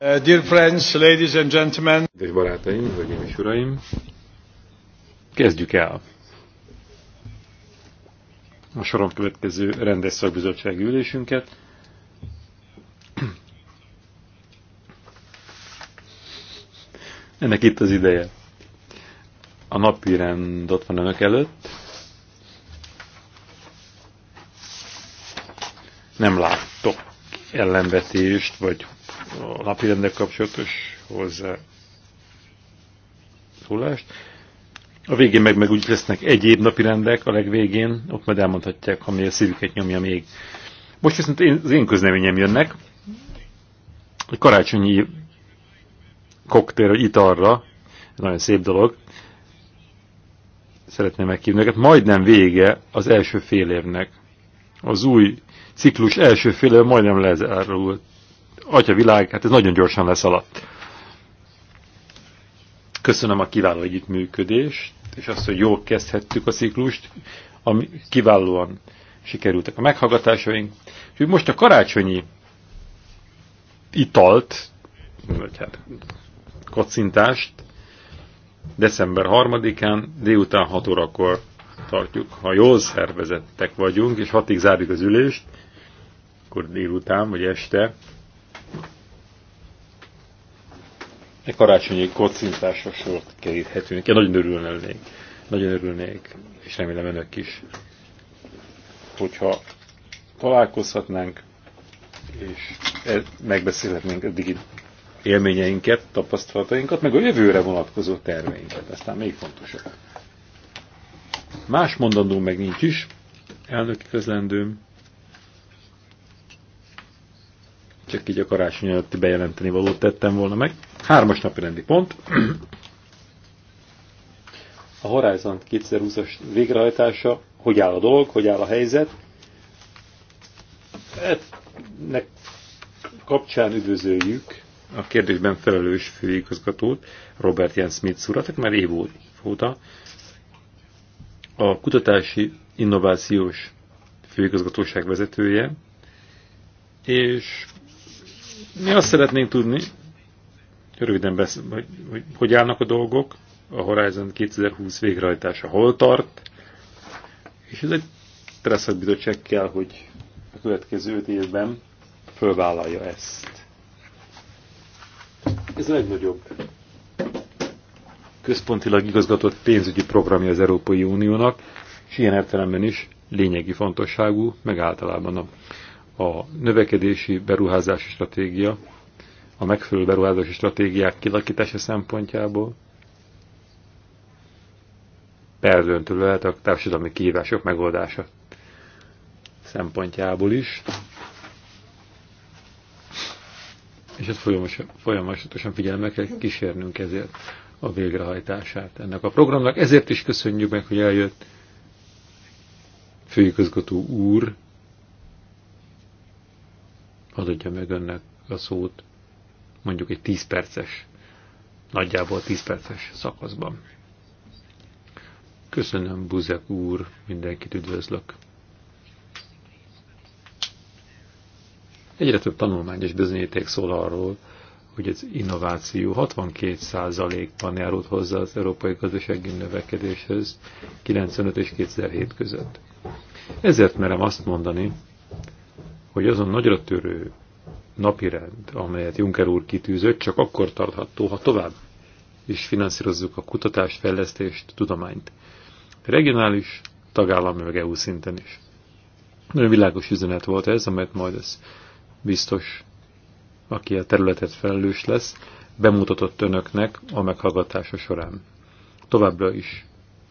Uh, dear friends, ladies and gentlemen. Kedves barátaim, hölgyeim és uraim, kezdjük el. A soron következő rendes szakbizottsági ülésünket. Ennek itt az ideje. A napi rend ott van önök előtt. Nem láttok ellenvetést, vagy a napirendnek kapcsolatos hozzá szólást. A végén meg, meg úgy lesznek egyéb napirendek, a legvégén, ott majd elmondhatják, ami a szívüket nyomja még. Most viszont én, az én közleményem jönnek, egy karácsonyi koktél, vagy italra, nagyon szép dolog, szeretném meghívni őket, majdnem vége az első fél évnek. Az új ciklus első fél év majdnem lezárult atya világ, hát ez nagyon gyorsan lesz alatt. Köszönöm a kiváló együttműködést, és azt, hogy jól kezdhettük a ciklust, ami kiválóan sikerültek a meghallgatásaink. Úgyhogy most a karácsonyi italt, vagy hát kocintást december 3-án délután 6 órakor tartjuk. Ha jól szervezettek vagyunk, és hatig zárjuk az ülést, akkor délután vagy este egy karácsonyi kocintásra sort keríthetünk. Én nagyon örülnék, nagyon örülnék, és remélem önök is, hogyha találkozhatnánk, és e, megbeszélhetnénk a digit élményeinket, tapasztalatainkat, meg a jövőre vonatkozó terveinket. Aztán még fontosabb. Más mondandó meg nincs is, elnök közlendőm. Csak így a karácsony előtti bejelenteni valót tettem volna meg. Hármas napi rendi pont. A Horizon 2020-as végrehajtása, hogy áll a dolog, hogy áll a helyzet. Ennek kapcsán üdvözöljük a kérdésben felelős főigazgatót, Robert Jens Smith urat, aki már év óta a kutatási innovációs főigazgatóság vezetője, és mi azt szeretnénk tudni, röviden besz, hogy, hogy, hogy állnak a dolgok, a Horizon 2020 végrehajtása hol tart, és ez egy stresszakbizottság kell, hogy a következő öt évben fölvállalja ezt. Ez a legnagyobb központilag igazgatott pénzügyi programja az Európai Uniónak, és ilyen értelemben is lényegi fontosságú, meg általában a, a növekedési beruházási stratégia a megfelelő beruházási stratégiák kilakítása szempontjából. Perdöntő lehet a társadalmi kihívások megoldása szempontjából is. És ezt folyamatosan figyelme kell kísérnünk ezért a végrehajtását ennek a programnak. Ezért is köszönjük meg, hogy eljött főigazgató úr, adja meg önnek a szót mondjuk egy 10 perces, nagyjából 10 perces szakaszban. Köszönöm, Buzek úr, mindenkit üdvözlök. Egyre több tanulmány és bizonyíték szól arról, hogy az innováció 62%-ban járult hozzá az európai gazdasági növekedéshez 95 és 2007 között. Ezért merem azt mondani, hogy azon nagyra törő napirend, amelyet Juncker úr kitűzött, csak akkor tartható, ha tovább is finanszírozzuk a kutatást, fejlesztést, tudományt. Regionális, tagállami, meg EU szinten is. Nagyon világos üzenet volt ez, amelyet majd ez biztos, aki a területet felelős lesz, bemutatott önöknek a meghallgatása során. Továbbra is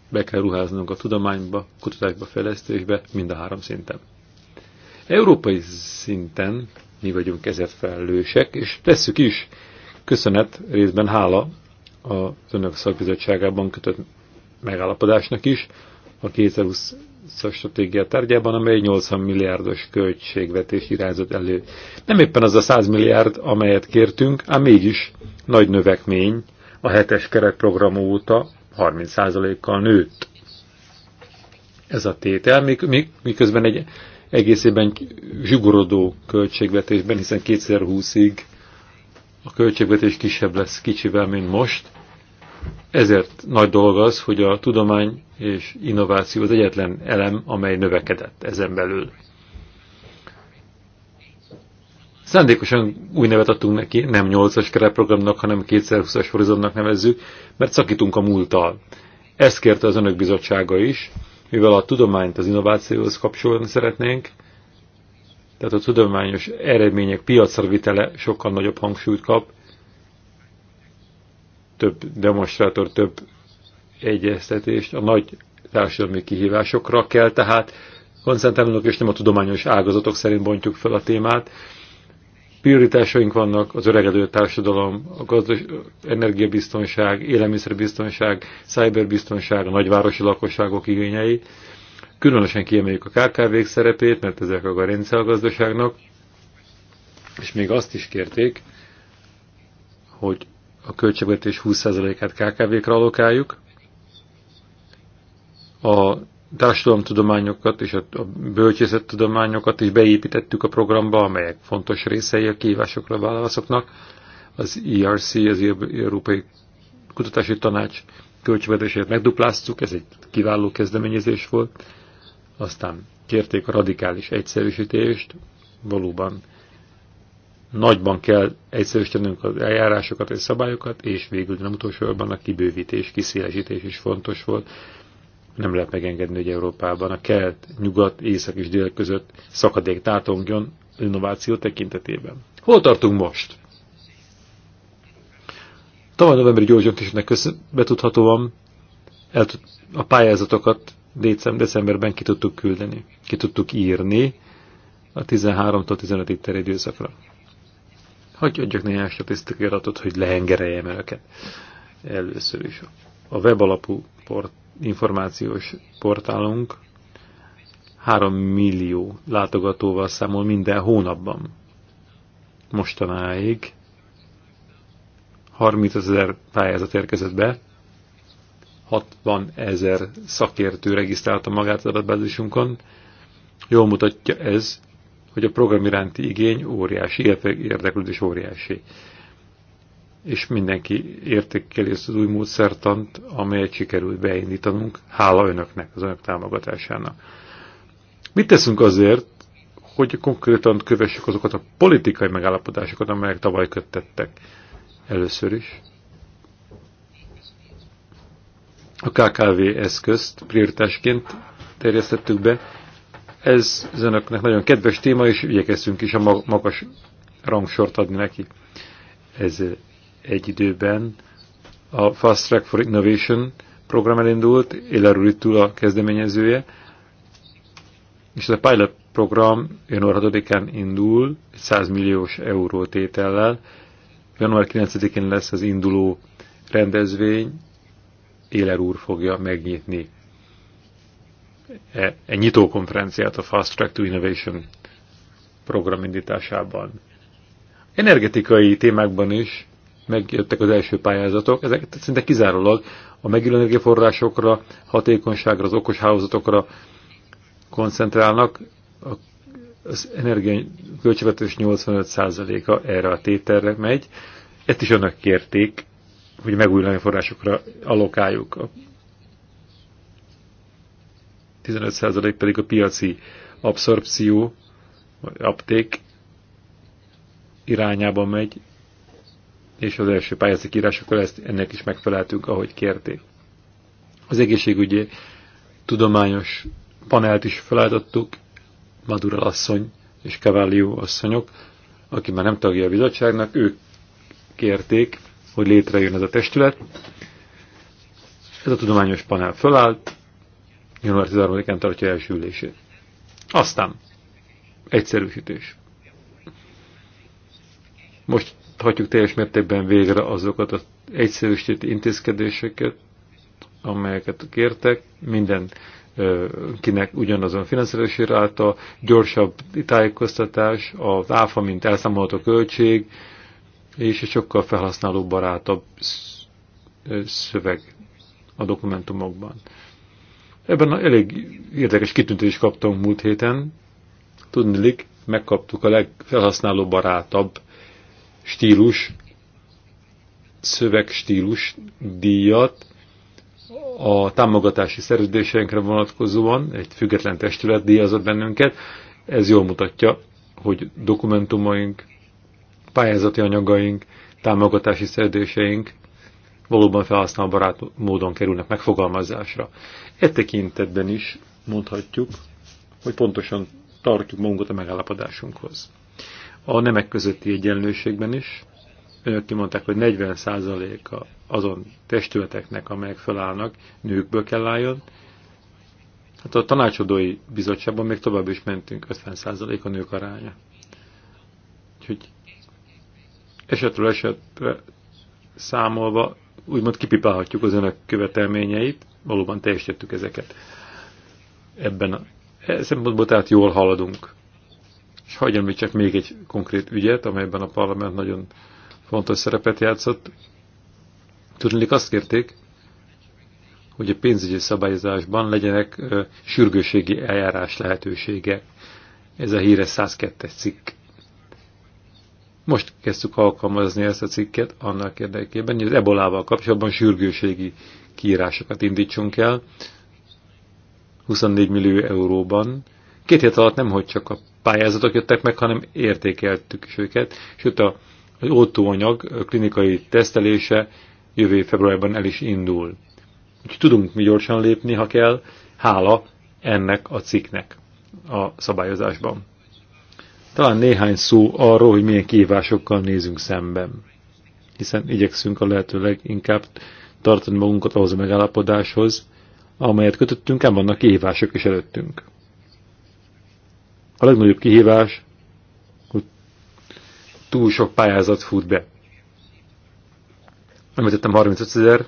be kell ruháznunk a tudományba, kutatásba, fejlesztésbe, mind a három szinten. Európai szinten mi vagyunk ezért felelősek, és tesszük is. Köszönet, részben hála az Önök szakbizottságában kötött megállapodásnak is, a 2020 stratégia tárgyában, amely 80 milliárdos költségvetés irányzott elő. Nem éppen az a 100 milliárd, amelyet kértünk, ám mégis nagy növekmény a hetes keretprogram óta 30%-kal nőtt ez a tétel, miközben egy egészében zsugorodó költségvetésben, hiszen 2020-ig a költségvetés kisebb lesz kicsivel, mint most. Ezért nagy dolog az, hogy a tudomány és innováció az egyetlen elem, amely növekedett ezen belül. Szándékosan új nevet adtunk neki, nem 8-as keretprogramnak, hanem 2020-as horizontnak nevezzük, mert szakítunk a múlttal. Ezt kérte az önök bizottsága is, mivel a tudományt az innovációhoz kapcsolni szeretnénk, tehát a tudományos eredmények piacra vitele sokkal nagyobb hangsúlyt kap, több demonstrátor, több egyeztetést, a nagy társadalmi kihívásokra kell, tehát koncentrálnunk és nem a tudományos ágazatok szerint bontjuk fel a témát, prioritásaink vannak, az öregedő társadalom, a gazdas, energiabiztonság, élelmiszerbiztonság, cyberbiztonság, a nagyvárosi lakosságok igényei. Különösen kiemeljük a kkv szerepét, mert ezek a garincel a gazdaságnak, és még azt is kérték, hogy a költségvetés 20%-át KKV-kra alokáljuk. A társadalomtudományokat és a bölcsészettudományokat is beépítettük a programba, amelyek fontos részei a a válaszoknak. Az ERC, az Európai Kutatási Tanács költségvetését megdupláztuk, ez egy kiváló kezdeményezés volt. Aztán kérték a radikális egyszerűsítést, valóban nagyban kell egyszerűsítenünk az eljárásokat és szabályokat, és végül nem utolsóban a kibővítés, kiszélesítés is fontos volt nem lehet megengedni, hogy Európában a kelet, nyugat, észak és dél között szakadék tátongjon innováció tekintetében. Hol tartunk most? Tavaly novemberi gyógyöntésnek betudhatóan el, a pályázatokat decemberben ki tudtuk küldeni, ki tudtuk írni a 13-tól 15-ig terjedő időszakra. Hagyj adjak néhány statisztikai adatot, hogy lehengereljem őket. Először is. A webalapú port információs portálunk 3 millió látogatóval számol minden hónapban. Mostanáig 30 ezer pályázat érkezett be, 60 ezer szakértő regisztrálta magát az adatbázisunkon. Jól mutatja ez, hogy a program iránti igény óriási, illetve érdeklődés óriási és mindenki értékeli ezt az új módszertant, amelyet sikerült beindítanunk, hála önöknek, az önök támogatásának. Mit teszünk azért, hogy konkrétan kövessük azokat a politikai megállapodásokat, amelyek tavaly köttettek először is? A KKV eszközt prioritásként terjesztettük be. Ez az önöknek nagyon kedves téma, és igyekeztünk is a magas rangsort adni neki. Ez egy időben a Fast Track for Innovation program elindult, Éler Uritul a kezdeményezője, és ez a pilot program január 6-án indul, 100 milliós euró tétellel. Január 9-én lesz az induló rendezvény, Éler úr fogja megnyitni egy e nyitó konferenciát a Fast Track to Innovation program indításában. Energetikai témákban is megjöttek az első pályázatok, ezek szinte kizárólag a megülő energiaforrásokra, hatékonyságra, az okos hálózatokra koncentrálnak, az energia költségvetés 85%-a erre a tételre megy. Ezt is önök kérték, hogy megújuló forrásokra alokáljuk. A 15% pedig a piaci abszorpció, vagy apték irányába megy, és az első pályázati írásokkal ezt, ennek is megfeleltünk, ahogy kérték. Az egészségügyi tudományos panelt is felállítottuk, Madura asszony és Cavallió asszonyok, aki már nem tagja a bizottságnak, ők kérték, hogy létrejön ez a testület. Ez a tudományos panel fölállt, január 13-án tartja első ülését. Aztán egyszerűsítés. Most hajtjuk teljes mértékben végre azokat az egyszerűsített intézkedéseket, amelyeket kértek, minden kinek ugyanazon finanszírozási ráta, gyorsabb tájékoztatás, az áfa, mint elszámolható költség, és egy sokkal felhasználó barátabb szöveg a dokumentumokban. Ebben elég érdekes kitüntetést kaptunk múlt héten. Tudnilik, megkaptuk a legfelhasználó barátabb stílus, szövegstílus díjat a támogatási szerződéseinkre vonatkozóan, egy független testület díjazott bennünket. Ez jól mutatja, hogy dokumentumaink, pályázati anyagaink, támogatási szerződéseink valóban barát módon kerülnek megfogalmazásra. E tekintetben is mondhatjuk, hogy pontosan tartjuk magunkat a megállapodásunkhoz a nemek közötti egyenlőségben is. Önök kimondták, hogy 40%-a azon testületeknek, amelyek felállnak, nőkből kell álljon. Hát a tanácsadói bizottságban még tovább is mentünk, 50% a nők aránya. Úgyhogy esetről esetre számolva úgymond kipipálhatjuk az önök követelményeit, valóban teljesítettük ezeket. Ebben a szempontból tehát jól haladunk. És hagyj csak még egy konkrét ügyet, amelyben a parlament nagyon fontos szerepet játszott. Tudnék azt kérték, hogy a pénzügyi szabályozásban legyenek ö, sürgőségi eljárás lehetősége. Ez a híres 102-es cikk. Most kezdtük alkalmazni ezt a cikket annak érdekében, hogy az ebolával kapcsolatban sürgőségi kiírásokat indítsunk el 24 millió euróban, Két hét alatt nem, hogy csak a pályázatok jöttek meg, hanem értékeltük is őket, sőt a, az oltóanyag klinikai tesztelése jövő februárban el is indul. Úgyhogy tudunk mi gyorsan lépni, ha kell, hála ennek a cikknek a szabályozásban. Talán néhány szó arról, hogy milyen kihívásokkal nézünk szemben, hiszen igyekszünk a lehető leginkább tartani magunkat ahhoz a megállapodáshoz, amelyet kötöttünk, ám vannak kihívások is előttünk. A legnagyobb kihívás, hogy túl sok pályázat fut be. Említettem 35 ezer.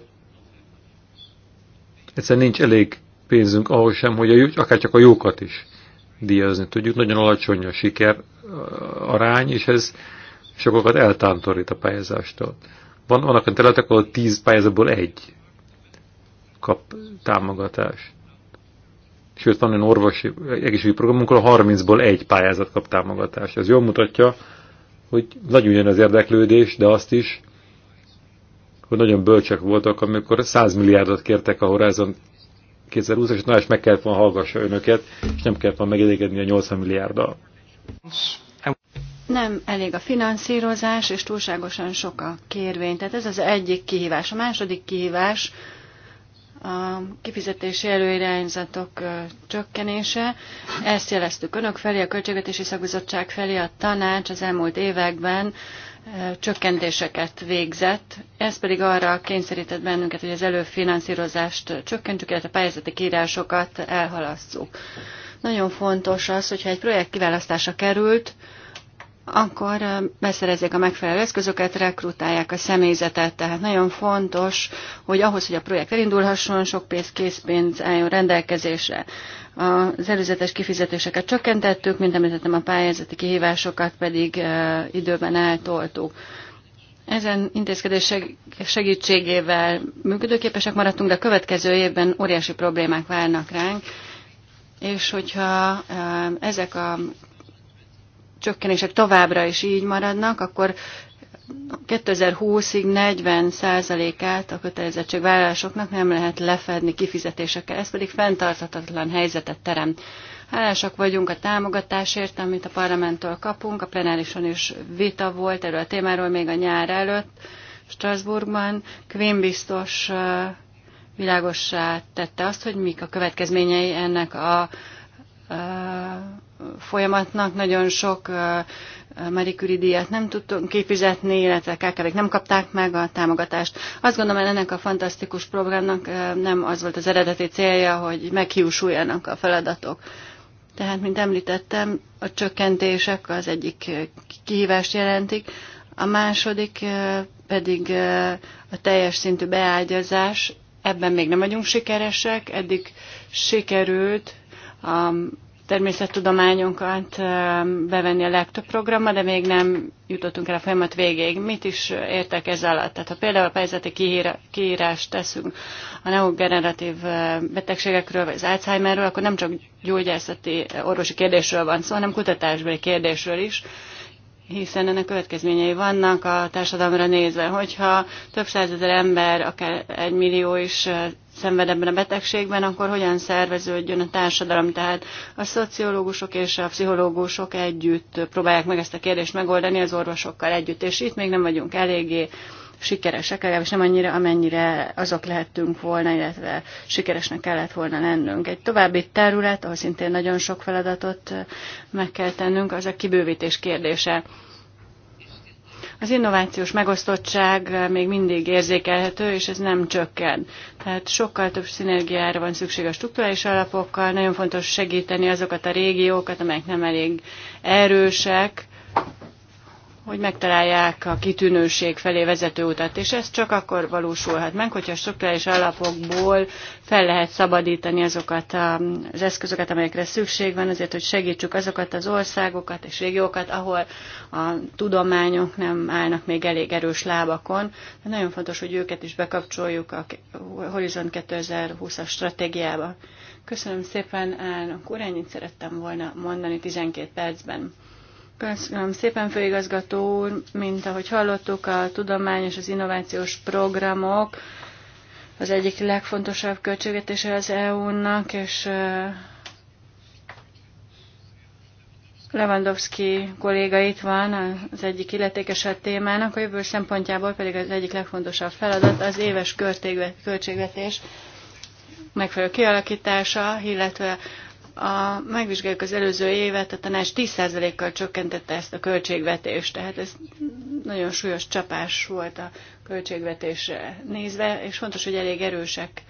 Egyszerűen nincs elég pénzünk ahhoz sem, hogy a, akár csak a jókat is díjazni tudjuk. Nagyon alacsony a siker uh, arány, és ez sokakat eltántorít a pályázástól. Van, vannak a területek, ahol 10 pályázatból egy kap támogatást sőt van egy orvosi egészségügyi programunk, a 30-ból egy pályázat kap támogatást. Ez jól mutatja, hogy nagyon jön az érdeklődés, de azt is, hogy nagyon bölcsek voltak, amikor 100 milliárdot kértek a Horizon 2020 és na és meg kellett volna hallgassa önöket, és nem kellett volna megedégedni a 80 milliárddal. Nem elég a finanszírozás, és túlságosan sok a kérvény. Tehát ez az egyik kihívás. A második kihívás, a kifizetési előirányzatok csökkenése. Ezt jeleztük önök felé, a Költségvetési Szakbizottság felé, a tanács az elmúlt években csökkentéseket végzett. Ez pedig arra kényszerített bennünket, hogy az előfinanszírozást csökkentsük, illetve a pályázati kiírásokat elhalasszuk. Nagyon fontos az, hogyha egy projekt kiválasztása került, akkor beszerezzék a megfelelő eszközöket, rekrutálják a személyzetet. Tehát nagyon fontos, hogy ahhoz, hogy a projekt elindulhasson, sok pénz, készpénz álljon rendelkezésre. Az előzetes kifizetéseket csökkentettük, mint említettem, a pályázati kihívásokat pedig időben eltoltuk. Ezen intézkedés segítségével működőképesek maradtunk, de a következő évben óriási problémák várnak ránk, és hogyha ezek a csökkenések továbbra is így maradnak, akkor 2020-ig 40%-át a kötelezettségvállalásoknak nem lehet lefedni kifizetésekkel, ez pedig fenntarthatatlan helyzetet terem. Hálásak vagyunk a támogatásért, amit a parlamenttől kapunk, a plenárison is vita volt erről a témáról még a nyár előtt Strasbourgban. Kvén biztos világossá tette azt, hogy mik a következményei ennek a folyamatnak. Nagyon sok Marie Curie díjat nem tudtunk képizetni, illetve kkv nem kapták meg a támogatást. Azt gondolom, hogy ennek a fantasztikus programnak nem az volt az eredeti célja, hogy meghiúsuljanak a feladatok. Tehát, mint említettem, a csökkentések az egyik kihívást jelentik, a második pedig a teljes szintű beágyazás. Ebben még nem vagyunk sikeresek, eddig sikerült a természettudományunkat bevenni a legtöbb programba, de még nem jutottunk el a folyamat végéig. Mit is értek ez alatt? Tehát ha például a pályázati kiírást teszünk a neogeneratív betegségekről, vagy az Alzheimerről, akkor nem csak gyógyászati orvosi kérdésről van szó, hanem kutatásbeli kérdésről is hiszen ennek következményei vannak a társadalomra nézve, hogyha több százezer ember, akár egy millió is szenved ebben a betegségben, akkor hogyan szerveződjön a társadalom. Tehát a szociológusok és a pszichológusok együtt próbálják meg ezt a kérdést megoldani az orvosokkal együtt, és itt még nem vagyunk eléggé sikeresek, legalábbis nem annyira, amennyire azok lehettünk volna, illetve sikeresnek kellett volna lennünk. Egy további terület, ahol szintén nagyon sok feladatot meg kell tennünk, az a kibővítés kérdése. Az innovációs megosztottság eh, még mindig érzékelhető, és ez nem csökken. Tehát sokkal több szinergiára van szükség a struktúrális alapokkal, nagyon fontos segíteni azokat a régiókat, amelyek nem elég erősek, hogy megtalálják a kitűnőség felé vezető utat, és ez csak akkor valósulhat meg, hogyha struktúrális alapokból fel lehet szabadítani azokat az eszközöket, amelyekre szükség van, azért, hogy segítsük azokat az országokat és régiókat, ahol a tudományok nem állnak még elég erős lábakon. De nagyon fontos, hogy őket is bekapcsoljuk a Horizon 2020-as stratégiába. Köszönöm szépen, elnök úr, ennyit szerettem volna mondani 12 percben. Köszönöm szépen, főigazgató úr, mint ahogy hallottuk, a tudományos, az innovációs programok az egyik legfontosabb költségvetése az EU-nak, és Lewandowski kolléga itt van, az egyik illetékes a témának, a jövő szempontjából pedig az egyik legfontosabb feladat az éves költségvetés megfelelő kialakítása, illetve a, megvizsgáljuk az előző évet, a tanács 10%-kal csökkentette ezt a költségvetést, tehát ez nagyon súlyos csapás volt a költségvetésre nézve, és fontos, hogy elég erősek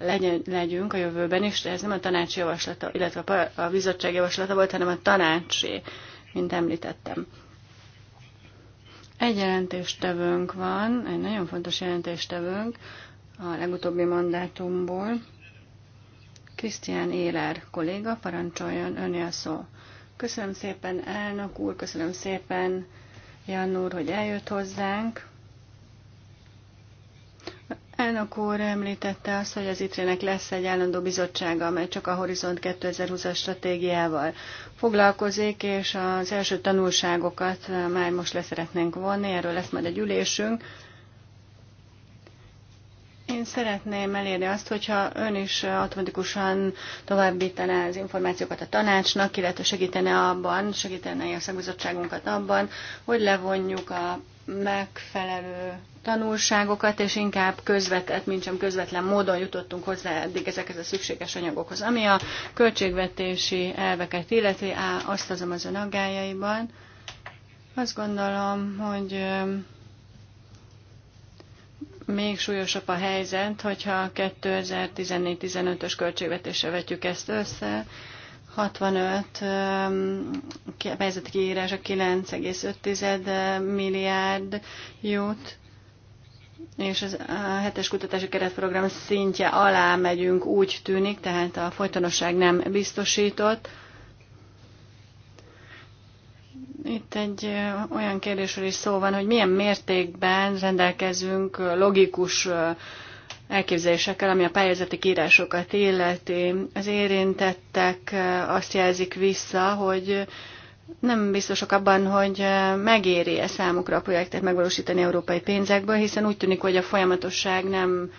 legyen, legyünk a jövőben is, de ez nem a tanács javaslata, illetve a bizottság javaslata volt, hanem a tanácsi, mint említettem. Egy jelentéstevőnk van, egy nagyon fontos jelentéstevőnk a legutóbbi mandátumból, Krisztián Éler kolléga, parancsoljon öné a szó. Köszönöm szépen, elnök úr, köszönöm szépen, Jan úr, hogy eljött hozzánk. Elnök úr említette azt, hogy az ITRE-nek lesz egy állandó bizottsága, amely csak a Horizont 2020-as stratégiával foglalkozik, és az első tanulságokat már most leszeretnénk vonni, erről lesz majd egy ülésünk. Én szeretném elérni azt, hogyha ön is automatikusan továbbítaná az információkat a tanácsnak, illetve segítene abban, segítene a szakbizottságunkat abban, hogy levonjuk a megfelelő tanulságokat, és inkább közvetett, mint sem közvetlen módon jutottunk hozzá eddig ezekhez a szükséges anyagokhoz. Ami a költségvetési elveket illeti, á, azt azom az ön aggájaiban. Azt gondolom, hogy még súlyosabb a helyzet, hogyha 2014-15-ös költségvetésre vetjük ezt össze, 65 fejezeti a 9,5 milliárd jut, és az, a hetes kutatási keretprogram szintje alá megyünk, úgy tűnik, tehát a folytonosság nem biztosított. Itt egy olyan kérdésről is szó van, hogy milyen mértékben rendelkezünk logikus elképzelésekkel, ami a pályázati írásokat illeti. Az érintettek azt jelzik vissza, hogy nem biztosak abban, hogy megéri-e számukra a projektet megvalósítani európai pénzekből, hiszen úgy tűnik, hogy a folyamatosság nem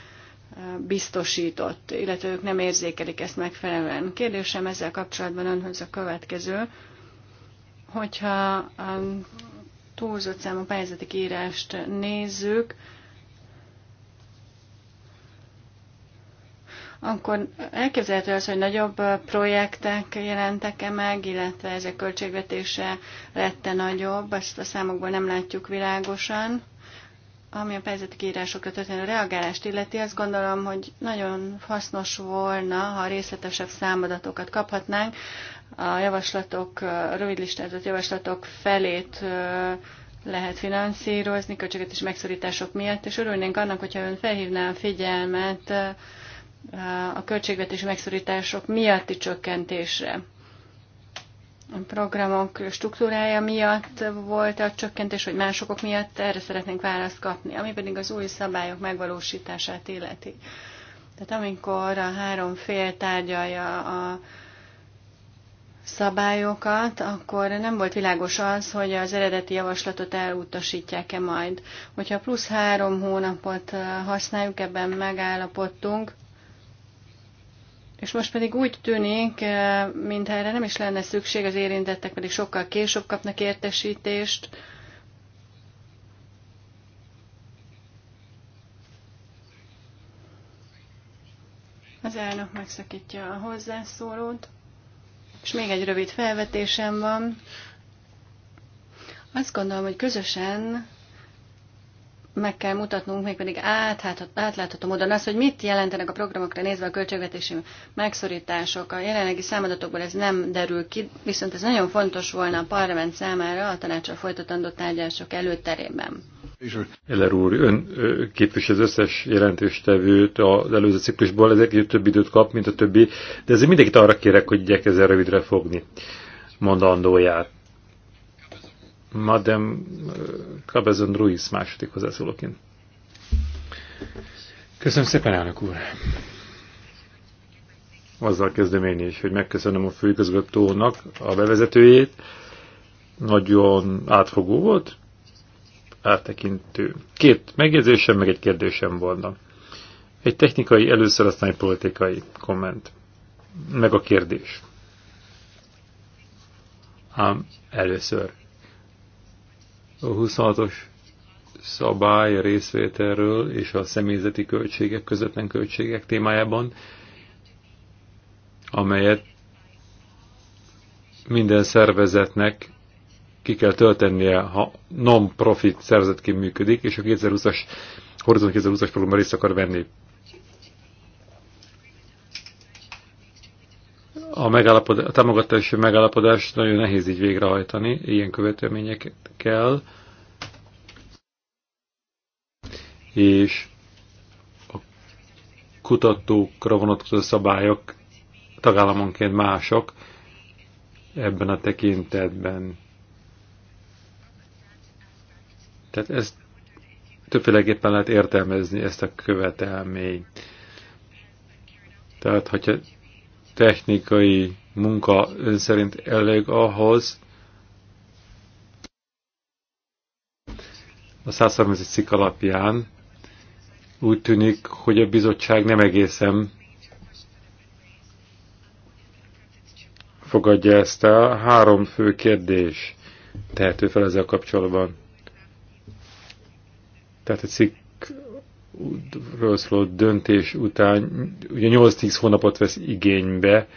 biztosított, illetve ők nem érzékelik ezt megfelelően. Kérdésem ezzel kapcsolatban önhöz a következő. Hogyha a um, túlzott számú pályázati írást nézzük, akkor elképzelhető az, hogy nagyobb uh, projektek jelentek-e meg, illetve ezek költségvetése lette nagyobb, ezt a számokból nem látjuk világosan. Ami a pályázati kiírásokra történő reagálást illeti, azt gondolom, hogy nagyon hasznos volna, ha részletesebb számadatokat kaphatnánk. A javaslatok, a rövid listázott javaslatok felét lehet finanszírozni költségvetési megszorítások miatt, és örülnénk annak, hogyha ön felhívná a figyelmet a költségvetési megszorítások miatti csökkentésre programok struktúrája miatt volt a csökkentés, vagy másokok miatt, erre szeretnénk választ kapni, ami pedig az új szabályok megvalósítását illeti. Tehát amikor a három fél tárgyalja a szabályokat, akkor nem volt világos az, hogy az eredeti javaslatot elutasítják-e majd. Hogyha plusz három hónapot eh, használjuk, ebben megállapodtunk, és most pedig úgy tűnik, eh, mintha erre nem is lenne szükség, az érintettek pedig sokkal később kapnak értesítést. Az elnök megszakítja a hozzászólót. És még egy rövid felvetésem van. Azt gondolom, hogy közösen meg kell mutatnunk, mégpedig átláthatom oda. az, hogy mit jelentenek a programokra nézve a költségvetési megszorítások. A jelenlegi számadatokból ez nem derül ki, viszont ez nagyon fontos volna a parlament számára a tanácsra folytatandó tárgyalások előterében. Eller úr, ön képvisel az összes jelentéstevőt az előző ciklusból, ezért több időt kap, mint a többi, de ezért mindenkit arra kérek, hogy igyekezzen rövidre fogni mondandóját Madem eh, Cabezon Ruiz második hozzászólóként. Köszönöm szépen, elnök úr! Azzal kezdem én is, hogy megköszönöm a főigazgatónak a bevezetőjét. Nagyon átfogó volt, áttekintő. Két megjegyzésem, meg egy kérdésem volna. Egy technikai, először aztán egy politikai komment. Meg a kérdés. Ám először a 26-os szabály a részvételről és a személyzeti költségek, közvetlen költségek témájában, amelyet minden szervezetnek ki kell töltenie, ha non-profit szervezetként működik, és a 2020-as Horizon 2020-as részt akar venni. a, a támogatási megállapodást nagyon nehéz így végrehajtani, ilyen követelmények kell. És a kutatókra vonatkozó szabályok tagállamonként mások ebben a tekintetben. Tehát ezt többféleképpen lehet értelmezni ezt a követelményt. Tehát, hogyha technikai munka ön szerint elég ahhoz, a 130 cikk alapján úgy tűnik, hogy a bizottság nem egészen fogadja ezt el. Három fő kérdés tehető fel ezzel kapcsolatban. Tehát a cikk szóló döntés után ugye 8-10 hónapot vesz igénybe,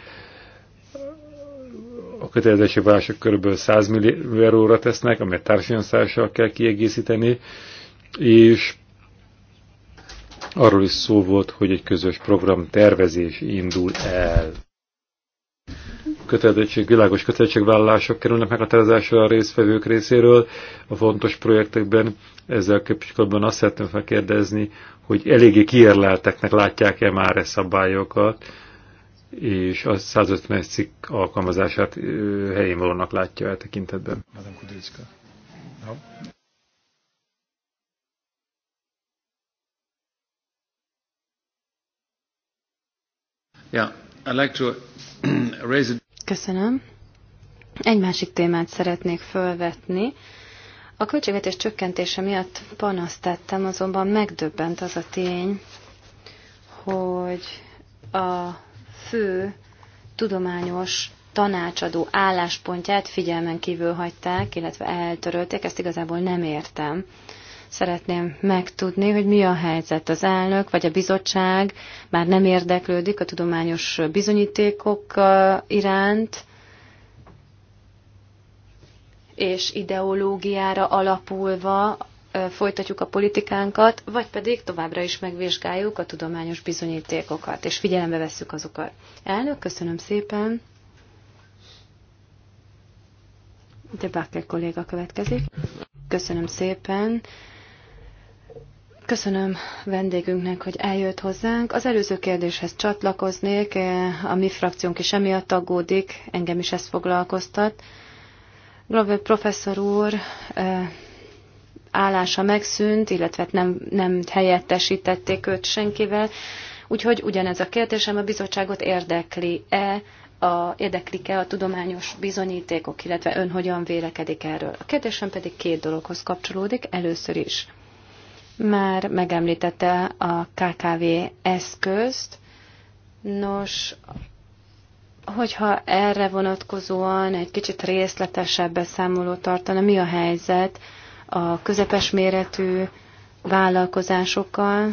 a kötelezési válások kb. 100 millió euróra tesznek, amelyet társadalmi kell kiegészíteni, és arról is szó volt, hogy egy közös program tervezés indul el kötelezettség, világos kötelezettségvállalások kerülnek meghatározásra a résztvevők részéről a fontos projektekben. Ezzel kapcsolatban azt szeretném megkérdezni, hogy eléggé kiérlelteknek látják-e már e szabályokat, és a 150 cikk alkalmazását helyén valónak látja e tekintetben. Madame Kudrycka. No. Yeah, I'd like to raise it. Köszönöm. Egy másik témát szeretnék fölvetni. A költségvetés csökkentése miatt panaszt tettem, azonban megdöbbent az a tény, hogy a fő tudományos tanácsadó álláspontját figyelmen kívül hagyták, illetve eltörölték, ezt igazából nem értem. Szeretném megtudni, hogy mi a helyzet az elnök, vagy a bizottság már nem érdeklődik a tudományos bizonyítékok iránt, és ideológiára alapulva folytatjuk a politikánkat, vagy pedig továbbra is megvizsgáljuk a tudományos bizonyítékokat, és figyelembe vesszük azokat. Elnök, köszönöm szépen. De Bakker kolléga következik. Köszönöm szépen. Köszönöm vendégünknek, hogy eljött hozzánk. Az előző kérdéshez csatlakoznék, eh, a mi frakciónk is emiatt aggódik, engem is ezt foglalkoztat. Glover professzor úr eh, állása megszűnt, illetve nem, nem helyettesítették őt senkivel, úgyhogy ugyanez a kérdésem a bizottságot érdekli-e, a, érdeklik-e a tudományos bizonyítékok, illetve ön hogyan vélekedik erről. A kérdésem pedig két dologhoz kapcsolódik, először is már megemlítette a KKV eszközt. Nos, hogyha erre vonatkozóan egy kicsit részletesebb beszámoló tartana, mi a helyzet a közepes méretű vállalkozásokkal,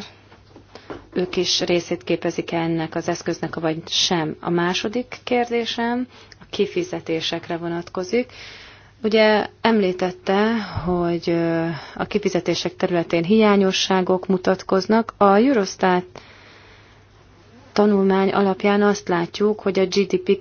ők is részét képezik -e ennek az eszköznek, vagy sem. A második kérdésem a kifizetésekre vonatkozik. Ugye említette, hogy a kifizetések területén hiányosságok mutatkoznak. A Eurostat tanulmány alapján azt látjuk, hogy a GDP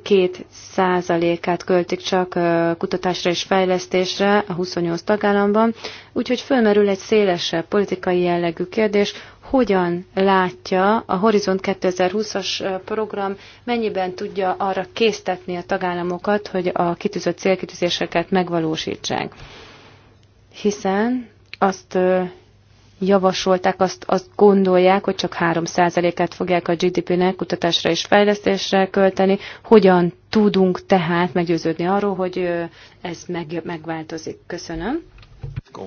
2%-át költik csak kutatásra és fejlesztésre a 28 tagállamban, úgyhogy fölmerül egy szélesebb politikai jellegű kérdés, hogyan látja a Horizont 2020-as program, mennyiben tudja arra késztetni a tagállamokat, hogy a kitűzött célkitűzéseket megvalósítsák. Hiszen azt javasolták, azt, azt gondolják, hogy csak 3%-át fogják a GDP-nek kutatásra és fejlesztésre költeni. Hogyan tudunk tehát meggyőződni arról, hogy ez meg, megváltozik? Köszönöm. Go.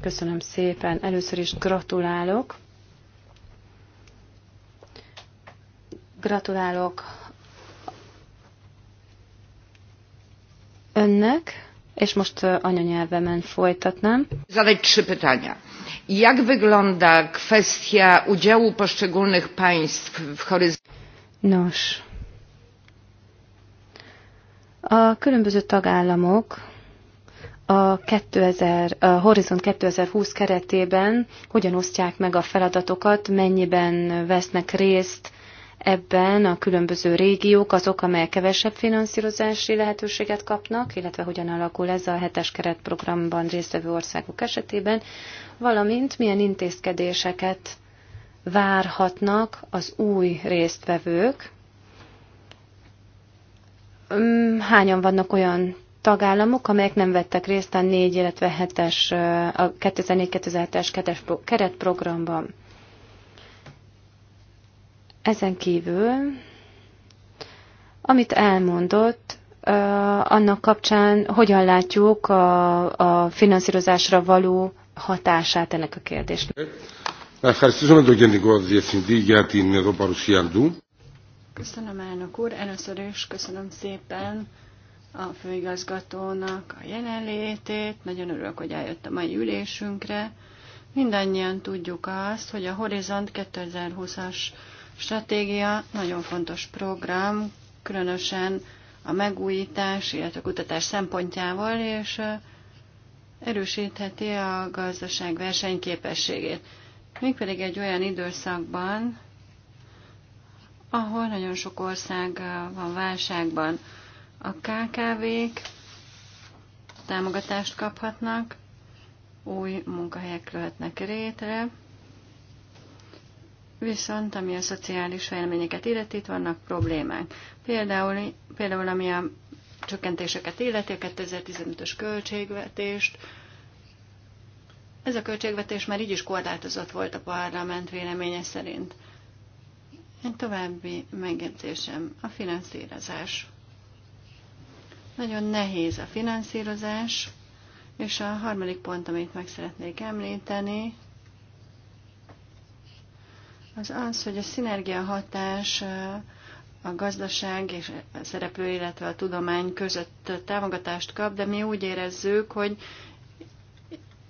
Köszönöm szépen. Először is gratulálok. Gratulálok önnek és most anyanyelvemen folytatnám. Zadaj trzy pytania. Jak wygląda kwestia udziału poszczególnych państw w horyzoncie? Nos, a különböző tagállamok a, 2000, a Horizon 2020 keretében hogyan osztják meg a feladatokat, mennyiben vesznek részt Ebben a különböző régiók azok, amelyek kevesebb finanszírozási lehetőséget kapnak, illetve hogyan alakul ez a hetes keretprogramban résztvevő országok esetében, valamint milyen intézkedéseket várhatnak az új résztvevők, mm, hányan vannak olyan tagállamok, amelyek nem vettek részt a 4, illetve 7-es, a 2004-2007-es keretprogramban. Ezen kívül, amit elmondott, annak kapcsán hogyan látjuk a, a finanszírozásra való hatását ennek a kérdésnek. Köszönöm, elnök úr. Először is köszönöm szépen a főigazgatónak a jelenlétét. Nagyon örülök, hogy eljött a mai ülésünkre. Mindannyian tudjuk azt, hogy a Horizont 2020-as stratégia nagyon fontos program, különösen a megújítás, illetve a kutatás szempontjával, és erősítheti a gazdaság versenyképességét. Mégpedig egy olyan időszakban, ahol nagyon sok ország van válságban. A KKV-k támogatást kaphatnak, új munkahelyek lehetnek rétre, Viszont, ami a szociális fejleményeket illeti, itt vannak problémák. Például, például ami a csökkentéseket illeti, a 2015-ös költségvetést, ez a költségvetés már így is korlátozott volt a parlament véleménye szerint. Egy további megjegyzésem a finanszírozás. Nagyon nehéz a finanszírozás, és a harmadik pont, amit meg szeretnék említeni, az az, hogy a szinergia hatás a gazdaság és a szereplő, illetve a tudomány között támogatást kap, de mi úgy érezzük, hogy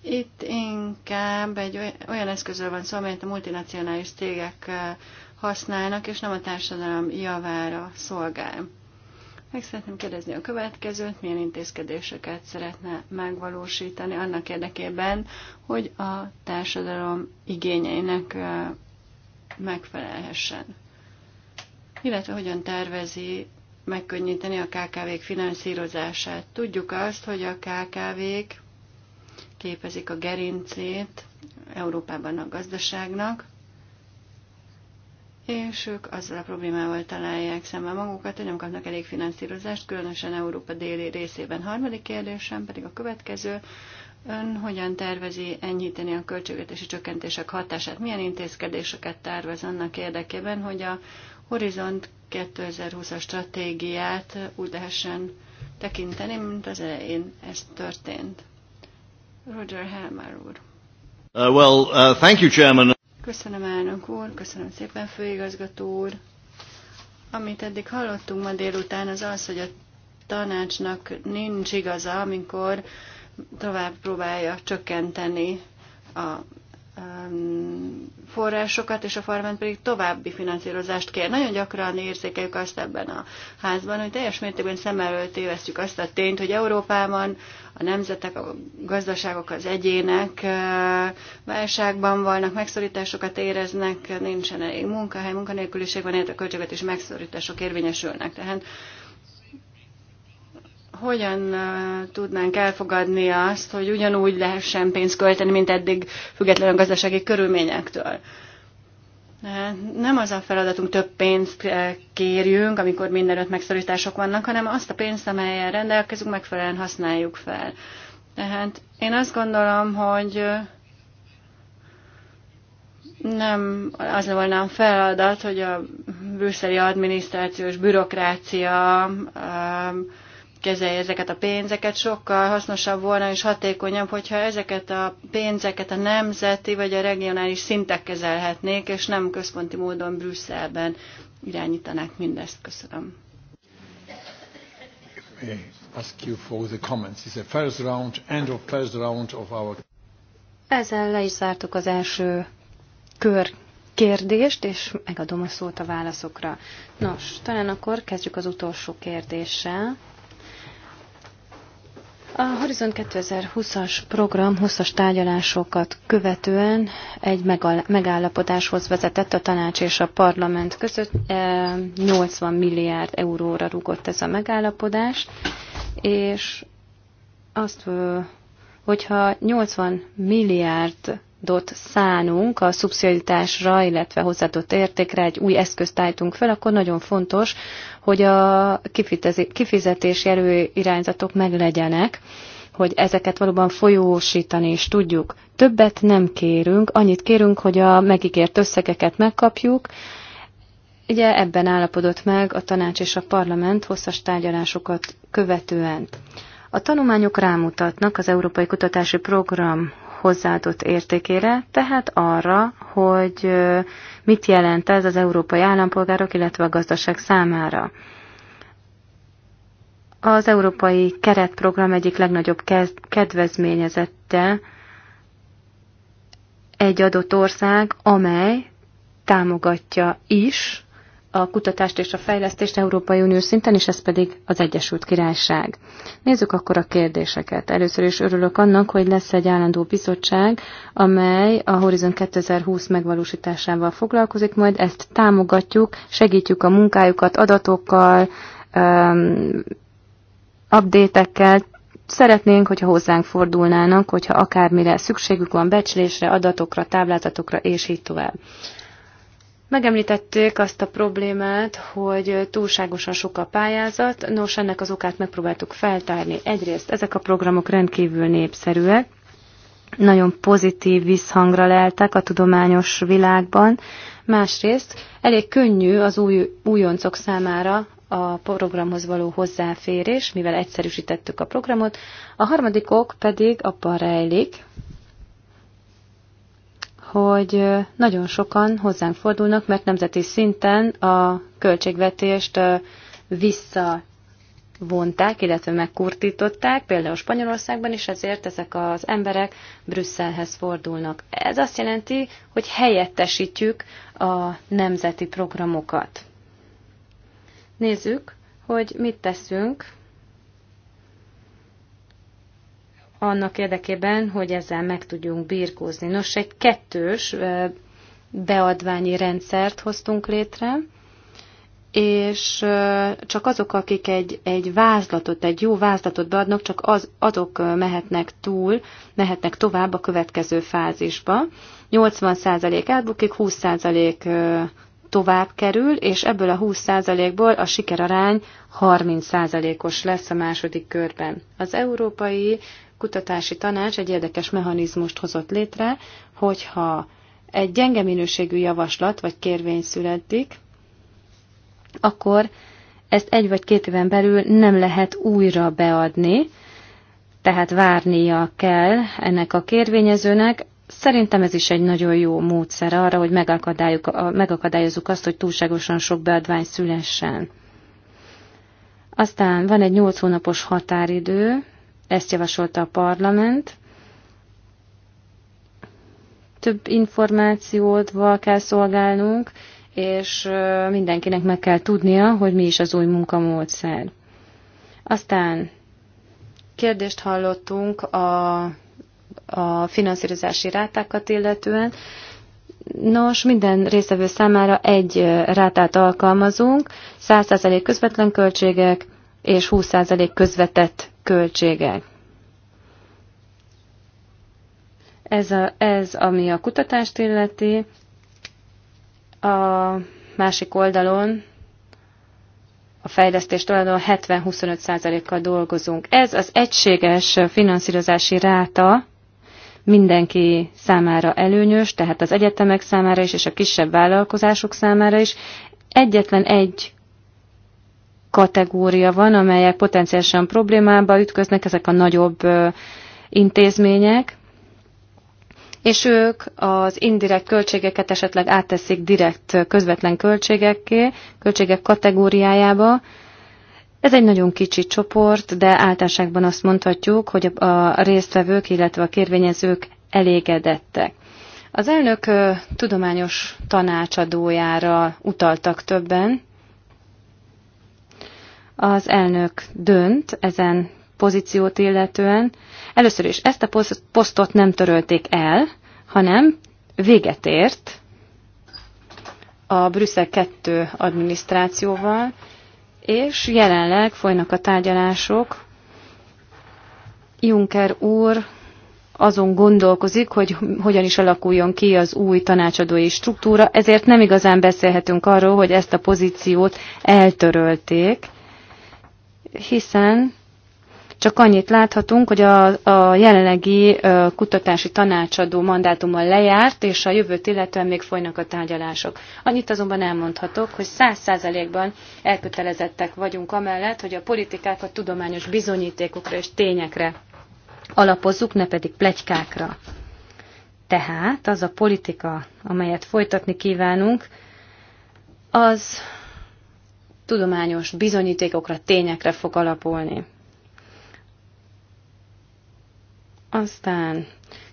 itt inkább egy olyan eszközről van szó, amelyet a multinacionális cégek használnak, és nem a társadalom javára szolgál. Meg szeretném kérdezni a következőt, milyen intézkedéseket szeretne megvalósítani annak érdekében, hogy a társadalom igényeinek megfelelhessen? Illetve hogyan tervezi megkönnyíteni a KKV-k finanszírozását? Tudjuk azt, hogy a KKV-k képezik a gerincét Európában a gazdaságnak, és ők azzal a problémával találják szemben magukat, hogy nem kapnak elég finanszírozást, különösen Európa déli részében. Harmadik kérdésem pedig a következő. Ön hogyan tervezi enyhíteni a költségvetési csökkentések hatását? Milyen intézkedéseket tervez annak érdekében, hogy a Horizont 2020-as stratégiát úgy lehessen tekinteni, mint az elején ez történt? Roger Helmer úr. Uh, well, uh, thank you, Chairman. Köszönöm, elnök úr, köszönöm szépen, főigazgató úr. Amit eddig hallottunk ma délután, az az, hogy a tanácsnak nincs igaza, amikor uh, tovább próbálja csökkenteni a forrásokat, és a farmán pedig további finanszírozást kér. Nagyon gyakran érzékeljük azt ebben a házban, hogy teljes mértékben szem előtt tévesztjük azt a tényt, hogy Európában a nemzetek, a gazdaságok, az egyének eh, válságban vannak, megszorításokat éreznek, nincsen elég munkahely, munkanélküliség van, illetve a költségvetés megszorítások érvényesülnek. Tehát hogyan tudnánk elfogadni azt, hogy ugyanúgy lehessen pénzt költeni, mint eddig függetlenül a gazdasági körülményektől? Nem az a feladatunk több pénzt kérjünk, amikor mindenütt megszorítások vannak, hanem azt a pénzt, amelyen rendelkezünk, megfelelően használjuk fel. Tehát én azt gondolom, hogy nem az volna a feladat, hogy a brüsszeli adminisztrációs bürokrácia kezelje ezeket a pénzeket, sokkal hasznosabb volna és hatékonyabb, hogyha ezeket a pénzeket a nemzeti vagy a regionális szintek kezelhetnék, és nem központi módon Brüsszelben irányítanák mindezt. Köszönöm. Ezzel le is zártuk az első kör kérdést, és megadom a szót a válaszokra. Nos, talán akkor kezdjük az utolsó kérdéssel. A Horizon 2020-as program hosszas tárgyalásokat követően egy megállapodáshoz vezetett a tanács és a parlament között. 80 e, milliárd euróra rúgott ez a megállapodás, és azt, hogyha 80 milliárd dot szánunk a szubszidiaritásra, illetve hozzáadott értékre, egy új eszközt állítunk fel, akkor nagyon fontos, hogy a kifizetési előirányzatok legyenek, hogy ezeket valóban folyósítani is tudjuk. Többet nem kérünk, annyit kérünk, hogy a megígért összegeket megkapjuk. Ugye ebben állapodott meg a tanács és a parlament hosszas tárgyalásokat követően. A tanulmányok rámutatnak az Európai Kutatási Program hozzáadott értékére, tehát arra, hogy mit jelent ez az európai állampolgárok, illetve a gazdaság számára. Az európai keretprogram egyik legnagyobb kedvezményezette egy adott ország, amely támogatja is a kutatást és a fejlesztést Európai Unió szinten, és ez pedig az Egyesült Királyság. Nézzük akkor a kérdéseket. Először is örülök annak, hogy lesz egy állandó bizottság, amely a Horizon 2020 megvalósításával foglalkozik, majd ezt támogatjuk, segítjük a munkájukat adatokkal, um, update-ekkel, Szeretnénk, hogyha hozzánk fordulnának, hogyha akármire szükségük van, becslésre, adatokra, táblázatokra, és így tovább. Megemlítették azt a problémát, hogy túlságosan sok a pályázat, nos, ennek az okát megpróbáltuk feltárni. Egyrészt ezek a programok rendkívül népszerűek, nagyon pozitív visszhangra leltek a tudományos világban, másrészt elég könnyű az új, újoncok számára a programhoz való hozzáférés, mivel egyszerűsítettük a programot, a harmadikok ok pedig abban rejlik, hogy nagyon sokan hozzánk fordulnak, mert nemzeti szinten a költségvetést vissza vonták, illetve megkurtították, például Spanyolországban is, ezért ezek az emberek Brüsszelhez fordulnak. Ez azt jelenti, hogy helyettesítjük a nemzeti programokat. Nézzük, hogy mit teszünk annak érdekében, hogy ezzel meg tudjunk birkózni. Nos, egy kettős beadványi rendszert hoztunk létre, és csak azok, akik egy, egy vázlatot, egy jó vázlatot beadnak, csak az, azok mehetnek túl, mehetnek tovább a következő fázisba. 80% elbukik, 20% tovább kerül, és ebből a 20%-ból a sikerarány 30%-os lesz a második körben. Az európai kutatási tanács egy érdekes mechanizmust hozott létre, hogyha egy gyenge minőségű javaslat vagy kérvény születik, akkor ezt egy vagy két éven belül nem lehet újra beadni, tehát várnia kell ennek a kérvényezőnek. Szerintem ez is egy nagyon jó módszer arra, hogy megakadályozzuk azt, hogy túlságosan sok beadvány szülessen. Aztán van egy 8 hónapos határidő, ezt javasolta a parlament. Több információt kell szolgálnunk, és mindenkinek meg kell tudnia, hogy mi is az új munkamódszer. Aztán kérdést hallottunk a, a finanszírozási rátákat illetően. Nos, minden résztvevő számára egy rátát alkalmazunk, 100% közvetlen költségek és 20% közvetett költségek. Ez, a, ez, ami a kutatást illeti, a másik oldalon a fejlesztés tulajdon 70-25%-kal dolgozunk. Ez az egységes finanszírozási ráta mindenki számára előnyös, tehát az egyetemek számára is, és a kisebb vállalkozások számára is. Egyetlen egy kategória van, amelyek potenciálisan problémába ütköznek, ezek a nagyobb intézmények, és ők az indirekt költségeket esetleg átteszik direkt közvetlen költségekké, költségek kategóriájába. Ez egy nagyon kicsi csoport, de általánosságban azt mondhatjuk, hogy a résztvevők, illetve a kérvényezők elégedettek. Az elnök tudományos tanácsadójára utaltak többen, az elnök dönt ezen pozíciót illetően. Először is ezt a posztot nem törölték el, hanem véget ért a Brüsszel 2 adminisztrációval, és jelenleg folynak a tárgyalások. Juncker úr azon gondolkozik, hogy hogyan is alakuljon ki az új tanácsadói struktúra, ezért nem igazán beszélhetünk arról, hogy ezt a pozíciót eltörölték, hiszen csak annyit láthatunk, hogy a, a jelenlegi ö, kutatási tanácsadó mandátuma lejárt, és a jövőt illetően még folynak a tárgyalások. Annyit azonban elmondhatok, hogy száz százalékban elkötelezettek vagyunk amellett, hogy a politikákat tudományos bizonyítékokra és tényekre alapozzuk, ne pedig plegykákra. Tehát az a politika, amelyet folytatni kívánunk, az tudományos bizonyítékokra, tényekre fog alapulni. Aztán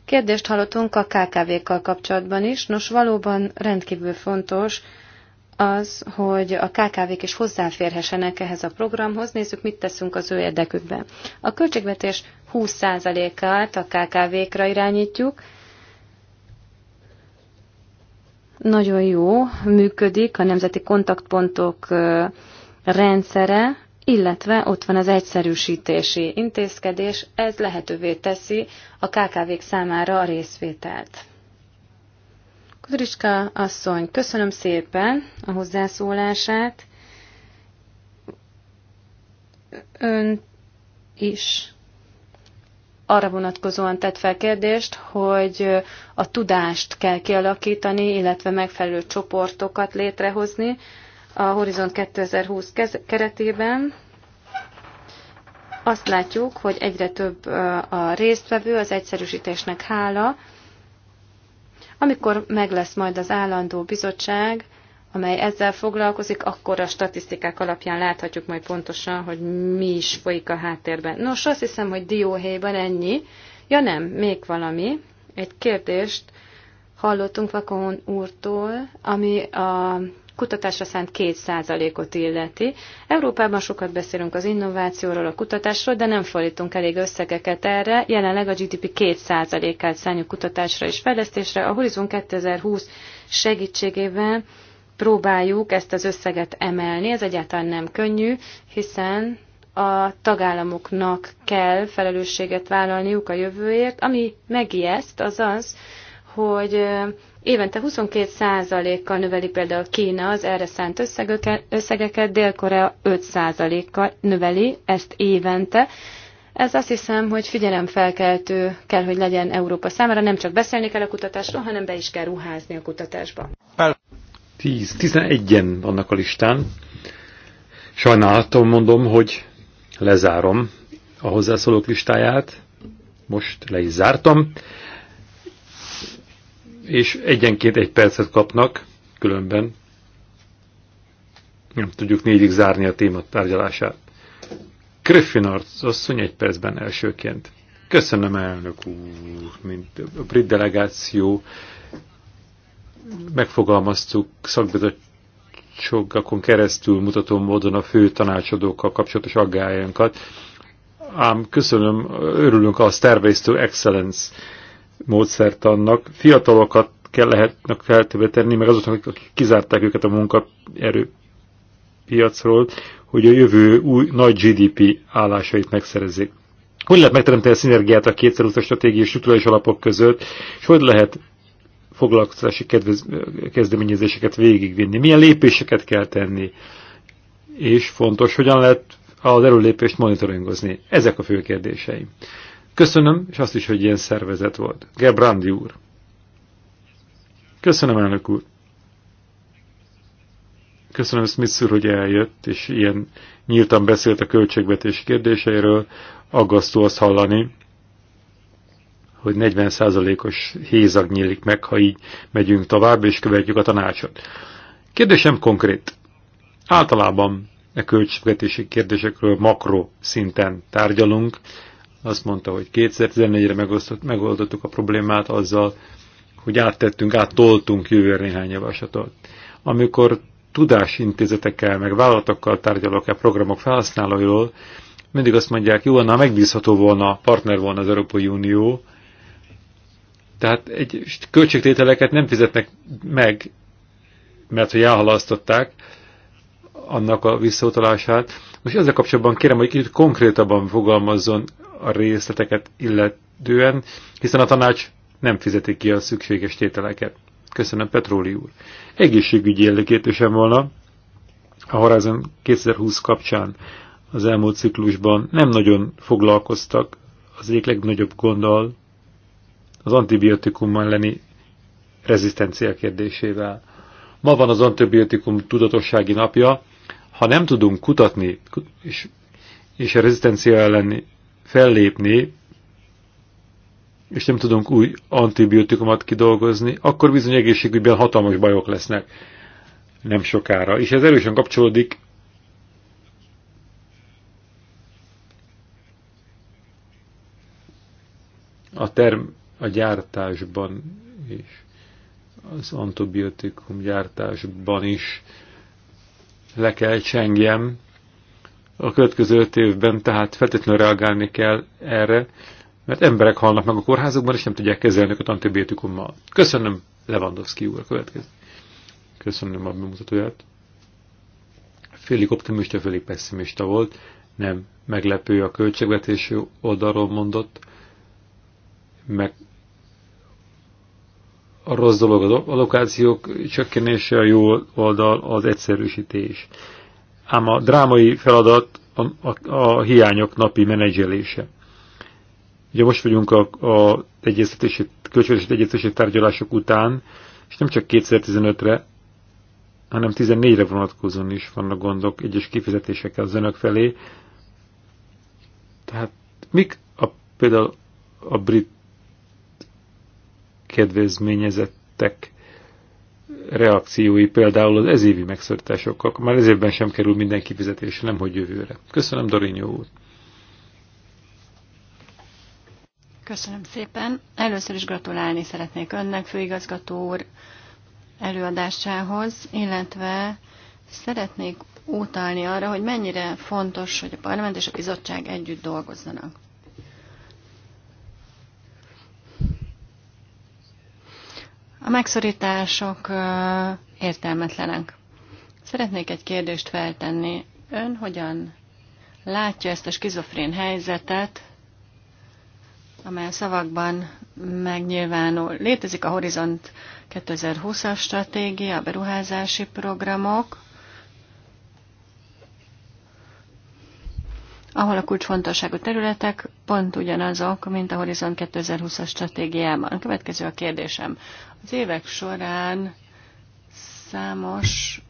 kérdést hallottunk a KKV-kkal kapcsolatban is. Nos, valóban rendkívül fontos az, hogy a KKV-k is hozzáférhessenek ehhez a programhoz. Nézzük, mit teszünk az ő érdekükben. A költségvetés 20%-át a KKV-kra irányítjuk, nagyon jó működik a nemzeti kontaktpontok rendszere, illetve ott van az egyszerűsítési intézkedés, ez lehetővé teszi a KKV-k számára a részvételt. Kudricska asszony, köszönöm szépen a hozzászólását. Ön is arra vonatkozóan tett fel kérdést, hogy a tudást kell kialakítani, illetve megfelelő csoportokat létrehozni a Horizont 2020 keretében. Azt látjuk, hogy egyre több a résztvevő, az egyszerűsítésnek hála. Amikor meg lesz majd az állandó bizottság, amely ezzel foglalkozik, akkor a statisztikák alapján láthatjuk majd pontosan, hogy mi is folyik a háttérben. Nos, azt hiszem, hogy dióhéjban ennyi. Ja nem, még valami. Egy kérdést hallottunk Vakon úrtól, ami a kutatásra szánt 2%-ot illeti. Európában sokat beszélünk az innovációról, a kutatásról, de nem fordítunk elég összegeket erre. Jelenleg a GDP 2%-át szálljuk kutatásra és fejlesztésre. A Horizon 2020 segítségével próbáljuk ezt az összeget emelni. Ez egyáltalán nem könnyű, hiszen a tagállamoknak kell felelősséget vállalniuk a jövőért. Ami megijeszt, az az, hogy évente 22%-kal növeli például Kína az erre szánt összegeket, Dél-Korea 5%-kal növeli ezt évente. Ez azt hiszem, hogy figyelemfelkeltő kell, hogy legyen Európa számára. Nem csak beszélni kell a kutatásról, hanem be is kell ruházni a kutatásba. 10, 11-en vannak a listán. Sajnálatom mondom, hogy lezárom a hozzászólók listáját. Most le is zártam. És egyenként egy percet kapnak, különben nem tudjuk négyig zárni a témat tárgyalását. Griffin asszony egy percben elsőként. Köszönöm, elnök úr, mint a brit delegáció megfogalmaztuk szakbizottságokon keresztül mutató módon a fő tanácsadókkal kapcsolatos aggályunkat. Ám köszönöm, örülünk a Stairways to Excellence módszert annak. Fiatalokat kell lehetnek feltövetenni, meg azoknak, akik kizárták őket a munkaerő piacról, hogy a jövő új nagy GDP állásait megszerezzék. Hogy lehet megteremteni a szinergiát a 2020 stratégiai és struktúrális alapok között, és hogy lehet foglalkoztatási kezdeményezéseket végigvinni, milyen lépéseket kell tenni, és fontos, hogyan lehet az erőlépést monitoringozni. Ezek a fő kérdéseim. Köszönöm, és azt is, hogy ilyen szervezet volt. Gebrandi úr. Köszönöm, elnök úr. Köszönöm Smith úr, hogy eljött, és ilyen nyíltan beszélt a költségvetés kérdéseiről. Aggasztó azt hallani, hogy 40%-os hézag nyílik meg, ha így megyünk tovább, és követjük a tanácsot. Kérdésem konkrét. Általában a e költségvetési kérdésekről makro szinten tárgyalunk. Azt mondta, hogy 2014-re megoldottuk a problémát azzal, hogy áttettünk, áttoltunk jövőre néhány javaslatot. Amikor tudásintézetekkel, meg vállalatokkal tárgyalok a e programok felhasználóiról, mindig azt mondják, jó, na megbízható volna, partner volna az Európai Unió, tehát egy költségtételeket nem fizetnek meg, mert hogy elhalasztották annak a visszautalását. Most ezzel kapcsolatban kérem, hogy kicsit konkrétabban fogalmazzon a részleteket illetően, hiszen a tanács nem fizeti ki a szükséges tételeket. Köszönöm, Petróli úr. Egészségügyi érdekértésem volna a Horizon 2020 kapcsán az elmúlt ciklusban nem nagyon foglalkoztak az egyik legnagyobb gonddal, az antibiotikum elleni rezisztencia kérdésével. Ma van az antibiotikum tudatossági napja. Ha nem tudunk kutatni és, és a rezisztencia ellen fellépni, és nem tudunk új antibiotikumot kidolgozni, akkor bizony egészségügyben hatalmas bajok lesznek nem sokára. És ez erősen kapcsolódik a term a gyártásban és az antibiotikum gyártásban is le kell csengjem a következő öt évben, tehát feltétlenül reagálni kell erre, mert emberek halnak meg a kórházokban, és nem tudják kezelni a antibiotikummal. Köszönöm Lewandowski úr a következő. Köszönöm a bemutatóját. Félig optimista, félig pessimista volt. Nem meglepő a költségvetési oldalról mondott, meg a rossz dolog az allokációk csökkenése, a jó oldal az egyszerűsítés. Ám a drámai feladat a, a, a hiányok napi menedzselése. Ugye most vagyunk a, a egyeztetési, egyeztetési tárgyalások után, és nem csak 2015-re, hanem 14-re vonatkozóan is vannak gondok egyes kifizetésekkel az önök felé. Tehát mik a, például a brit kedvezményezettek reakciói például az ezévi megszorításokkal. Már ez évben sem kerül minden kifizetésre, nem hogy jövőre. Köszönöm, Dorinyó úr. Köszönöm szépen. Először is gratulálni szeretnék önnek, főigazgató úr előadásához, illetve szeretnék utalni arra, hogy mennyire fontos, hogy a parlament és a bizottság együtt dolgozzanak. A megszorítások értelmetlenek. Szeretnék egy kérdést feltenni. Ön hogyan látja ezt a skizofrén helyzetet, amely a szavakban megnyilvánul. Létezik a Horizont 2020-as stratégia, a beruházási programok, ahol a kulcsfontosságú területek pont ugyanazok, mint a Horizon 2020-as stratégiában. A következő a kérdésem. Az évek során számos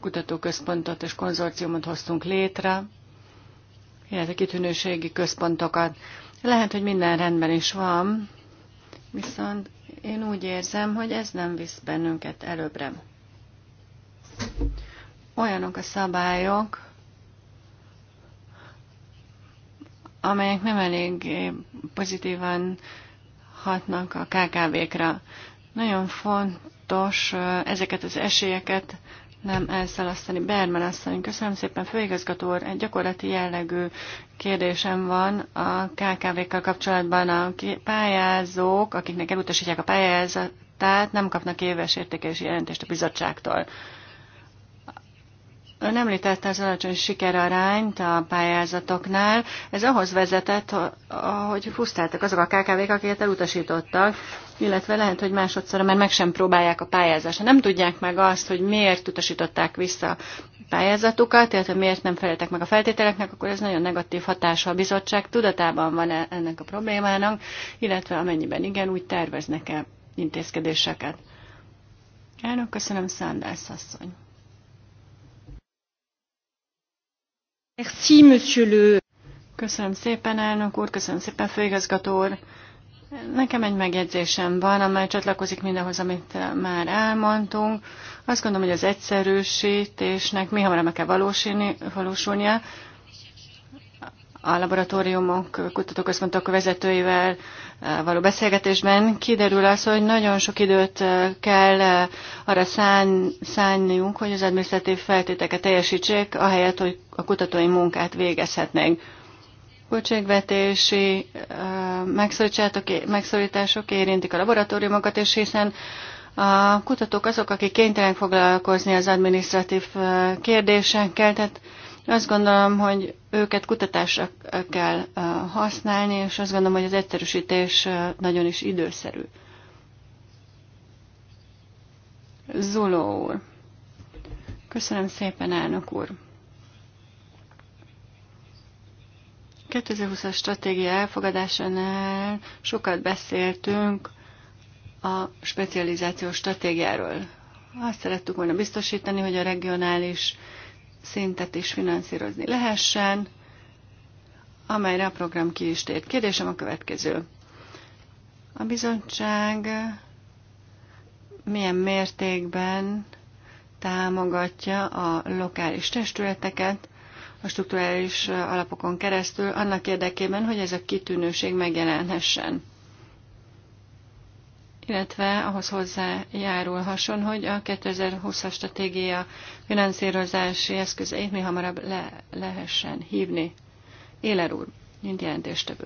kutatóközpontot és konzorciumot hoztunk létre, illetve kitűnőségi központokat. Lehet, hogy minden rendben is van, viszont én úgy érzem, hogy ez nem visz bennünket előbbre. Olyanok a szabályok, amelyek nem elég pozitívan hatnak a KKV-kra. Nagyon fontos ezeket az esélyeket nem elszalasztani. Berman asszony, köszönöm szépen, főigazgató úr, egy gyakorlati jellegű kérdésem van a KKV-kkal kapcsolatban. A pályázók, akiknek elutasítják a pályázatát, nem kapnak éves értékelési jelentést a bizottságtól. Ön említette az alacsony sikerarányt a pályázatoknál. Ez ahhoz vezetett, hogy frusztráltak azok a KKV-k, akiket elutasítottak, illetve lehet, hogy másodszor már meg sem próbálják a pályázást. Nem tudják meg azt, hogy miért utasították vissza pályázatukat, illetve miért nem feleltek meg a feltételeknek, akkor ez nagyon negatív hatása a bizottság. Tudatában van -e ennek a problémának, illetve amennyiben igen, úgy terveznek-e intézkedéseket. Elnök, köszönöm, Szándász asszony. Merci, monsieur le... Köszönöm szépen, elnök úr, köszönöm szépen, főigazgató úr. Nekem egy megjegyzésem van, amely csatlakozik mindenhoz, amit eh, már elmondtunk. Azt gondolom, hogy az egyszerűsítésnek mi hamarabb meg kell valósulni, valósulnia. A laboratóriumok, kutatóközpontok vezetőivel való beszélgetésben kiderül az, hogy nagyon sok időt kell arra szán, szánniunk, hogy az adminisztratív feltéteket teljesítsék, ahelyett, hogy a kutatói munkát végezhetnénk. Költségvetési megszorítások érintik a laboratóriumokat, és hiszen a kutatók azok, akik kénytelenek foglalkozni az adminisztratív kérdésekkel, tehát azt gondolom, hogy őket kutatásra kell használni, és azt gondolom, hogy az egyszerűsítés nagyon is időszerű. Zuló úr. Köszönöm szépen, elnök úr. 2020-as stratégia elfogadásánál sokat beszéltünk a specializációs stratégiáról. Azt szerettük volna biztosítani, hogy a regionális uh, szintet is finanszírozni lehessen, amelyre a program ki is tért. Kérdésem a következő. A bizottság milyen mértékben támogatja a lokális testületeket a struktúrális alapokon keresztül annak érdekében, hogy ez a kitűnőség megjelenhessen illetve ahhoz hozzájárulhasson, hogy a 2020-as stratégia finanszírozási eszközeit mi hamarabb le lehessen hívni. Éler úr, mint jelentéstevő.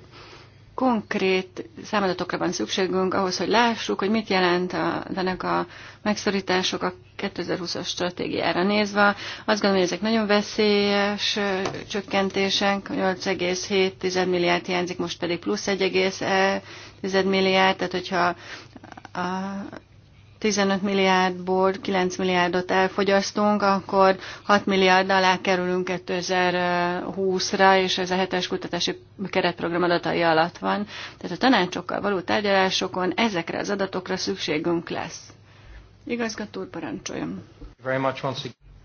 Konkrét számadatokra van szükségünk ahhoz, hogy lássuk, hogy mit jelent a, ennek a megszorítások a 2020-as stratégiára nézve. Azt gondolom, hogy ezek nagyon veszélyes csökkentések, 8,7 milliárd hiányzik, most pedig plusz 1,1 milliárd, tehát hogyha a 15 milliárdból 9 milliárdot elfogyasztunk, akkor 6 milliárd alá kerülünk 2020-ra, és ez a hetes kutatási keretprogram adatai alatt van. Tehát a tanácsokkal való tárgyalásokon ezekre az adatokra szükségünk lesz. Igazgató úr, parancsoljon.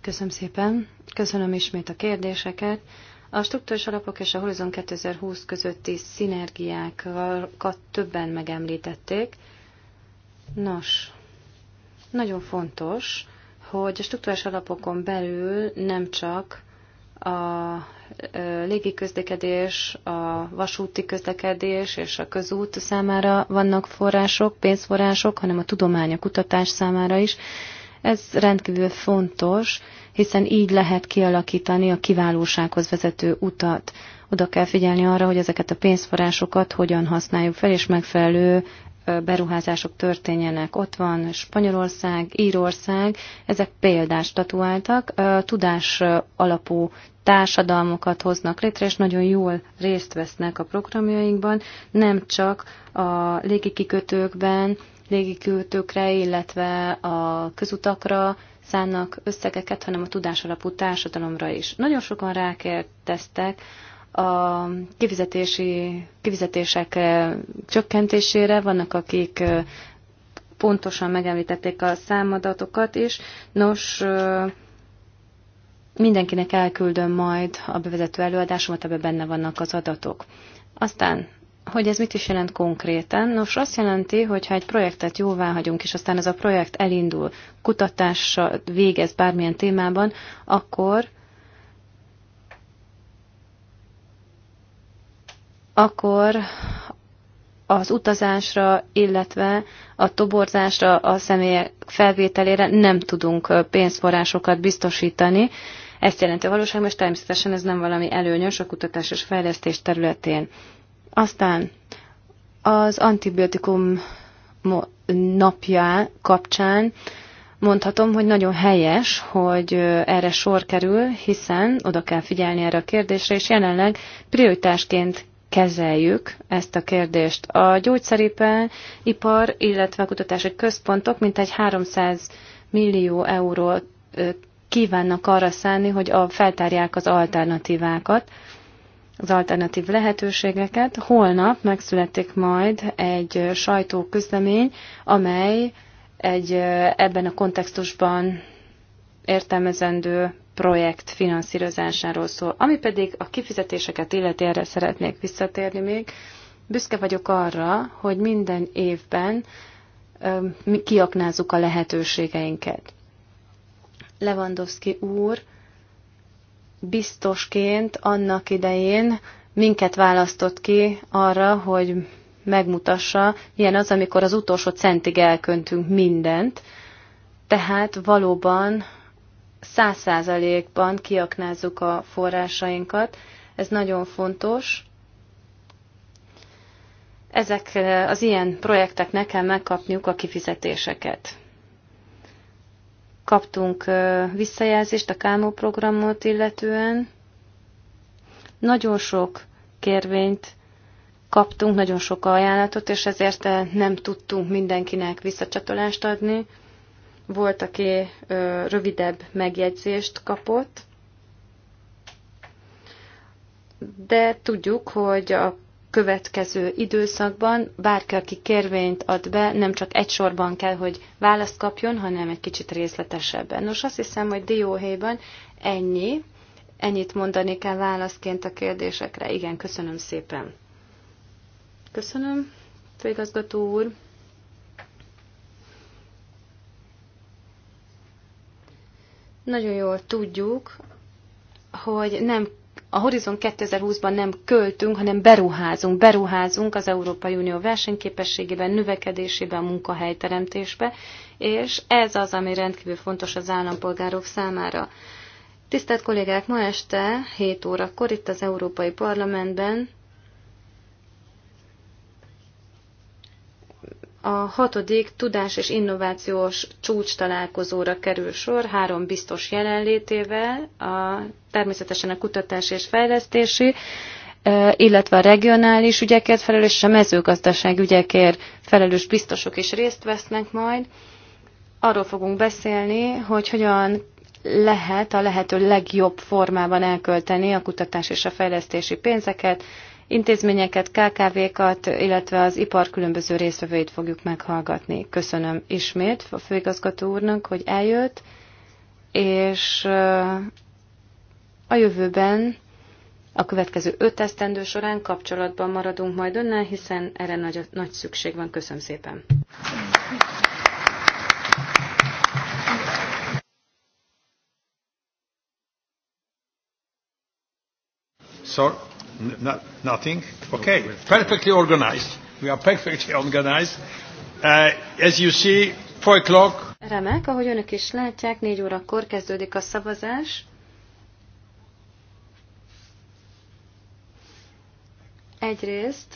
Köszönöm szépen. Köszönöm ismét a kérdéseket. A struktúrás alapok és a Horizon 2020 közötti szinergiákat többen megemlítették. Nos, nagyon fontos, hogy a struktúrás alapokon belül nem csak a légi közlekedés, a vasúti közlekedés és a közút számára vannak források, pénzforrások, hanem a tudomány, a kutatás számára is. Ez rendkívül fontos, hiszen így lehet kialakítani a kiválósághoz vezető utat. Oda kell figyelni arra, hogy ezeket a pénzforrásokat hogyan használjuk fel, és megfelelő beruházások történjenek. Ott van Spanyolország, Írország, ezek példást tatuáltak, tudás alapú társadalmokat hoznak létre, és nagyon jól részt vesznek a programjainkban, nem csak a légikikötőkben, légikikötőkre, illetve a közutakra szánnak összegeket, hanem a tudásalapú társadalomra is. Nagyon sokan rákérteztek, a kifizetési, kifizetések eh, csökkentésére, vannak akik eh, pontosan megemlítették a számadatokat is. Nos, eh, mindenkinek elküldöm majd a bevezető előadásomat, ebben benne vannak az adatok. Aztán hogy ez mit is jelent konkrétan. Nos, azt jelenti, hogy ha egy projektet jóvá hagyunk, és aztán ez a projekt elindul, kutatással végez bármilyen témában, akkor akkor az utazásra, illetve a toborzásra, a személyek felvételére nem tudunk pénzforrásokat biztosítani. Ezt jelenti a valóság, és természetesen ez nem valami előnyös a kutatás és fejlesztés területén. Aztán az antibiotikum napja kapcsán mondhatom, hogy nagyon helyes, hogy erre sor kerül, hiszen oda kell figyelni erre a kérdésre, és jelenleg prioritásként kezeljük ezt a kérdést. A gyógyszeripar, illetve a kutatási központok mintegy 300 millió eurót kívánnak arra szállni, hogy a, feltárják az alternatívákat, az alternatív lehetőségeket. Holnap megszületik majd egy sajtóközlemény, amely egy ebben a kontextusban értelmezendő projekt finanszírozásáról szól. Ami pedig a kifizetéseket illeti, erre szeretnék visszatérni még. Büszke vagyok arra, hogy minden évben mi kiaknázzuk a lehetőségeinket. Lewandowski úr biztosként annak idején minket választott ki arra, hogy megmutassa, milyen az, amikor az utolsó centig elköntünk mindent. Tehát valóban száz százalékban kiaknázzuk a forrásainkat. Ez nagyon fontos. Ezek eh, az ilyen projekteknek kell megkapniuk a kifizetéseket. Kaptunk eh, visszajelzést a KÁMO programot illetően. Nagyon sok kérvényt kaptunk, nagyon sok ajánlatot, és ezért eh, nem tudtunk mindenkinek visszacsatolást adni. Volt, aki rövidebb megjegyzést kapott, de tudjuk, hogy a következő időszakban bárki, aki kérvényt ad be, nem csak egy sorban kell, hogy választ kapjon, hanem egy kicsit részletesebben. Nos, azt hiszem, hogy dióhéjban ennyi, ennyit mondani kell válaszként a kérdésekre. Igen, köszönöm szépen. Köszönöm, főigazgató úr. Nagyon jól tudjuk, hogy nem a Horizon 2020-ban nem költünk, hanem beruházunk. Beruházunk az Európai Unió versenyképességében, növekedésében, munkahelyteremtésbe, és ez az, ami rendkívül fontos az állampolgárok számára. Tisztelt kollégák, ma este 7 órakor itt az Európai Parlamentben A hatodik tudás és innovációs csúcs találkozóra kerül sor három biztos jelenlétével, a, természetesen a kutatás és fejlesztési, illetve a regionális ügyekért felelős és a mezőgazdaság ügyekért felelős biztosok is részt vesznek majd. Arról fogunk beszélni, hogy hogyan lehet a lehető legjobb formában elkölteni a kutatás és a fejlesztési pénzeket, intézményeket, KKV-kat, illetve az ipar különböző részvevőit fogjuk meghallgatni. Köszönöm ismét a főigazgató úrnak, hogy eljött, és a jövőben a következő öt esztendő során kapcsolatban maradunk majd önnel, hiszen erre nagy, nagy szükség van. Köszönöm szépen! Sorry. No, nothing? Okay, perfectly organized. We are perfectly organized. Uh, as you see, four o'clock. Remek, ahogy önök is látják, négy órakor kezdődik a szavazás. Egyrészt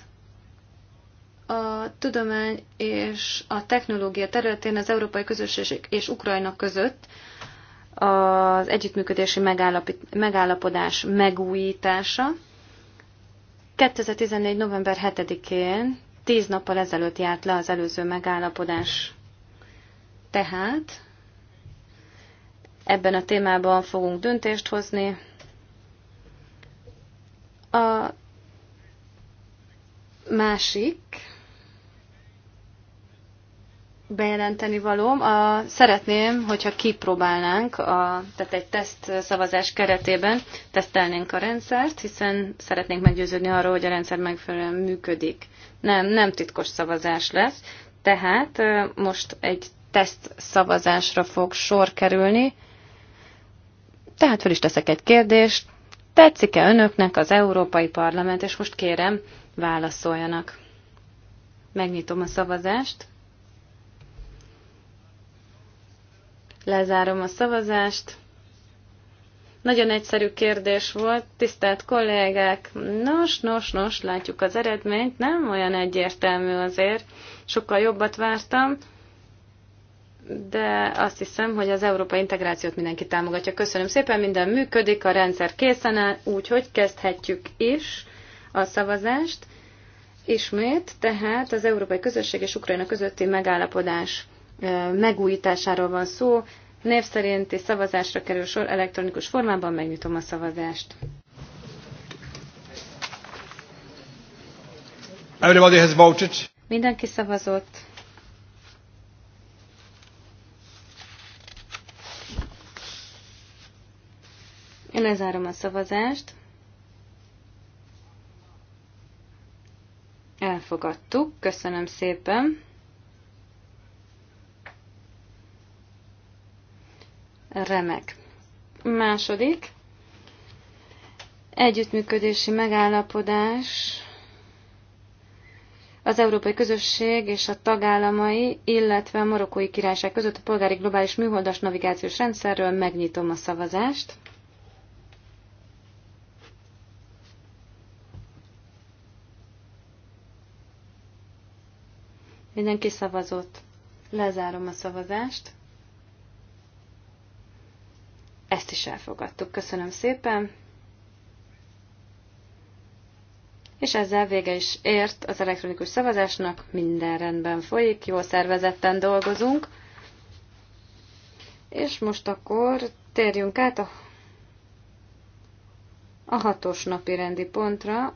a tudomány és a technológia területén az Európai Közösség és Ukrajna között az együttműködési megállapodás megújítása. 2014. november 7-én, tíz nappal ezelőtt járt le az előző megállapodás. Tehát ebben a témában fogunk döntést hozni. A másik bejelenteni valóm. A, szeretném, hogyha kipróbálnánk, a, tehát egy teszt szavazás keretében tesztelnénk a rendszert, hiszen szeretnénk meggyőződni arról, hogy a rendszer megfelelően működik. Nem, nem titkos szavazás lesz, tehát most egy teszt szavazásra fog sor kerülni. Tehát fel is teszek egy kérdést. Tetszik-e önöknek az Európai Parlament, és most kérem, válaszoljanak. Megnyitom a szavazást. Lezárom a szavazást. Nagyon egyszerű kérdés volt, tisztelt kollégák. Nos, nos, nos, látjuk az eredményt, nem olyan egyértelmű azért. Sokkal jobbat vártam, de azt hiszem, hogy az európai integrációt mindenki támogatja. Köszönöm szépen, minden működik, a rendszer készen áll, úgyhogy kezdhetjük is a szavazást. Ismét, tehát az Európai Közösség és Ukrajna közötti megállapodás megújításáról van szó. Név szerinti szavazásra kerül sor elektronikus formában, megnyitom a szavazást. Everybody has voted. Mindenki szavazott. Én lezárom a szavazást. Elfogadtuk. Köszönöm szépen. remek. Második, együttműködési megállapodás az Európai Közösség és a tagállamai, illetve a Marokkói Királyság között a polgári globális műholdas navigációs rendszerről megnyitom a szavazást. Mindenki szavazott. Lezárom a szavazást. Ezt is elfogadtuk. Köszönöm szépen. És ezzel vége is ért az elektronikus szavazásnak. Minden rendben folyik, jó szervezetten dolgozunk. És most akkor térjünk át a, a hatos napi rendi pontra,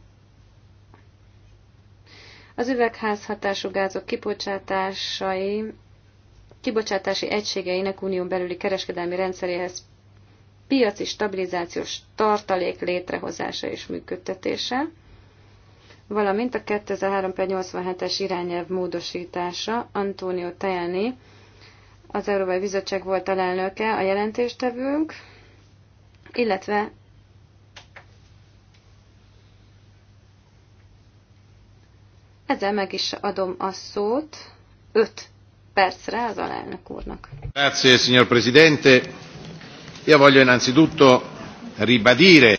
az üvegházhatású gázok kibocsátásai, kibocsátási egységeinek unión belüli kereskedelmi rendszeréhez piaci stabilizációs tartalék létrehozása és működtetése, valamint a 2003-87-es irányelv módosítása Antonio Tajani, az Európai Bizottság volt alelnöke, a jelentéstevőnk, illetve ezzel meg is adom a szót 5 percre az alelnök úrnak. Grazie, signor Presidente. Io voglio innanzitutto ribadire.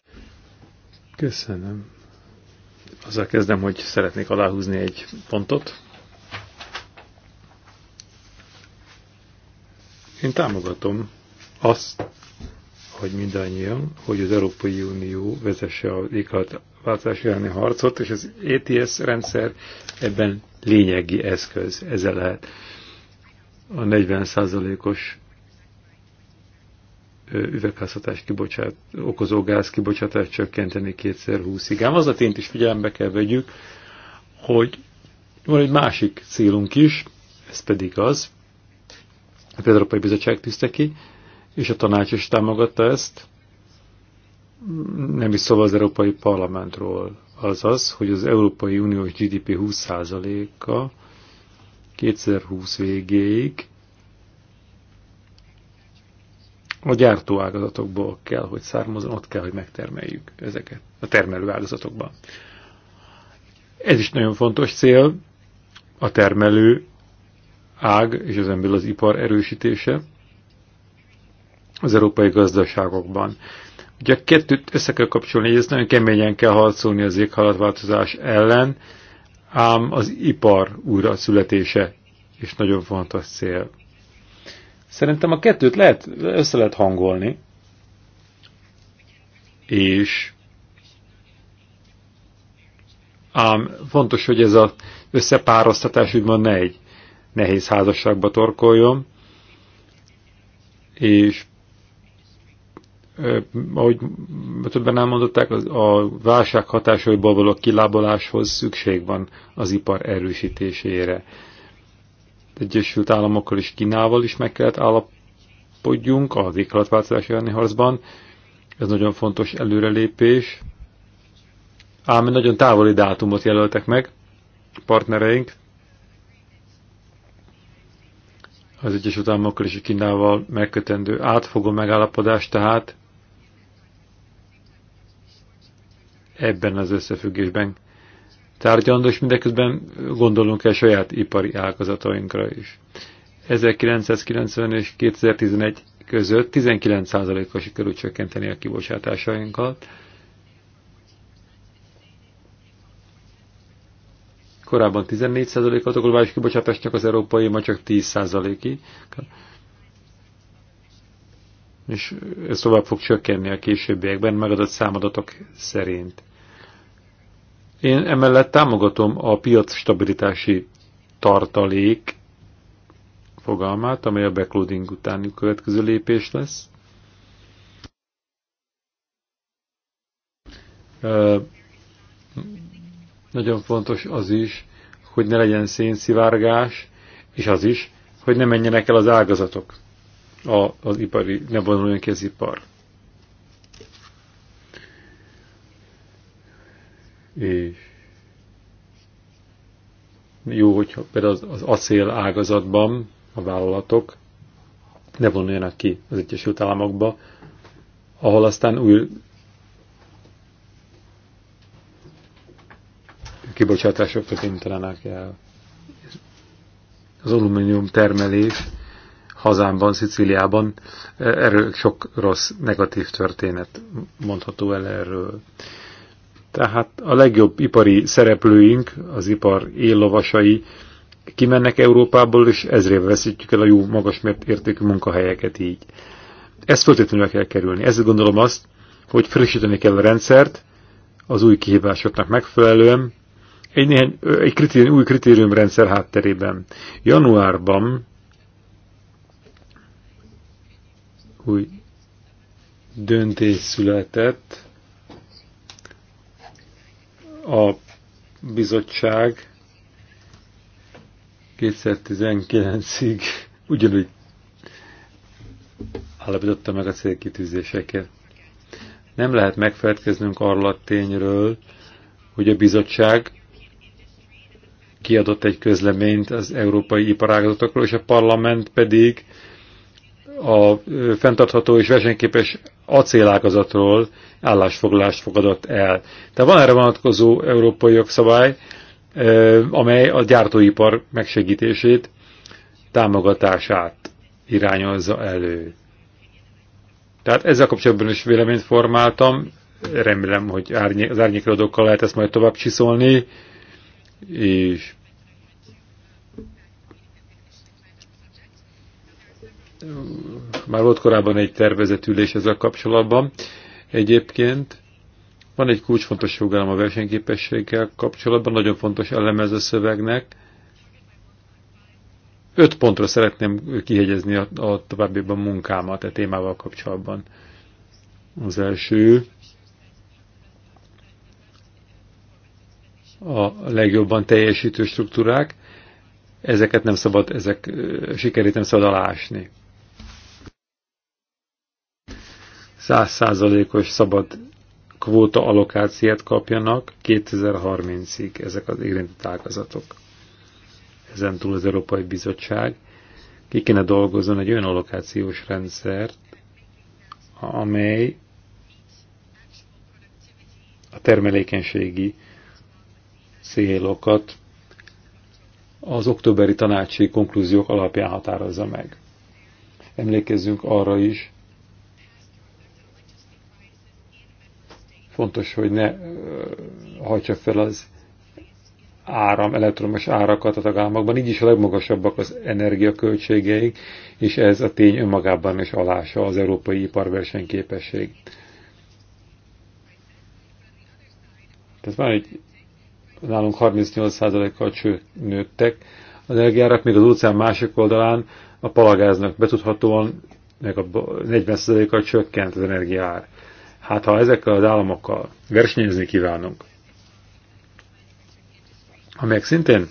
Köszönöm. Azzal kezdem, hogy szeretnék aláhúzni egy pontot. Én támogatom azt, hogy mindannyian, hogy az Európai Unió vezesse a éghajlatváltozás elleni harcot, és az ETS rendszer ebben lényegi eszköz, ezzel lehet a 40%-os üvegházhatás kibocsát, okozó gáz kibocsátást csökkenteni 2020-ig. Ám az a tényt is figyelembe kell vegyük, hogy van egy másik célunk is, ez pedig az, a Európai Bizottság tűzte ki, és a tanács is támogatta ezt, nem is szól az Európai Parlamentről, az az, hogy az Európai Uniós GDP 20%-a 2020 végéig a gyártóágazatokból kell, hogy származon, ott kell, hogy megtermeljük ezeket a termelő ágazatokban. Ez is nagyon fontos cél, a termelő ág és az ember az ipar erősítése az európai gazdaságokban. Ugye a kettőt össze kell kapcsolni, és nagyon keményen kell harcolni az éghajlatváltozás ellen, ám az ipar újra születése is nagyon fontos cél. Szerintem a kettőt lehet, össze lehet hangolni. És ám fontos, hogy ez az összepárosztatás úgymond ne egy nehéz házasságba torkoljon, és ahogy többen elmondották, a válság hatásaiból való kilábaláshoz szükség van az ipar erősítésére. Egyesült Államokkal és Kínával is meg kellett állapodjunk az éghajlatváltozás elleni harcban. Ez nagyon fontos előrelépés. Ám egy nagyon távoli dátumot jelöltek meg partnereink. Az Egyesült Államokkal és Kínával megkötendő átfogó megállapodás tehát ebben az összefüggésben tárgyalandó, és mindeközben gondolunk el saját ipari ágazatainkra is. 1990 és 2011 között 19%-kal sikerült csökkenteni a kibocsátásainkat. Korábban 14% a globális kibocsátásnak az európai, ma csak 10%-i. És ez tovább fog csökkenni a későbbiekben megadott számadatok szerint. Én emellett támogatom a piac stabilitási tartalék fogalmát, amely a backloading utáni következő lépés lesz. Nagyon fontos az is, hogy ne legyen szénszivárgás, és az is, hogy ne menjenek el az ágazatok, a, az ipari, ne vonuljon ki az ipar. És jó, hogyha például az, az acél ágazatban a vállalatok ne vonuljanak ki az Egyesült Államokba, ahol aztán új kibocsátások kénytelenek el. Az alumínium termelés hazámban, Szicíliában erről sok rossz, negatív történet mondható el erről. Tehát a legjobb ipari szereplőink, az ipar éllovasai kimennek Európából, és ezrébe veszítjük el a jó magas értékű munkahelyeket így. Ezt feltétlenül kell kerülni. Ezért gondolom azt, hogy frissíteni kell a rendszert az új kihívásoknak megfelelően, egy, néhány, egy kritérium, új kritériumrendszer hátterében. Januárban új döntés született a bizottság 2019-ig ugyanúgy állapította meg a célkitűzéseket. Nem lehet megfelelkeznünk arról a tényről, hogy a bizottság kiadott egy közleményt az európai iparágazatokról, és a parlament pedig a fenntartható és versenyképes acélágazatról állásfoglalást fogadott el. Tehát van erre vonatkozó európai jogszabály, amely a gyártóipar megsegítését, támogatását irányozza elő. Tehát ezzel kapcsolatban is véleményt formáltam, remélem, hogy az árnyékradókkal lehet ezt majd tovább csiszolni, és már volt korábban egy ülés ezzel kapcsolatban. Egyébként van egy kulcsfontos jogállam a versenyképességgel kapcsolatban, nagyon fontos elem ez a szövegnek. Öt pontra szeretném kihegyezni a, a továbbiban munkámat a e témával kapcsolatban. Az első a legjobban teljesítő struktúrák, ezeket nem szabad, ezek sikerét nem szabad alásni. százszázalékos szabad kvóta alokáciát kapjanak 2030-ig ezek az érintett ágazatok. Ezen túl az Európai Bizottság ki kéne dolgozzon egy olyan allokációs rendszert, amely a termelékenységi célokat az októberi tanácsi konklúziók alapján határozza meg. Emlékezzünk arra is, Fontos, hogy ne hagyja fel az áram, elektromos árakat a tagállamokban, így is a legmagasabbak az energiaköltségeik, és ez a tény önmagában is alása az európai iparversenyképesség. Tehát van egy, nálunk 38%-kal nőttek, az energiárak még az óceán másik oldalán a palagáznak betudhatóan meg a 40%-kal csökkent az energiár. Hát ha ezekkel az államokkal versenyezni kívánunk, amelyek szintén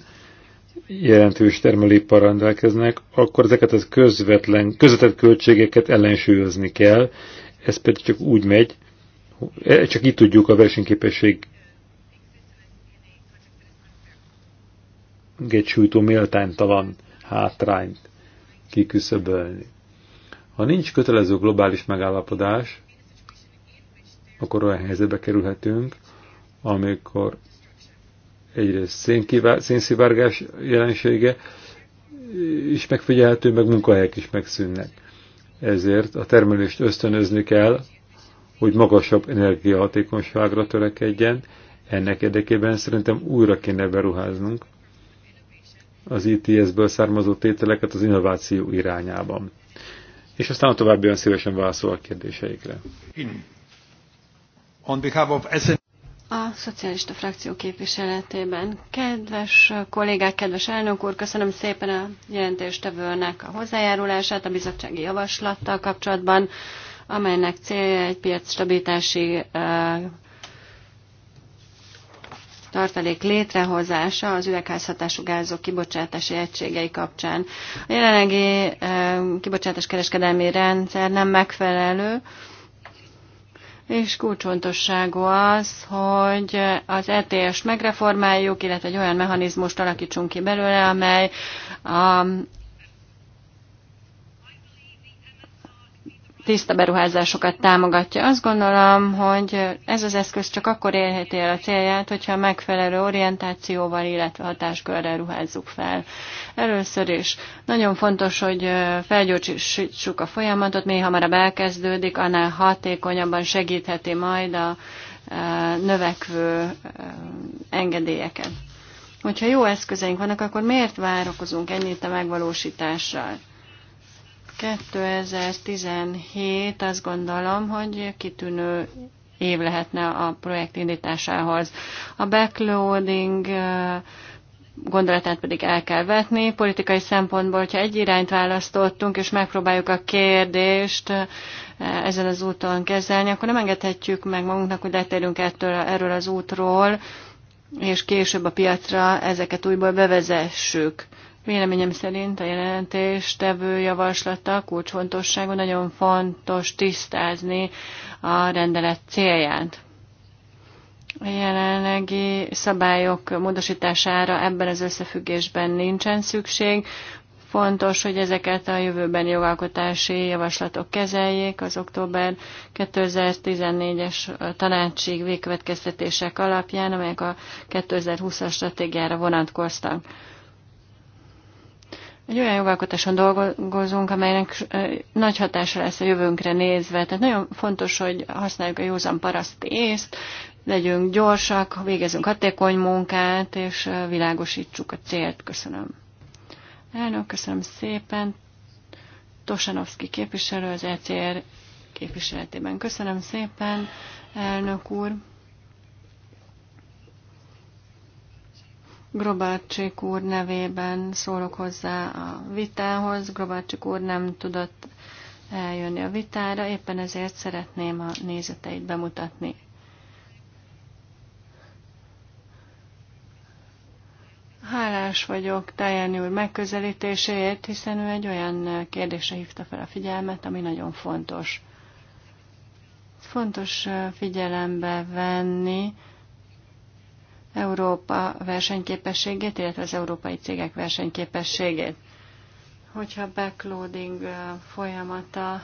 jelentős termelőipar rendelkeznek, akkor ezeket az közvetlen, közvetett költségeket ellensúlyozni kell. Ez pedig csak úgy megy, e, csak így tudjuk a versenyképesség egy sújtó méltánytalan hátrányt kiküszöbölni. Ha nincs kötelező globális megállapodás, akkor olyan helyzetbe kerülhetünk, amikor egyrészt szénszivárgás jelensége is megfigyelhető, meg munkahelyek is megszűnnek. Ezért a termelést ösztönözni kell, hogy magasabb energiahatékonyságra törekedjen, ennek érdekében szerintem újra kéne beruháznunk az ITS-ből származó tételeket az innováció irányában. És aztán a olyan szívesen válaszol a kérdéseikre. On behalf of SN... A szocialista frakció képviseletében. Kedves kollégák, kedves elnök úr, köszönöm szépen a jelentéstevőnek a hozzájárulását a bizottsági javaslattal kapcsolatban, amelynek célja egy piacstabilitási tartalék létrehozása az üvegházhatású gázok kibocsátási egységei kapcsán. A jelenlegi kibocsátás kereskedelmi rendszer nem megfelelő, és kulcsfontosságú az, hogy az ETS megreformáljuk, illetve egy olyan mechanizmust alakítsunk ki belőle, amely a tiszta beruházásokat támogatja. Azt gondolom, hogy ez az eszköz csak akkor érheti el a célját, hogyha megfelelő orientációval, illetve hatáskörrel ruházzuk fel. Először is nagyon fontos, hogy felgyorsítsuk a folyamatot, mi hamarabb elkezdődik, annál hatékonyabban segítheti majd a növekvő engedélyeket. Hogyha jó eszközeink vannak, akkor miért várakozunk ennyit a megvalósítással? 2017 azt gondolom, hogy kitűnő év lehetne a projekt indításához. A backloading gondolatát pedig el kell vetni. Politikai szempontból, hogyha egy irányt választottunk, és megpróbáljuk a kérdést ezen az úton kezelni, akkor nem engedhetjük meg magunknak, hogy letérünk ettől, erről az útról, és később a piacra ezeket újból bevezessük. Véleményem szerint a jelentés tevő javaslata kulcsfontosságú, nagyon fontos tisztázni a rendelet célját. A jelenlegi szabályok módosítására ebben az összefüggésben nincsen szükség. Fontos, hogy ezeket a jövőben jogalkotási javaslatok kezeljék az október 2014-es tanácsig végkövetkeztetések alapján, amelyek a 2020-as stratégiára vonatkoztak. Egy olyan jogalkotáson dolgozunk, amelynek nagy hatása lesz a jövőnkre nézve. Tehát nagyon fontos, hogy használjuk a józan paraszt észt, legyünk gyorsak, végezzünk hatékony munkát, és világosítsuk a célt. Köszönöm. Elnök, köszönöm szépen. Tosanovszki képviselő az ECR képviseletében. Köszönöm szépen, elnök úr. Grobácsik úr nevében szólok hozzá a vitához. Grobácsik úr nem tudott eljönni a vitára, éppen ezért szeretném a nézeteit bemutatni. Hálás vagyok Tejen úr megközelítéséért, hiszen ő egy olyan kérdése hívta fel a figyelmet, ami nagyon fontos. Fontos figyelembe venni Európa versenyképességét, illetve az európai cégek versenyképességét. Hogyha a backloading folyamata,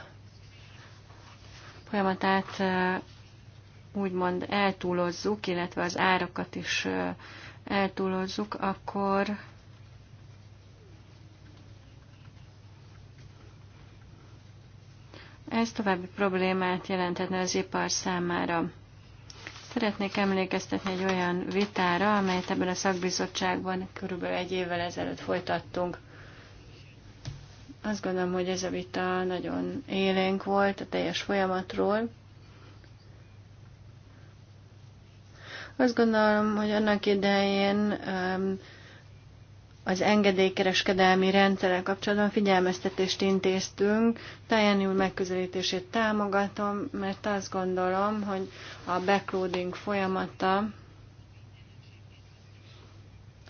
folyamatát úgymond eltúlozzuk, illetve az árakat is eltúlozzuk, akkor ez további problémát jelenthetne az ipar számára. Szeretnék emlékeztetni egy olyan vitára, amelyet ebben a szakbizottságban körülbelül egy évvel ezelőtt folytattunk. Azt gondolom, hogy ez a vita nagyon élénk volt a teljes folyamatról. Azt gondolom, hogy annak idején um, az engedélykereskedelmi rendszerrel kapcsolatban figyelmeztetést intéztünk. Tajani úr megközelítését támogatom, mert azt gondolom, hogy a backloading folyamata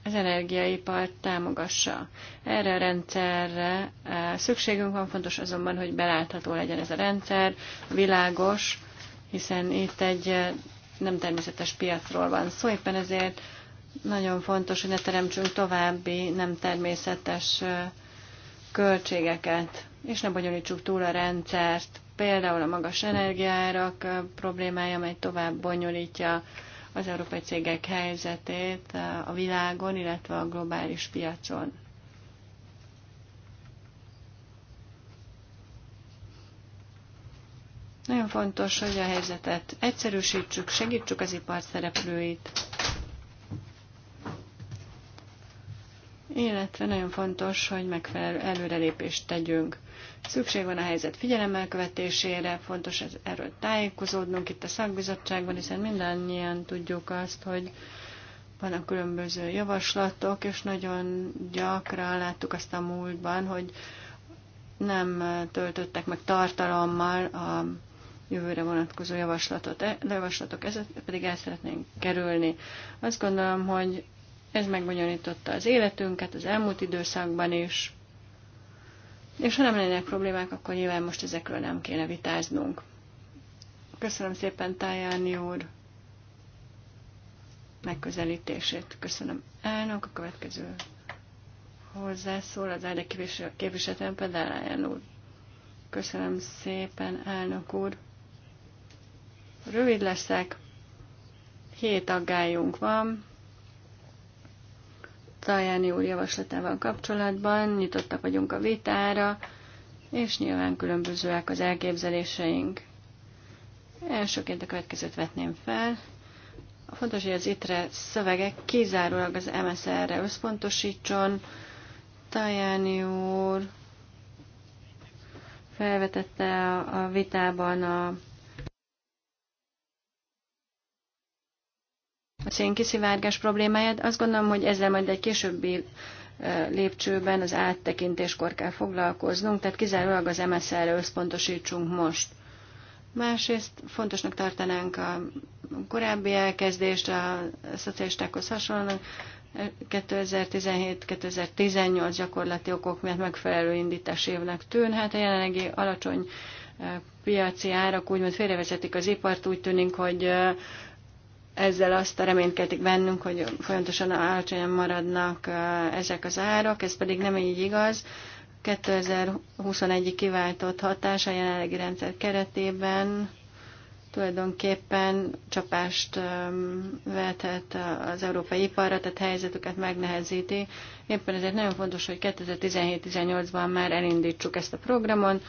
az energiaipart támogassa. Erre a rendszerre eh, szükségünk van, fontos azonban, hogy belátható legyen ez a rendszer, világos, hiszen itt egy eh, nem természetes piacról van szó, szóval éppen ezért nagyon fontos, hogy ne teremtsünk további nem természetes költségeket, és ne bonyolítsuk túl a rendszert. Például a magas energiárak problémája, amely tovább bonyolítja az európai cégek helyzetét a világon, illetve a globális piacon. Nagyon fontos, hogy a helyzetet egyszerűsítsük, segítsük az ipar szereplőit, illetve nagyon fontos, hogy megfelelő előrelépést tegyünk. Szükség van a helyzet figyelemmel követésére, fontos ez, erről tájékozódnunk itt a szakbizottságban, hiszen mindannyian tudjuk azt, hogy vannak különböző javaslatok, és nagyon gyakran láttuk azt a múltban, hogy nem töltöttek meg tartalommal a jövőre vonatkozó javaslatot, e- javaslatok, ezt pedig el szeretnénk kerülni. Azt gondolom, hogy ez megbonyolította az életünket az elmúlt időszakban is. És ha nem lennének problémák, akkor nyilván most ezekről nem kéne vitáznunk. Köszönöm szépen Tájáni úr megközelítését. Köszönöm elnök. A következő hozzászól az áldek képviseletem Pedáláján úr. Köszönöm szépen, elnök úr. Rövid leszek. Hét aggályunk van. Tajáni úr javaslatával kapcsolatban, nyitottak vagyunk a vitára, és nyilván különbözőek az elképzeléseink. Elsőként a következőt vetném fel. A fontos, hogy az ITRE szövegek kizárólag az MSZR-re összpontosítson. Tajáni úr felvetette a vitában a a szénkiszivárgás problémáját. Azt gondolom, hogy ezzel majd egy későbbi lépcsőben az áttekintéskor kell foglalkoznunk, tehát kizárólag az MSZ-re összpontosítsunk most. Másrészt fontosnak tartanánk a korábbi elkezdést a szocialistákhoz hasonlóan, 2017-2018 gyakorlati okok miatt megfelelő indítás évnek tűnhet. A jelenlegi alacsony piaci árak úgymond félrevezetik az ipart, úgy tűnik, hogy ezzel azt a reménykedik bennünk, hogy folyamatosan alacsonyan maradnak ezek az árak, ez pedig nem így igaz. 2021-i kiváltott hatás a jelenlegi rendszer keretében tulajdonképpen csapást vethet az európai iparra, tehát helyzetüket megnehezíti. Éppen ezért nagyon fontos, hogy 2017-18-ban már elindítsuk ezt a programon,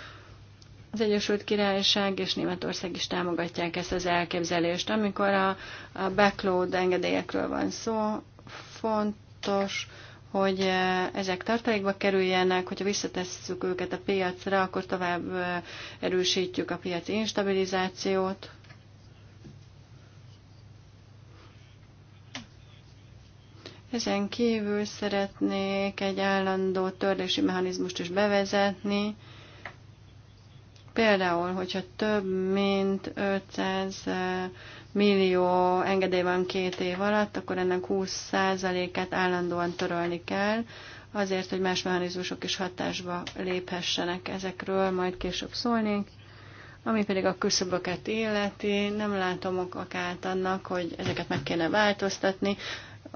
az Egyesült Királyság és Németország is támogatják ezt az elképzelést. Amikor a, a backload engedélyekről van szó, fontos, hogy e, ezek tartalékba kerüljenek, hogyha visszatesszük őket a piacra, akkor tovább e, erősítjük a piaci instabilizációt. Ezen kívül szeretnék egy állandó törlési mechanizmust is bevezetni, Például, hogyha több mint 500 millió engedély van két év alatt, akkor ennek 20%-át állandóan törölni kell, azért, hogy más mechanizmusok is hatásba léphessenek. Ezekről majd később szólnék. Ami pedig a küszöböket illeti, nem látom okát annak, hogy ezeket meg kéne változtatni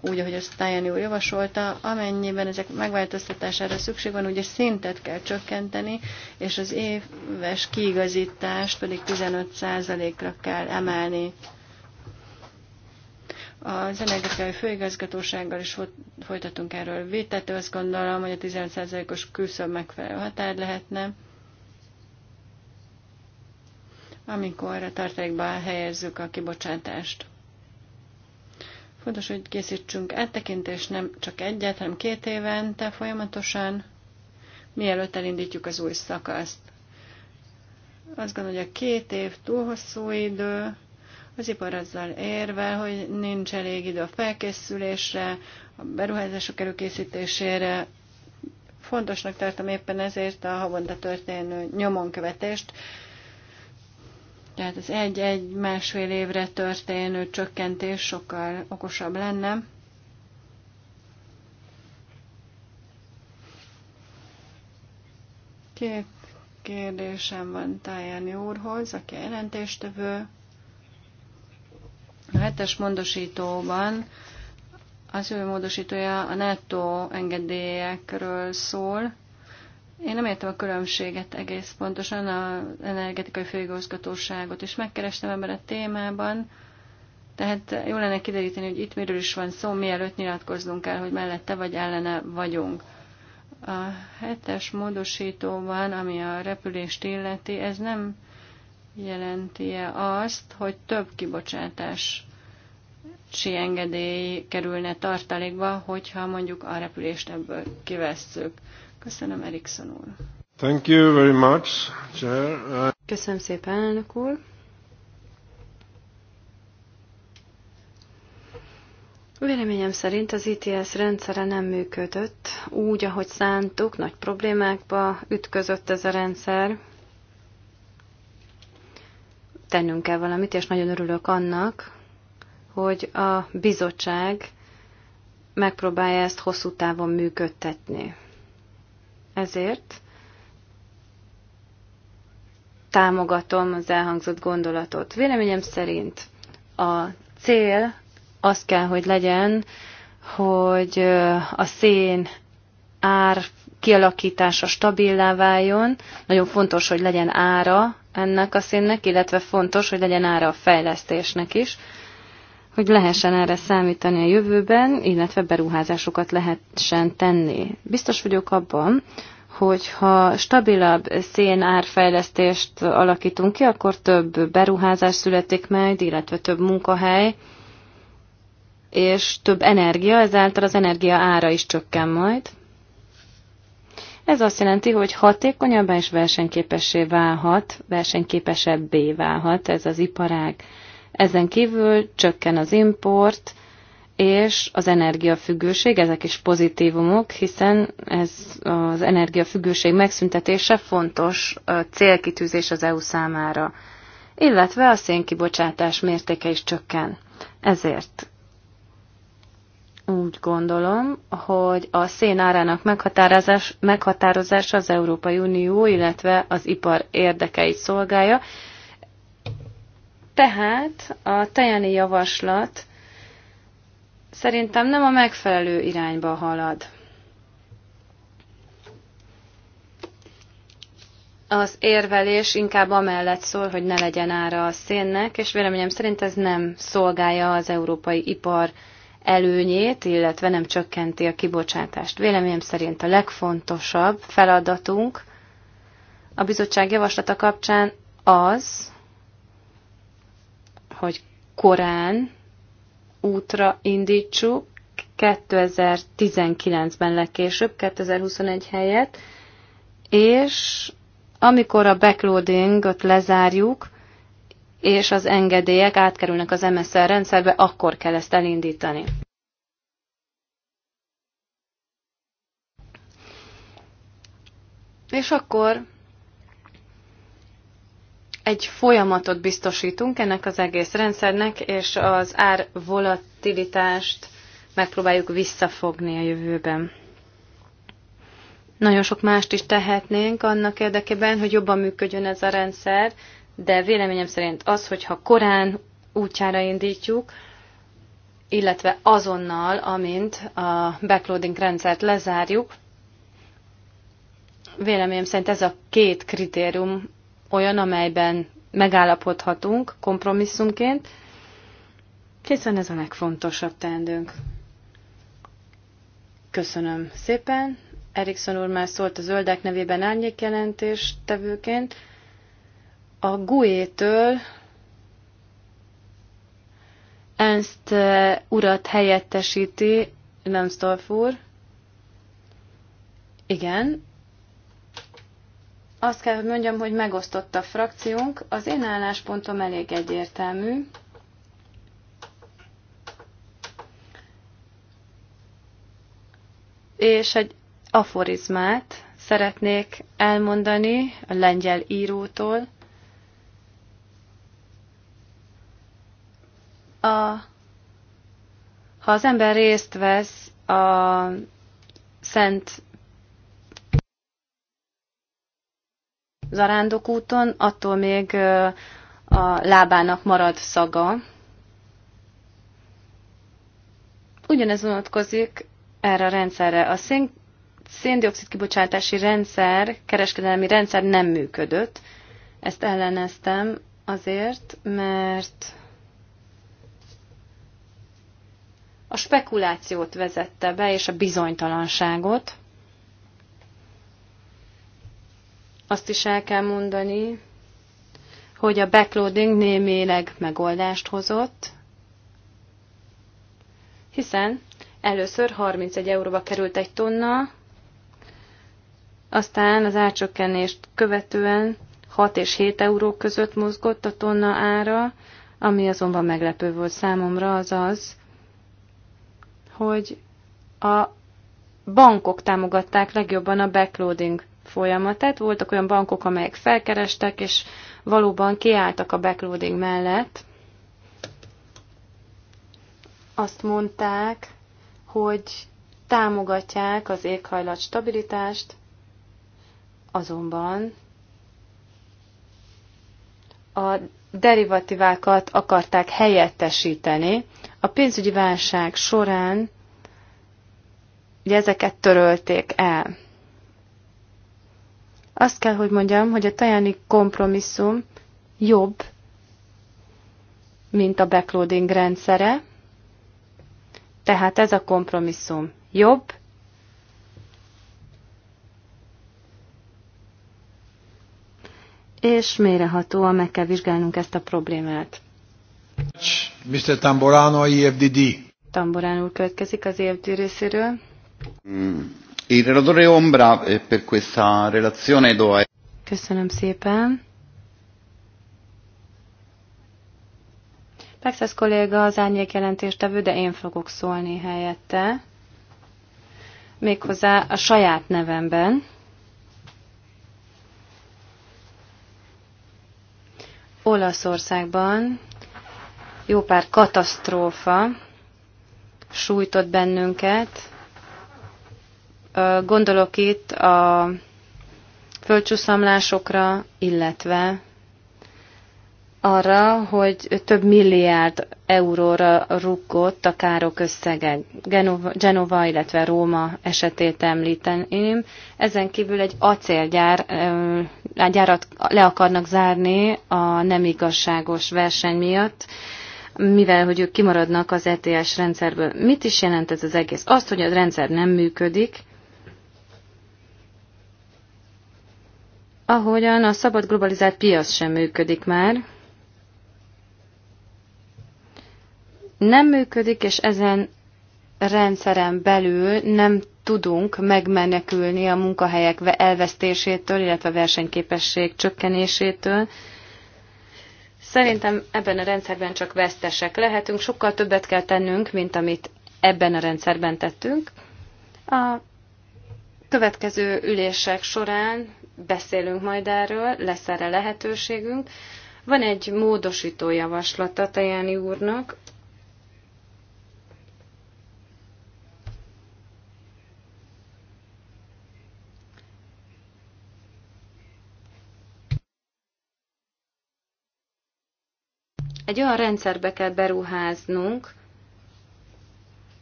úgy, ahogy azt Tajani úr javasolta, amennyiben ezek megváltoztatására szükség van, ugye szintet kell csökkenteni, és az éves kiigazítást pedig 15%-ra kell emelni. Az energetikai főigazgatósággal is folytatunk erről vétető, azt gondolom, hogy a 15%-os külszöbb megfelelő határ lehetne amikor a tartalékba helyezzük a kibocsátást. Fontos, hogy készítsünk áttekintést, nem csak egyet, hanem két évente folyamatosan, mielőtt elindítjuk az új szakaszt. Azt gondolom, hogy a két év túl hosszú idő, az ipar azzal érvel, hogy nincs elég idő a felkészülésre, a beruházások előkészítésére. Fontosnak tartom éppen ezért a havonta történő nyomonkövetést, követést, tehát az egy-egy másfél évre történő csökkentés sokkal okosabb lenne. Két kérdésem van Tájáni úrhoz, aki a jelentéstevő. A hetes módosítóban az ő módosítója a NATO engedélyekről szól. Én nem értem a különbséget egész pontosan, az energetikai főigazgatóságot is megkerestem ebben a témában, tehát jó lenne kideríteni, hogy itt miről is van szó, mielőtt nyilatkoznunk kell, hogy mellette vagy ellene vagyunk. A hetes van, ami a repülést illeti, ez nem jelenti -e azt, hogy több kibocsátás engedély kerülne tartalékba, hogyha mondjuk a repülést ebből kivesszük. Köszönöm, Erikson úr. Thank you very much, Chair. Köszönöm szépen, elnök úr. Véleményem szerint az ITS rendszere nem működött úgy, ahogy szántuk, nagy problémákba ütközött ez a rendszer. Tennünk kell valamit, és nagyon örülök annak, hogy a bizottság megpróbálja ezt hosszú távon működtetni. Ezért támogatom az elhangzott gondolatot. Véleményem szerint a cél az kell, hogy legyen, hogy a szén ár kialakítása stabilá váljon. Nagyon fontos, hogy legyen ára ennek a szénnek, illetve fontos, hogy legyen ára a fejlesztésnek is hogy lehessen erre számítani a jövőben, illetve beruházásokat lehessen tenni. Biztos vagyok abban, hogyha stabilabb szénárfejlesztést alakítunk ki, akkor több beruházás születik majd, illetve több munkahely, és több energia, ezáltal az energia ára is csökken majd. Ez azt jelenti, hogy hatékonyabban és versenyképessé válhat, versenyképesebbé válhat ez az iparág. Ezen kívül csökken az import, és az energiafüggőség, ezek is pozitívumok, hiszen ez az energiafüggőség megszüntetése fontos célkitűzés az EU számára, illetve a szénkibocsátás mértéke is csökken. Ezért úgy gondolom, hogy a szén árának meghatározás, meghatározása az Európai Unió, illetve az ipar érdekeit szolgálja, tehát a tejani javaslat szerintem nem a megfelelő irányba halad. Az érvelés inkább amellett szól, hogy ne legyen ára a szénnek, és véleményem szerint ez nem szolgálja az európai ipar előnyét, illetve nem csökkenti a kibocsátást. Véleményem szerint a legfontosabb feladatunk a bizottság javaslata kapcsán az, hogy korán útra indítsuk, 2019-ben legkésőbb, 2021 helyett, és amikor a backloadingot lezárjuk, és az engedélyek átkerülnek az MSZR rendszerbe, akkor kell ezt elindítani. És akkor egy folyamatot biztosítunk ennek az egész rendszernek, és az ár volatilitást megpróbáljuk visszafogni a jövőben. Nagyon sok mást is tehetnénk annak érdekében, hogy jobban működjön ez a rendszer, de véleményem szerint az, hogyha korán útjára indítjuk, illetve azonnal, amint a backloading rendszert lezárjuk, véleményem szerint ez a két kritérium olyan, amelyben megállapodhatunk kompromisszumként, hiszen ez a legfontosabb teendőnk. Köszönöm szépen. Erikson úr már szólt a zöldek nevében árnyékjelentés tevőként. A GUE-től Ernst eh, urat helyettesíti Lambsdorff úr. Igen, azt kell, hogy mondjam, hogy megosztott a frakciónk. Az én álláspontom elég egyértelmű. És egy aforizmát szeretnék elmondani a lengyel írótól. A, ha az ember részt vesz a szent zarándok úton, attól még a lábának marad szaga. Ugyanez vonatkozik erre a rendszerre. A szén széndiokszid kibocsátási rendszer, kereskedelmi rendszer nem működött. Ezt elleneztem azért, mert a spekulációt vezette be, és a bizonytalanságot. Azt is el kell mondani, hogy a backloading némileg megoldást hozott, hiszen először 31 euróba került egy tonna, aztán az árcsökkenést követően 6 és 7 euró között mozgott a tonna ára, ami azonban meglepő volt számomra, az az, hogy a bankok támogatták legjobban a backloading folyamatát. Voltak olyan bankok, amelyek felkerestek, és valóban kiálltak a backloading mellett. Azt mondták, hogy támogatják az éghajlat stabilitást, azonban a derivatívákat akarták helyettesíteni. A pénzügyi válság során ugye ezeket törölték el. Azt kell, hogy mondjam, hogy a tajani kompromisszum jobb, mint a backloading rendszere. Tehát ez a kompromisszum jobb, és mélyrehatóan meg kell vizsgálnunk ezt a problémát. Mr. Tamborano, EFDD. Tamborán úr következik az EFD részéről. Mm. Il relatore Ombra eh, per questa relazione do a... Köszönöm szépen. Pexes kolléga az árnyék jelentéstevő, de én fogok szólni helyette. Méghozzá a saját nevemben. Olaszországban jó pár katasztrófa sújtott bennünket, Gondolok itt a földcsúszamlásokra, illetve arra, hogy több milliárd euróra rúgott a károk összege. Genova, Genova, illetve Róma esetét említeném. Ezen kívül egy acélgyár gyárat le akarnak zárni a nem igazságos verseny miatt, mivel hogy ők kimaradnak az ETS rendszerből. Mit is jelent ez az egész? Azt, hogy a rendszer nem működik, ahogyan a szabad globalizált piac sem működik már. Nem működik, és ezen rendszeren belül nem tudunk megmenekülni a munkahelyek elvesztésétől, illetve a versenyképesség csökkenésétől. Szerintem ebben a rendszerben csak vesztesek lehetünk, sokkal többet kell tennünk, mint amit ebben a rendszerben tettünk. A következő ülések során beszélünk majd erről, lesz erre lehetőségünk. Van egy módosító javaslata Tajani úrnak, egy olyan rendszerbe kell beruháznunk,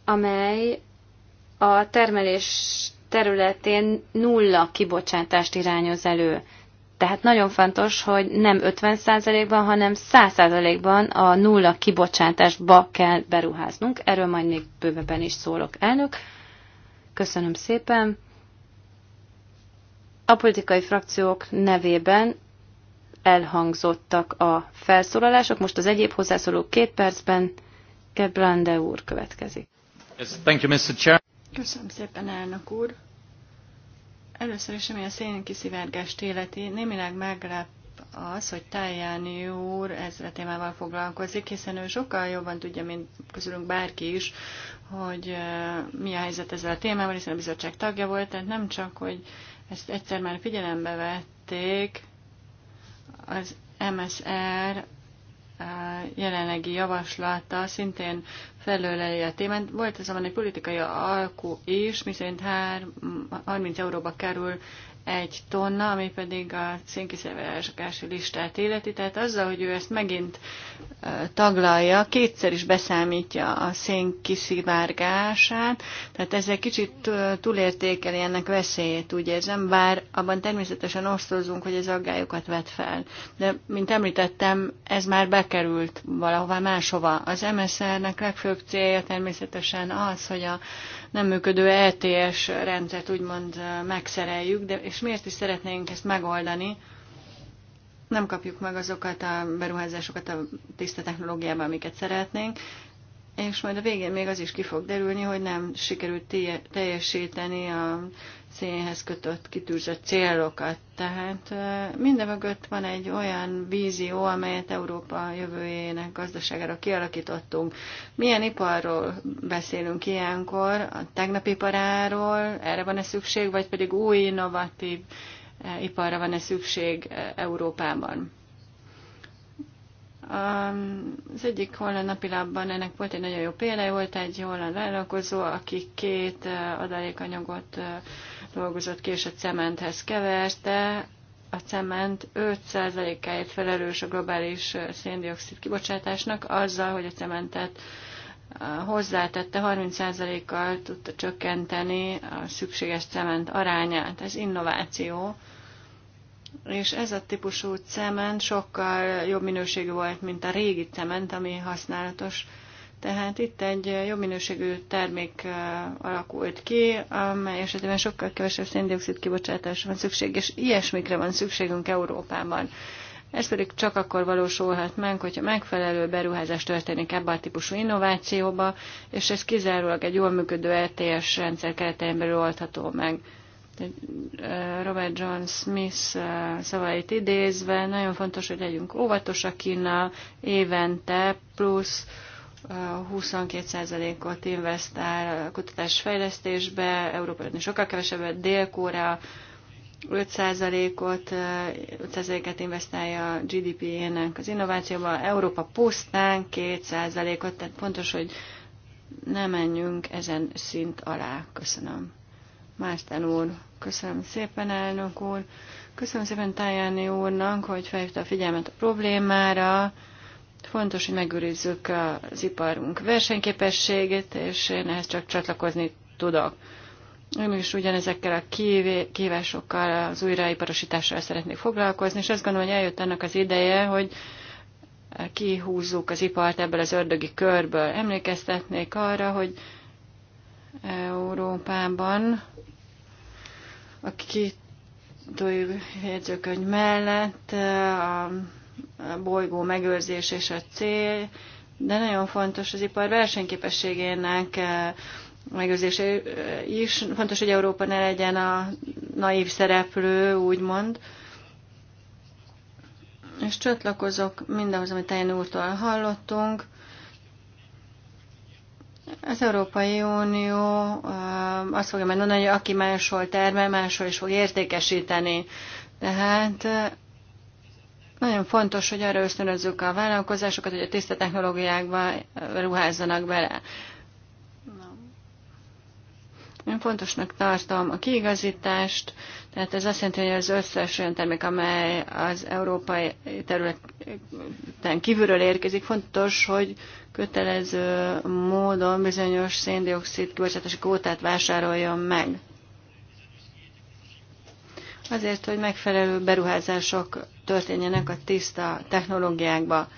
amely a termelés területén nulla kibocsátást irányoz elő. Tehát nagyon fontos, hogy nem 50%-ban, hanem 100%-ban a nulla kibocsátásba kell beruháznunk. Erről majd még bővebben is szólok, elnök. Köszönöm szépen. A politikai frakciók nevében elhangzottak a felszólalások. Most az egyéb hozzászólók két percben. Gebrande úr következik. Yes, thank you, Mr. Chair. Köszönöm szépen, elnök úr. Először is, ami a szénkiszivárgás illeti, némileg meglep az, hogy Tájáni úr ezzel a témával foglalkozik, hiszen ő sokkal jobban tudja, mint közülünk bárki is, hogy mi a helyzet ezzel a témával, hiszen a bizottság tagja volt, tehát nem csak, hogy ezt egyszer már figyelembe vették, az MSR jelenlegi javaslata szintén felőleli a témát. Volt ez egy politikai alkú is, miszerint 30 euróba kerül egy tonna, ami pedig a szénkiszivárgási listát illeti. Tehát azzal, hogy ő ezt megint taglalja, kétszer is beszámítja a szénkiszivárgását, tehát ezzel kicsit túlértékeli ennek veszélyét, úgy érzem, bár abban természetesen osztozunk, hogy ez aggályokat vet fel. De, mint említettem, ez már bekerült valahová máshova. Az MSZR-nek legfőbb célja természetesen az, hogy a nem működő ETS rendszert úgymond megszereljük, de és miért is szeretnénk ezt megoldani? Nem kapjuk meg azokat a beruházásokat a tiszta technológiában, amiket szeretnénk, és majd a végén még az is ki fog derülni, hogy nem sikerült teljesíteni a szénhez kötött, kitűzött célokat. Tehát minden mögött van egy olyan vízió, amelyet Európa jövőjének gazdaságára kialakítottunk. Milyen iparról beszélünk ilyenkor? A tegnapi iparáról? Erre van-e szükség? Vagy pedig új, innovatív e, iparra van-e szükség e, Európában? Az egyik holland napilapban ennek volt egy nagyon jó példája, volt egy holland vállalkozó, aki két adalékanyagot dolgozott ki, és a cementhez keverte. A cement 5%-áért felelős a globális széndiokszid kibocsátásnak, azzal, hogy a cementet hozzátette 30%-kal tudta csökkenteni a szükséges cement arányát. Ez innováció és ez a típusú cement sokkal jobb minőségű volt, mint a régi cement, ami használatos. Tehát itt egy jobb minőségű termék alakult ki, amely esetében sokkal kevesebb széndiokszid kibocsátásra van szükség, és ilyesmikre van szükségünk Európában. Ez pedig csak akkor valósulhat meg, hogyha megfelelő beruházás történik ebbe a típusú innovációba, és ez kizárólag egy jól működő RTS er rendszer keretein belül oldható meg. Robert John Smith szavait idézve, nagyon fontos, hogy legyünk óvatosak Kína, évente plusz 22%-ot investál kutatás fejlesztésbe, Európában is sokkal kevesebbet, Dél-Korea 5%-ot, 5%-et investálja a GDP-ének az innovációba, Európa pusztán 2%-ot, tehát fontos, hogy ne menjünk ezen szint alá. Köszönöm. Márten úr. Köszönöm szépen, elnök úr. Köszönöm szépen Tajani úrnak, hogy felhívta a figyelmet a problémára. Fontos, hogy megőrizzük az iparunk versenyképességét, és én ehhez csak csatlakozni tudok. Én is ugyanezekkel a kívásokkal az újraiparosítással szeretnék foglalkozni, és azt gondolom, hogy eljött annak az ideje, hogy kihúzzuk az ipart ebből az ördögi körből. Emlékeztetnék arra, hogy Európában a két jegyzőkönyv mellett a bolygó megőrzés és a cél, de nagyon fontos az ipar versenyképességének megőrzése is. Fontos, hogy Európa ne legyen a naív szereplő, úgymond. És csatlakozok mindahhoz, amit Tejen úrtól hallottunk. Az Európai Unió eh, azt fogja mondani, hogy aki máshol termel, máshol is fog értékesíteni. Tehát eh, nagyon fontos, hogy arra ösztönözzük a vállalkozásokat, hogy a tiszta technológiákba ruházzanak bele. Én fontosnak tartom a kiigazítást, tehát ez azt jelenti, hogy az összes olyan termék, amely az európai területen kívülről érkezik, fontos, hogy kötelező módon bizonyos széndiokszid kibocsátási kótát vásároljon meg. Azért, hogy megfelelő beruházások történjenek a tiszta technológiákba.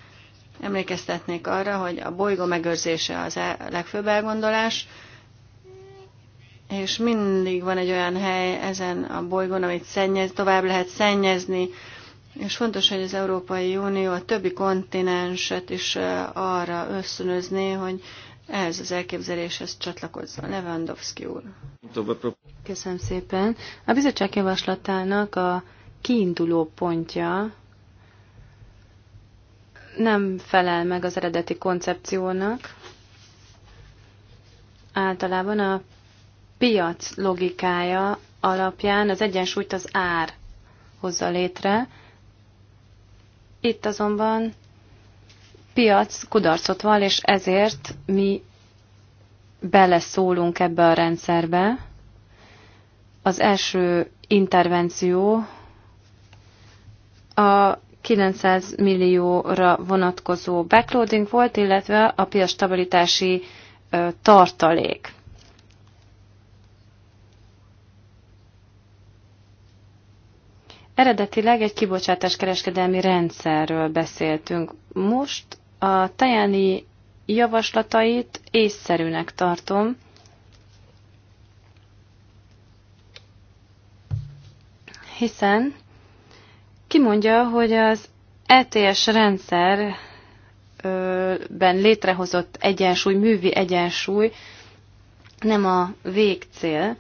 Emlékeztetnék arra, hogy a bolygó megőrzése az a e- legfőbb elgondolás, és mindig van egy olyan hely ezen a bolygón, amit szennyez, tovább lehet szennyezni, és fontos, hogy az Európai Unió a többi kontinenset is arra összönözné, hogy ehhez az elképzeléshez csatlakozzon. Lewandowski úr. Köszönöm szépen. A bizottság javaslatának a kiinduló pontja nem felel meg az eredeti koncepciónak. Általában a piac logikája alapján az egyensúlyt az ár hozza létre. Itt azonban piac kudarcot val, és ezért mi beleszólunk ebbe a rendszerbe. Az első intervenció a 900 millióra vonatkozó backloading volt, illetve a piac stabilitási tartalék. Eredetileg egy kereskedelmi rendszerről beszéltünk. Most a tajáni javaslatait észszerűnek tartom. Hiszen kimondja, hogy az ETS rendszerben létrehozott egyensúly, művi egyensúly nem a végcél,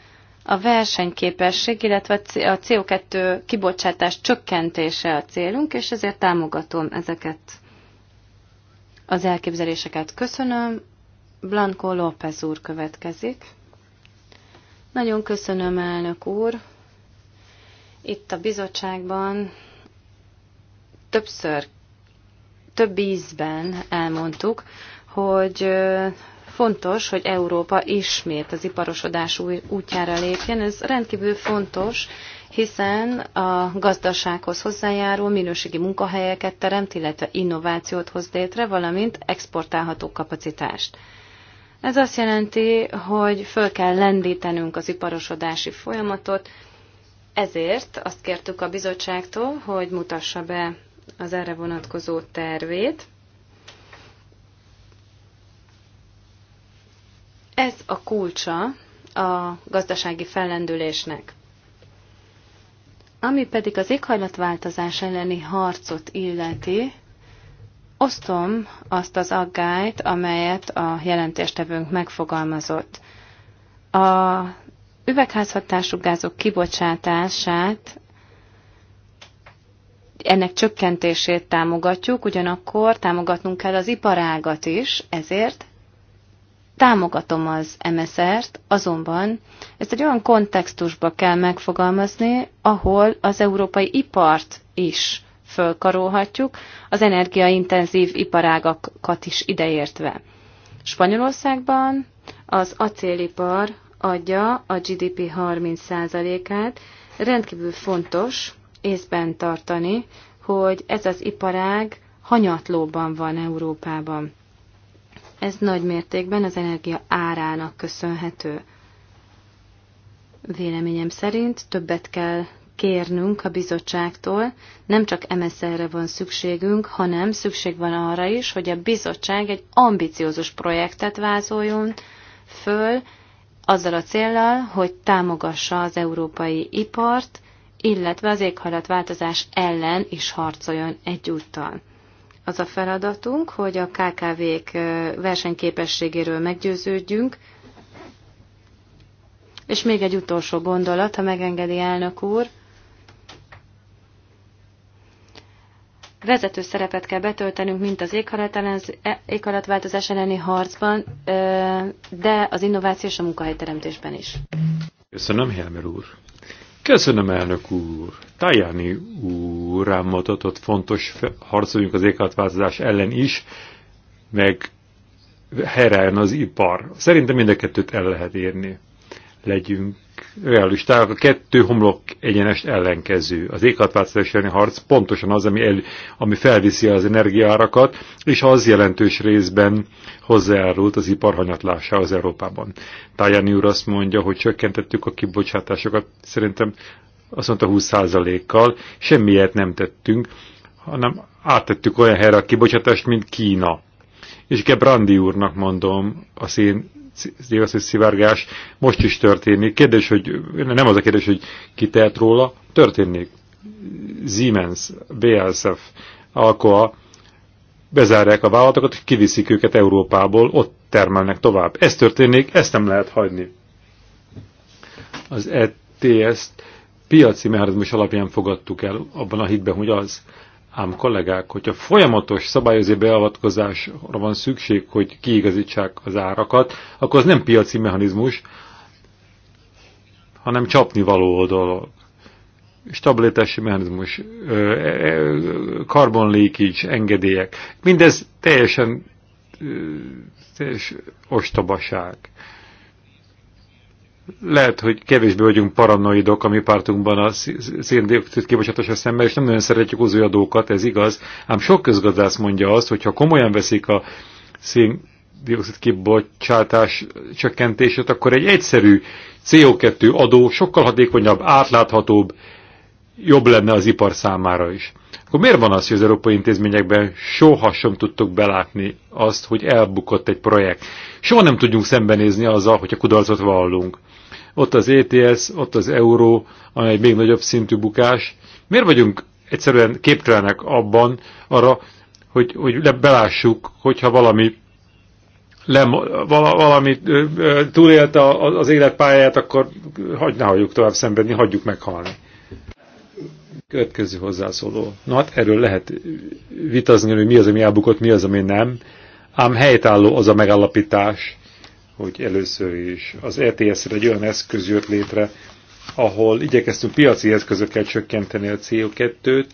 a versenyképesség, illetve a CO2 kibocsátás csökkentése a célunk, és ezért támogatom ezeket az elképzeléseket. Köszönöm. Blanco López úr következik. Nagyon köszönöm, elnök úr. Itt a bizottságban többször, több ízben elmondtuk, hogy Fontos, hogy Európa ismét az iparosodás új útjára lépjen. Ez rendkívül fontos, hiszen a gazdasághoz hozzájárul, minőségi munkahelyeket teremt, illetve innovációt hoz létre, valamint exportálható kapacitást. Ez azt jelenti, hogy föl kell lendítenünk az iparosodási folyamatot, ezért azt kértük a bizottságtól, hogy mutassa be az erre vonatkozó tervét, Ez a kulcsa a gazdasági fellendülésnek. Ami pedig az éghajlatváltozás elleni harcot illeti, osztom azt az aggályt, amelyet a jelentéstevőnk megfogalmazott. A üvegházhatású gázok kibocsátását ennek csökkentését támogatjuk, ugyanakkor támogatnunk kell az iparágat is, ezért Támogatom az mszr t azonban ezt egy olyan kontextusba kell megfogalmazni, ahol az európai ipart is fölkarolhatjuk, az energiaintenzív iparágakat is ideértve. Spanyolországban az acélipar adja a GDP 30%-át, rendkívül fontos észben tartani, hogy ez az iparág hanyatlóban van Európában. Ez nagy mértékben az energia árának köszönhető. Véleményem szerint többet kell kérnünk a bizottságtól, nem csak MSZ-re van szükségünk, hanem szükség van arra is, hogy a bizottság egy ambiciózus projektet vázoljon föl, azzal a céllal, hogy támogassa az európai ipart, illetve az éghajlatváltozás ellen is harcoljon egyúttal az a feladatunk, hogy a KKV-k versenyképességéről meggyőződjünk. És még egy utolsó gondolat, ha megengedi elnök úr. Vezető szerepet kell betöltenünk, mint az éghajlatváltozás elleni harcban, de az innováció és a munkahelyteremtésben is. Köszönöm, Helmer úr. Köszönöm, elnök úr. Tajani úr rám mutatott fontos harcoljunk az éghajlatváltozás ellen is, meg helyreálljon az ipar. Szerintem mind a kettőt el lehet érni. Legyünk realisták, a kettő homlok egyenest ellenkező. Az éghajlatváltozás elleni harc pontosan az, ami, el, ami felviszi az energiárakat, és az jelentős részben hozzájárult az iparhanyatlása az Európában. Tajani úr azt mondja, hogy csökkentettük a kibocsátásokat, szerintem azt mondta 20%-kal, semmiért nem tettünk, hanem áttettük olyan helyre a kibocsátást, mint Kína. És Gebrandi úrnak mondom, a szén dioxid szivárgás most is történik. Kérdés, hogy nem az a kérdés, hogy ki tehet róla, történik. Siemens, BASF, Alcoa bezárják a vállalatokat, kiviszik őket Európából, ott termelnek tovább. Ez történik, ezt nem lehet hagyni. Az ETS-t piaci mechanizmus alapján fogadtuk el, abban a hitben, hogy az Ám kollégák, hogyha folyamatos szabályozó beavatkozásra van szükség, hogy kiigazítsák az árakat, akkor az nem piaci mechanizmus, hanem csapni való dolog. Stabilitási mechanizmus, e, e, carbon leakage, engedélyek. Mindez teljesen teljes ostobaság lehet, hogy kevésbé vagyunk paranoidok a mi pártunkban a széndiokszid kibocsátása szemben, és nem nagyon szeretjük az adókat, ez igaz, ám sok közgazdász mondja azt, hogy ha komolyan veszik a széndiokszid kibocsátás csökkentését, akkor egy egyszerű CO2 adó sokkal hatékonyabb, átláthatóbb, jobb lenne az ipar számára is. Akkor miért van az, hogy az európai intézményekben soha sem tudtuk belátni azt, hogy elbukott egy projekt? Soha nem tudjunk szembenézni azzal, hogy a kudarcot vallunk ott az ETS, ott az euró, amely még nagyobb szintű bukás. Miért vagyunk egyszerűen képtelenek abban arra, hogy, hogy belássuk, hogyha valami lem, vala, valami túlélte az életpályáját, akkor hagyd ne hagyjuk tovább szenvedni, hagyjuk meghalni. Következő hozzászóló. Na hát erről lehet vitazni, hogy mi az, ami elbukott, mi az, ami nem. Ám helytálló az a megállapítás, hogy először is az ETS-re egy olyan eszköz jött létre, ahol igyekeztünk piaci eszközökkel csökkenteni a CO2-t,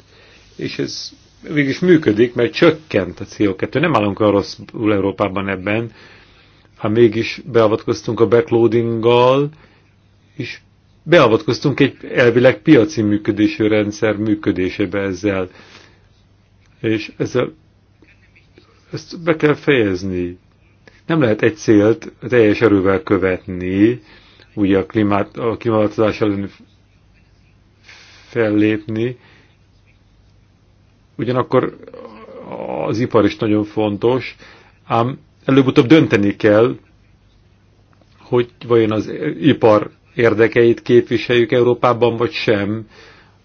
és ez végig is működik, mert csökkent a CO2. Nem állunk a rosszul Európában ebben, ha mégis beavatkoztunk a backloadinggal, és beavatkoztunk egy elvileg piaci működésű rendszer működésébe ezzel. És ezzel ezt be kell fejezni. Nem lehet egy célt teljes erővel követni, ugye a, klímát, a klímaváltozás ellen fellépni, ugyanakkor az ipar is nagyon fontos, ám előbb-utóbb dönteni kell, hogy vajon az ipar érdekeit képviseljük Európában, vagy sem,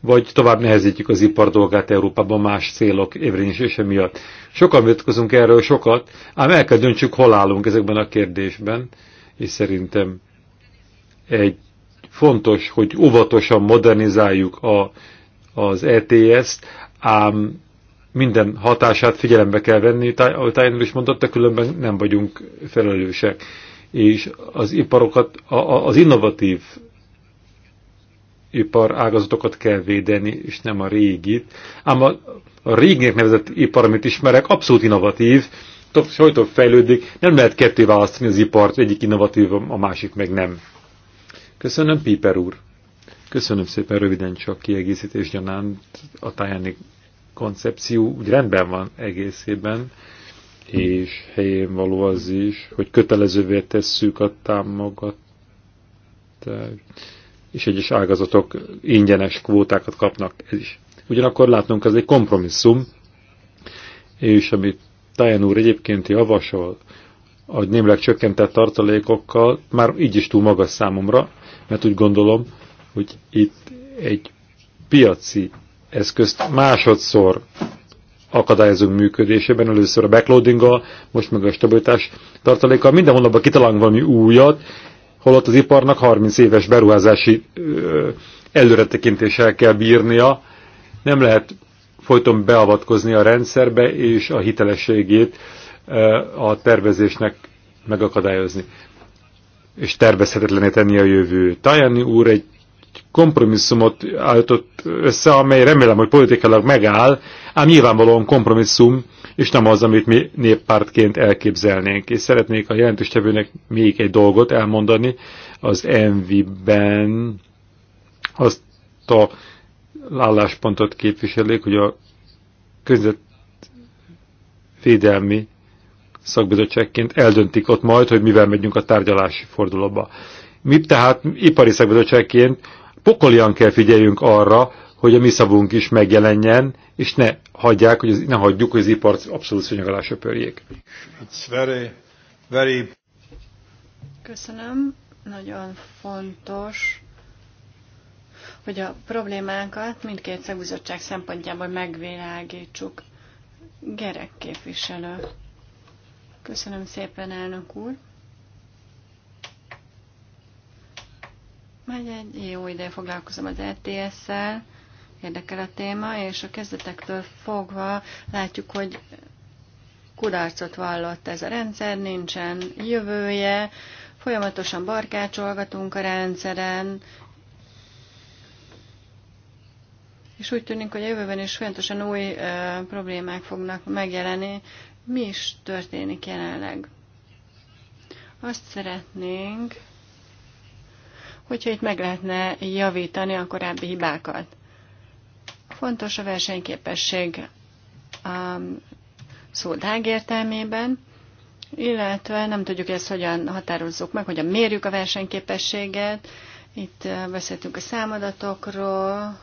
vagy tovább nehezítjük az ipar dolgát Európában más célok érvényesülése miatt. Sokan vitatkozunk erről sokat, ám el kell döntsük, hol állunk ezekben a kérdésben, és szerintem egy fontos, hogy óvatosan modernizáljuk a, az ETS-t, ám minden hatását figyelembe kell venni, ahogy Tájén is mondotta, különben nem vagyunk felelősek. És az iparokat, a, a, az innovatív ipar ágazatokat kell védeni, és nem a régit. Ám a, a régnek nevezett ipar, amit ismerek, abszolút innovatív, több sajtó fejlődik, nem lehet ketté választani az ipart, egyik innovatív, a másik meg nem. Köszönöm, Piper úr. Köszönöm szépen röviden csak kiegészítés gyanánt a tájáni koncepció úgy rendben van egészében, és helyén való az is, hogy kötelezővé tesszük a támogatást és egyes ágazatok ingyenes kvótákat kapnak, ez is. Ugyanakkor látnunk, ez egy kompromisszum, és amit Tajan úr egyébként javasol, a némleg csökkentett tartalékokkal, már így is túl magas számomra, mert úgy gondolom, hogy itt egy piaci eszközt másodszor akadályozunk működésében, először a backloadinggal, most meg a stabilitás tartalékkal, minden hónapban kitalálunk valami újat, holott az iparnak 30 éves beruházási előretekintéssel kell bírnia, nem lehet folyton beavatkozni a rendszerbe és a hitelességét a tervezésnek megakadályozni, és tervezhetetlené tenni a jövő. Tajani úr egy kompromisszumot állított össze, amely remélem, hogy politikailag megáll, ám nyilvánvalóan kompromisszum, és nem az, amit mi néppártként elképzelnénk. És szeretnék a jelentéstevőnek még egy dolgot elmondani. Az Envi-ben azt a álláspontot képviselik, hogy a közvetvédelmi szakbizottságként eldöntik ott majd, hogy mivel megyünk a tárgyalási fordulóba. Mi tehát ipari szakbizottságként pokolian kell figyeljünk arra, hogy a mi szavunk is megjelenjen, és ne, hagyják, hogy az, ne hagyjuk, hogy az ipart abszolút szőnyeg alá söpörjék. Very, very... Köszönöm. Nagyon fontos, hogy a problémákat mindkét szakbizottság szempontjából megvilágítsuk. Gerek képviselő. Köszönöm szépen, elnök úr. Majd egy jó ideje foglalkozom az ETS-szel érdekel a téma, és a kezdetektől fogva látjuk, hogy kudarcot vallott ez a rendszer, nincsen jövője, folyamatosan barkácsolgatunk a rendszeren, és úgy tűnik, hogy a jövőben is folyamatosan új ö, problémák fognak megjelenni. Mi is történik jelenleg? Azt szeretnénk, hogyha itt meg lehetne javítani a korábbi hibákat. Fontos a versenyképesség a szó dág értelmében, illetve nem tudjuk ezt hogyan határozzuk meg, hogyan mérjük a versenyképességet. Itt eh, beszéltünk a számadatokról,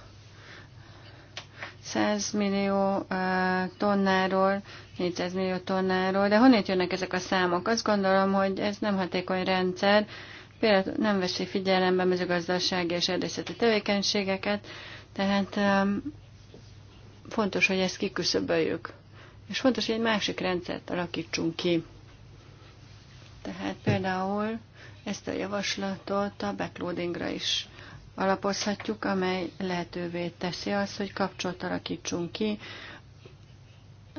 100 millió eh, tonnáról, 400 millió tonnáról, de honnét jönnek ezek a számok? Azt gondolom, hogy ez nem hatékony rendszer, például nem veszi figyelembe mezőgazdasági és erdészeti tevékenységeket, tehát Fontos, hogy ezt kiküszöböljük. És fontos, hogy egy másik rendszert alakítsunk ki. Tehát például ezt a javaslatot a backloadingra is alapozhatjuk, amely lehetővé teszi azt, hogy kapcsolat alakítsunk ki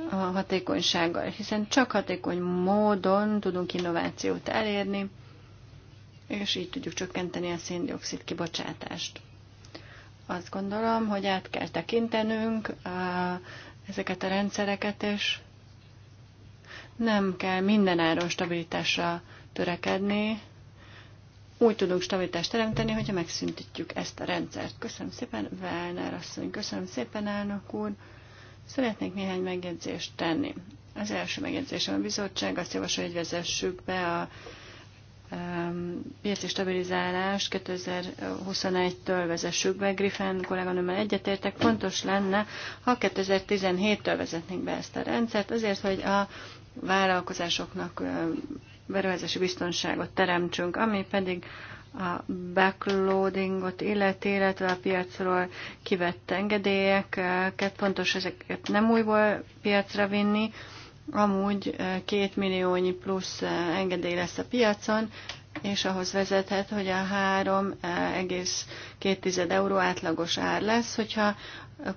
a hatékonysággal, hiszen csak hatékony módon tudunk innovációt elérni, és így tudjuk csökkenteni a széndiokszid kibocsátást. Azt gondolom, hogy át kell tekintenünk ezeket a rendszereket, és nem kell mindenáron stabilitásra törekedni. Úgy tudunk stabilitást teremteni, hogyha megszüntetjük ezt a rendszert. Köszönöm szépen, Werner asszony, köszönöm szépen, elnök úr. Szeretnék néhány megjegyzést tenni. Az első megjegyzésem a bizottság azt javasolja, hogy vezessük be a piaci ehm, stabilizálást 2021-től vezessük be, Griffin kolléganőmmel egyetértek, fontos lenne, ha 2017-től vezetnénk be ezt a rendszert, azért, hogy a vállalkozásoknak ehm, beruházási biztonságot teremtsünk, ami pedig a backloadingot illeti, illetve a piacról kivett engedélyeket, fontos ezeket nem újból piacra vinni, amúgy eh, két milliónyi plusz eh, engedély lesz a piacon, és ahhoz vezethet, hogy a 3,2 eh, euró átlagos ár lesz. Hogyha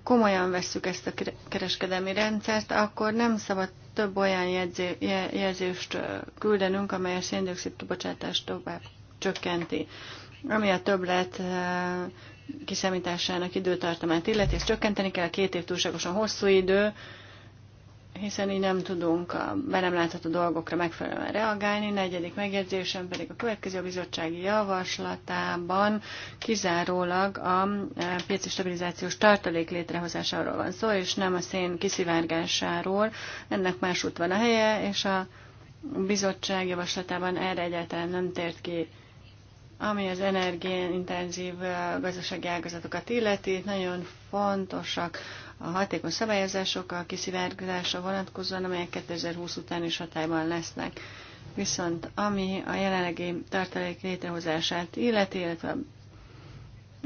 komolyan vesszük ezt a kereskedelmi rendszert, akkor nem szabad több olyan jegyző, jelzést küldenünk, amely a széndiokszid kibocsátást tovább csökkenti. Ami a többlet kiszámításának időtartamát illeti, ezt csökkenteni kell, a két év túlságosan hosszú idő, hiszen így nem tudunk a be nem látható dolgokra megfelelően reagálni. Negyedik megjegyzésem pedig a következő a bizottsági javaslatában kizárólag a e, piaci stabilizációs tartalék létrehozásáról van szó, és nem a szén kiszivárgásáról. Ennek más út van a helye, és a bizottság javaslatában erre egyáltalán nem tért ki ami az energiaintenzív e, gazdasági ágazatokat illeti, nagyon fontosak a hatékony szabályozások a kiszivárgása vonatkozóan, amelyek 2020 után is hatályban lesznek. Viszont ami a jelenlegi tartalék létrehozását illeti, illetve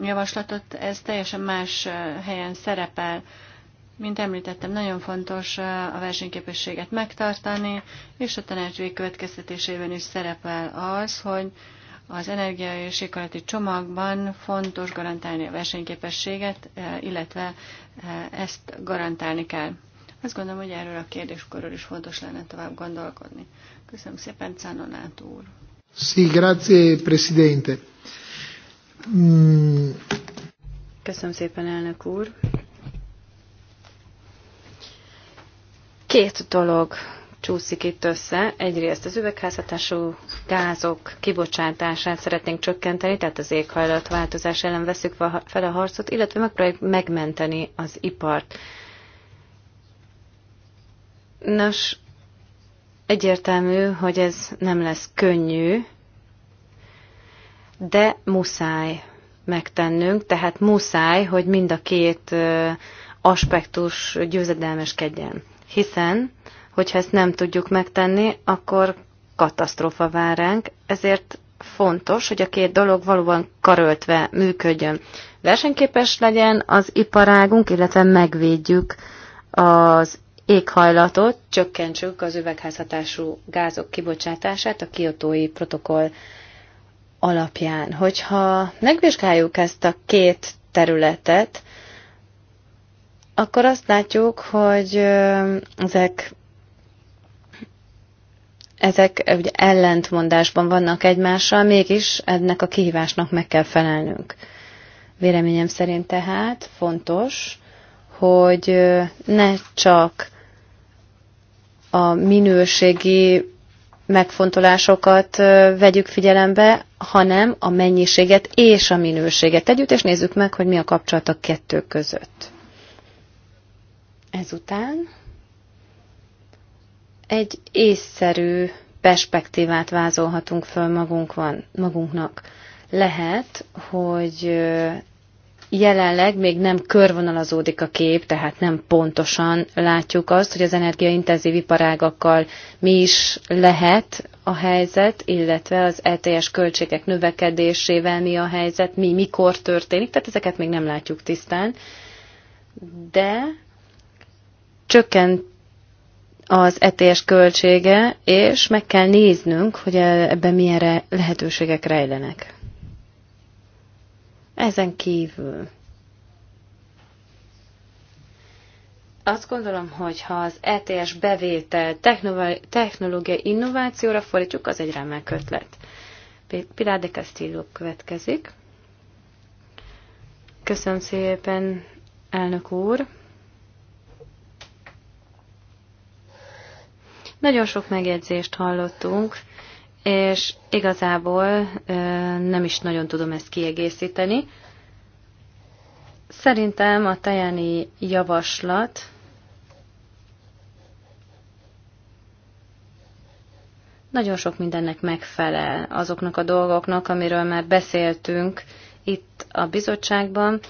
javaslatot, ez teljesen más helyen szerepel. Mint említettem, nagyon fontos a versenyképességet megtartani, és a tanács végkövetkeztetésében is szerepel az, hogy az energia és ékolati csomagban fontos garantálni a versenyképességet, eh, illetve eh, ezt garantálni kell. Azt gondolom, hogy erről a kérdéskorról is fontos lenne tovább gondolkodni. Köszönöm szépen, Cánonát úr. Sí, grazie, presidente. Mm. Köszönöm szépen, elnök úr. Két dolog csúszik itt össze. Egyrészt az üvegházhatású gázok kibocsátását szeretnénk csökkenteni, tehát az éghajlatváltozás ellen veszük fel a harcot, illetve megpróbáljuk megmenteni az ipart. Nos, egyértelmű, hogy ez nem lesz könnyű, de muszáj megtennünk, tehát muszáj, hogy mind a két aspektus győzedelmeskedjen. Hiszen Hogyha ezt nem tudjuk megtenni, akkor katasztrófa vár ránk, ezért fontos, hogy a két dolog valóban karöltve működjön. Versenyképes legyen az iparágunk, illetve megvédjük az éghajlatot, csökkentsük az üvegházhatású gázok kibocsátását a kiotói protokoll alapján. Hogyha megvizsgáljuk ezt a két területet, akkor azt látjuk, hogy ezek ezek eh, ugye ellentmondásban vannak egymással, mégis ennek a kihívásnak meg kell felelnünk. Véleményem szerint tehát fontos, hogy eh, ne csak a minőségi megfontolásokat eh, vegyük figyelembe, hanem a mennyiséget és a minőséget együtt, és nézzük meg, hogy mi a kapcsolat a kettő között. Ezután egy észszerű perspektívát vázolhatunk föl magunk van, magunknak. Lehet, hogy jelenleg még nem körvonalazódik a kép, tehát nem pontosan látjuk azt, hogy az energiaintenzív iparágakkal mi is lehet a helyzet, illetve az ETS költségek növekedésével mi a helyzet, mi mikor történik, tehát ezeket még nem látjuk tisztán. De csökkent az etés költsége, és meg kell néznünk, hogy e- ebben milyen lehetőségek rejlenek. Ezen kívül. Azt gondolom, hogy ha az ETS bevétel technológiai innovációra fordítjuk, az egy remek ötlet. Pilar de Castillo következik. Köszönöm szépen, elnök úr. Nagyon sok megjegyzést hallottunk, és igazából nem is nagyon tudom ezt kiegészíteni. Szerintem a tajani javaslat nagyon sok mindennek megfelel azoknak a dolgoknak, amiről már beszéltünk itt a bizottságban,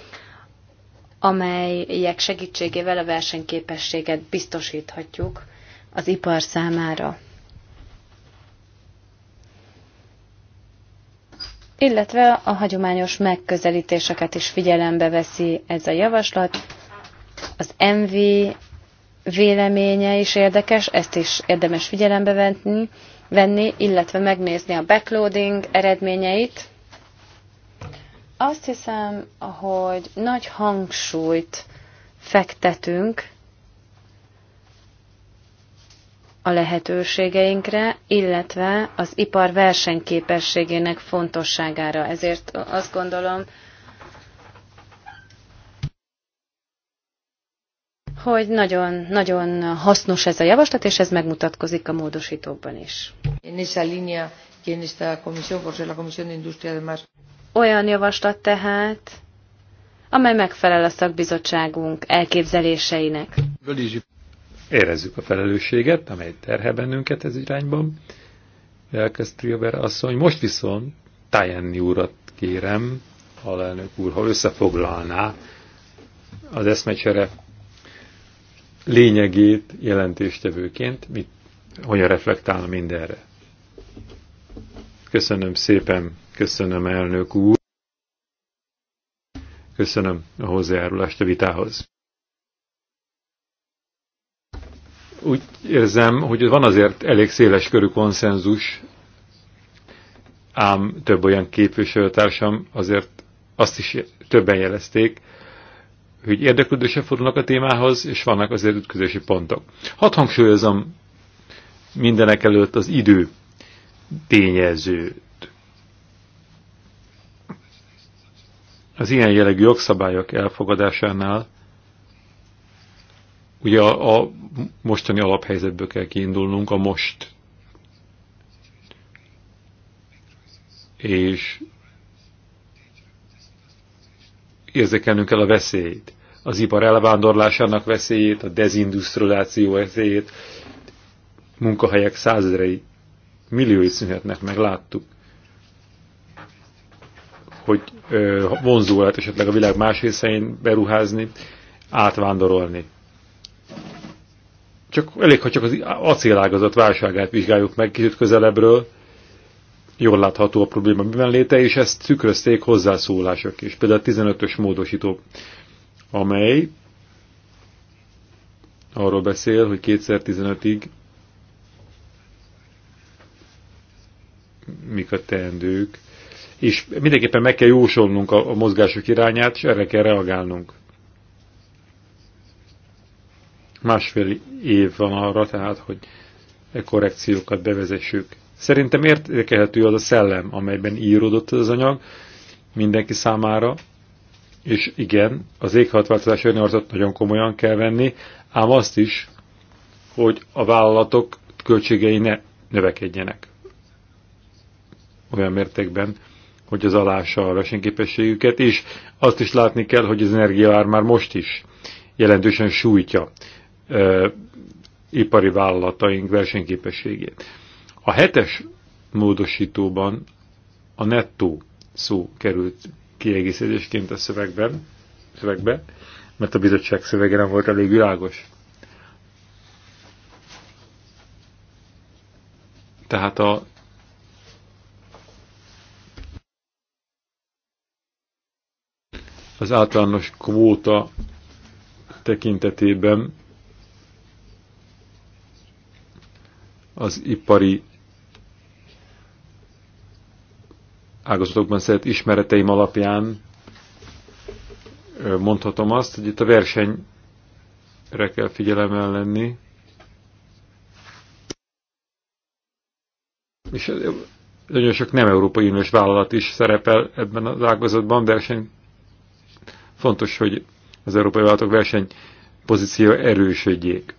amelyek segítségével a versenyképességet biztosíthatjuk az ipar számára. Illetve a hagyományos megközelítéseket is figyelembe veszi ez a javaslat. Az MV véleménye is érdekes, ezt is érdemes figyelembe venni, venni illetve megnézni a backloading eredményeit. Azt hiszem, hogy nagy hangsúlyt fektetünk a lehetőségeinkre, illetve az ipar versenyképességének fontosságára. Ezért azt gondolom, hogy nagyon-nagyon hasznos ez a javaslat, és ez megmutatkozik a módosítókban is. Olyan javaslat tehát, amely megfelel a szakbizottságunk elképzeléseinek érezzük a felelősséget, amely terhe bennünket ez irányban. Elkezd Triober asszony, most viszont Tajenni urat kérem, alelnök úr, ha összefoglalná az eszmecsere lényegét jelentéstevőként, mit, hogyan reflektálna mindenre. Köszönöm szépen, köszönöm elnök úr, köszönöm a hozzájárulást a vitához. Úgy érzem, hogy van azért elég széles körű konszenzus, ám több olyan képviselőtársam azért azt is többen jelezték, hogy érdeklődőse fordulnak a témához, és vannak azért ütközési pontok. Hadd hangsúlyozom mindenek előtt az idő tényezőt. Az ilyen jellegű jogszabályok elfogadásánál Ugye a, a mostani alaphelyzetből kell kiindulnunk, a most. És érzékelnünk kell a veszélyt. Az ipar elvándorlásának veszélyét, a dezindustrializáció veszélyét, munkahelyek százezrei, milliói szünhetnek, meg, láttuk hogy vonzó lehet esetleg a világ más részein beruházni, átvándorolni csak elég, ha csak az acélágazat válságát vizsgáljuk meg kicsit közelebbről, jól látható a probléma miben léte, és ezt szükrözték hozzászólások is. Például a 15-ös módosító, amely arról beszél, hogy 2015-ig mik a teendők, és mindenképpen meg kell jósolnunk a, a mozgások irányát, és erre kell reagálnunk. Másfél év van arra, tehát, hogy e korrekciókat bevezessük. Szerintem értékelhető az a szellem, amelyben íródott az anyag mindenki számára, és igen, az éghajlatváltozás ellenőrzet nagyon komolyan kell venni, ám azt is, hogy a vállalatok költségei ne növekedjenek olyan mértékben, hogy az alása a versenyképességüket, és azt is látni kell, hogy az energiaár már most is jelentősen sújtja e, ipari vállalataink versenyképességét. A hetes módosítóban a nettó szó került kiegészítésként a szövegben, szövegbe, mert a bizottság szövege nem volt elég világos. Tehát a az általános kvóta tekintetében az ipari ágazatokban szedett ismereteim alapján mondhatom azt, hogy itt a versenyre kell figyelemmel lenni. És nagyon sok nem európai uniós vállalat is szerepel ebben az ágazatban, verseny fontos, hogy az európai vállalatok verseny pozíció erősödjék.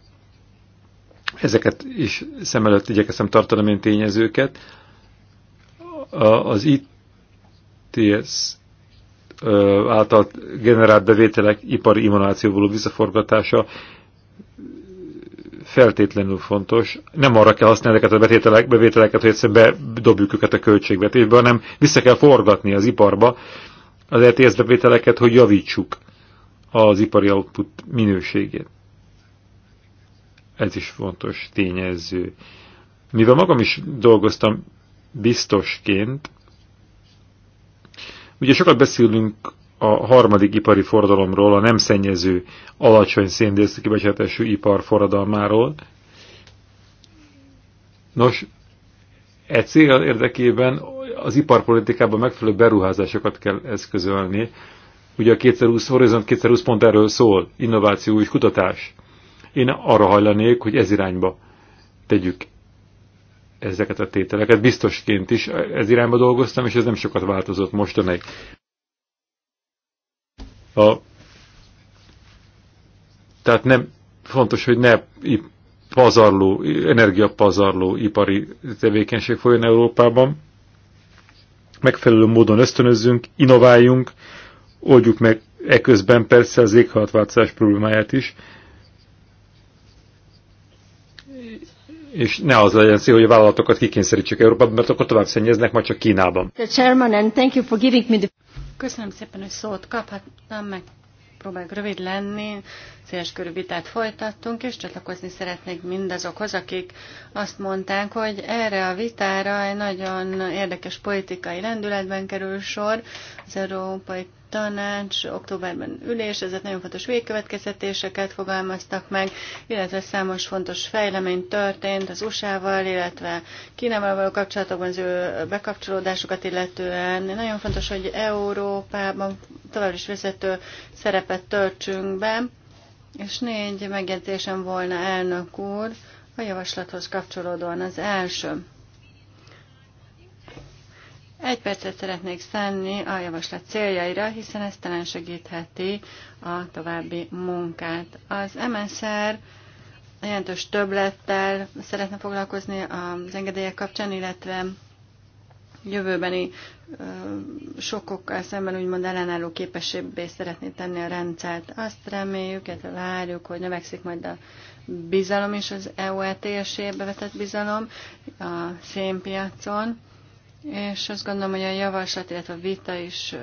Ezeket is szem előtt igyekeztem tartani, mint tényezőket. Az ITS által generált bevételek ipari immunációból visszaforgatása feltétlenül fontos. Nem arra kell használni ezeket a betételek, bevételeket, hogy egyszerűen bedobjuk őket a költségvetésbe, hanem vissza kell forgatni az iparba az ETS bevételeket, hogy javítsuk az ipari output minőségét. Ez is fontos tényező. Mivel magam is dolgoztam biztosként, ugye sokat beszélünk a harmadik ipari forradalomról, a nem szennyező, alacsony széndiokszid kibocsátású ipar forradalmáról. Nos, e cél érdekében az iparpolitikában megfelelő beruházásokat kell eszközölni. Ugye a 2020, Horizont 2020 pont erről szól, innováció és kutatás. Én arra hajlanék, hogy ez irányba tegyük ezeket a tételeket. Biztosként is ez irányba dolgoztam, és ez nem sokat változott mostanáig. A, tehát nem fontos, hogy ne pazarló, energiapazarló ipari tevékenység folyjon Európában. Megfelelő módon ösztönözzünk, innováljunk, oldjuk meg eközben persze az éghajlatváltozás problémáját is, és ne az legyen cél, hogy a vállalatokat kikényszerítsük Európában, mert akkor tovább szennyeznek, majd csak Kínában. Köszönöm szépen, hogy szót kaphattam, meg próbálok rövid lenni. Széles körű vitát folytattunk, és csatlakozni szeretnék mindazokhoz, akik azt mondták, hogy erre a vitára egy nagyon érdekes politikai lendületben kerül sor. Az Európai tanács októberben ülés, ezért nagyon fontos végkövetkezetéseket fogalmaztak meg, illetve számos fontos fejlemény történt az USA-val, illetve Kínával való kapcsolatokban az ő bekapcsolódásukat illetően. Nagyon fontos, hogy Európában továbbra is vezető szerepet töltsünk be, és négy megjegyzésem volna elnök úr a javaslathoz kapcsolódóan az első. Egy percet szeretnék szánni a javaslat céljaira, hiszen ez talán segítheti a további munkát. Az MSR jelentős többlettel szeretne foglalkozni az engedélyek kapcsán, illetve jövőbeni sokokkal szemben úgymond ellenálló képességbé szeretné tenni a rendszert. Azt reméljük, illetve várjuk, hogy növekszik majd a bizalom is az EU ETS-ébe vetett bizalom a szénpiacon és azt gondolom, hogy a javaslat, illetve a vita is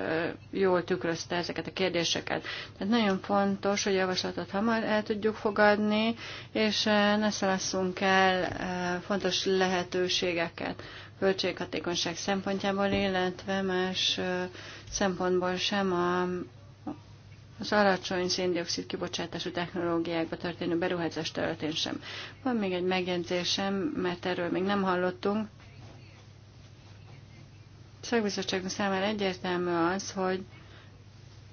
jól tükrözte ezeket a kérdéseket. Tehát nagyon fontos, hogy a javaslatot hamar el tudjuk fogadni, és ne szalasszunk el fontos lehetőségeket költséghatékonyság szempontjából, illetve más szempontból sem a, az alacsony széndiokszid kibocsátású technológiákba történő beruházás területén sem. Van még egy megjegyzésem, mert erről még nem hallottunk, szakbizottságunk számára egyértelmű az, hogy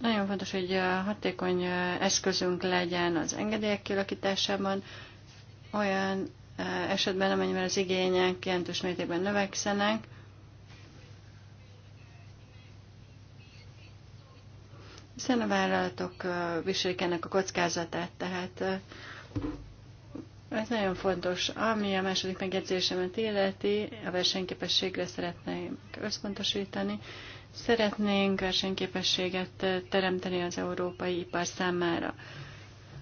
nagyon fontos, hogy hatékony eszközünk legyen az engedélyek kialakításában, olyan esetben, amennyiben az igények jelentős mértékben növekszenek, hiszen a vállalatok viselik ennek a kockázatát, tehát ez nagyon fontos. Ami a második megjegyzésemet illeti, a versenyképességre szeretnénk összpontosítani. Szeretnénk versenyképességet teremteni az európai ipar számára.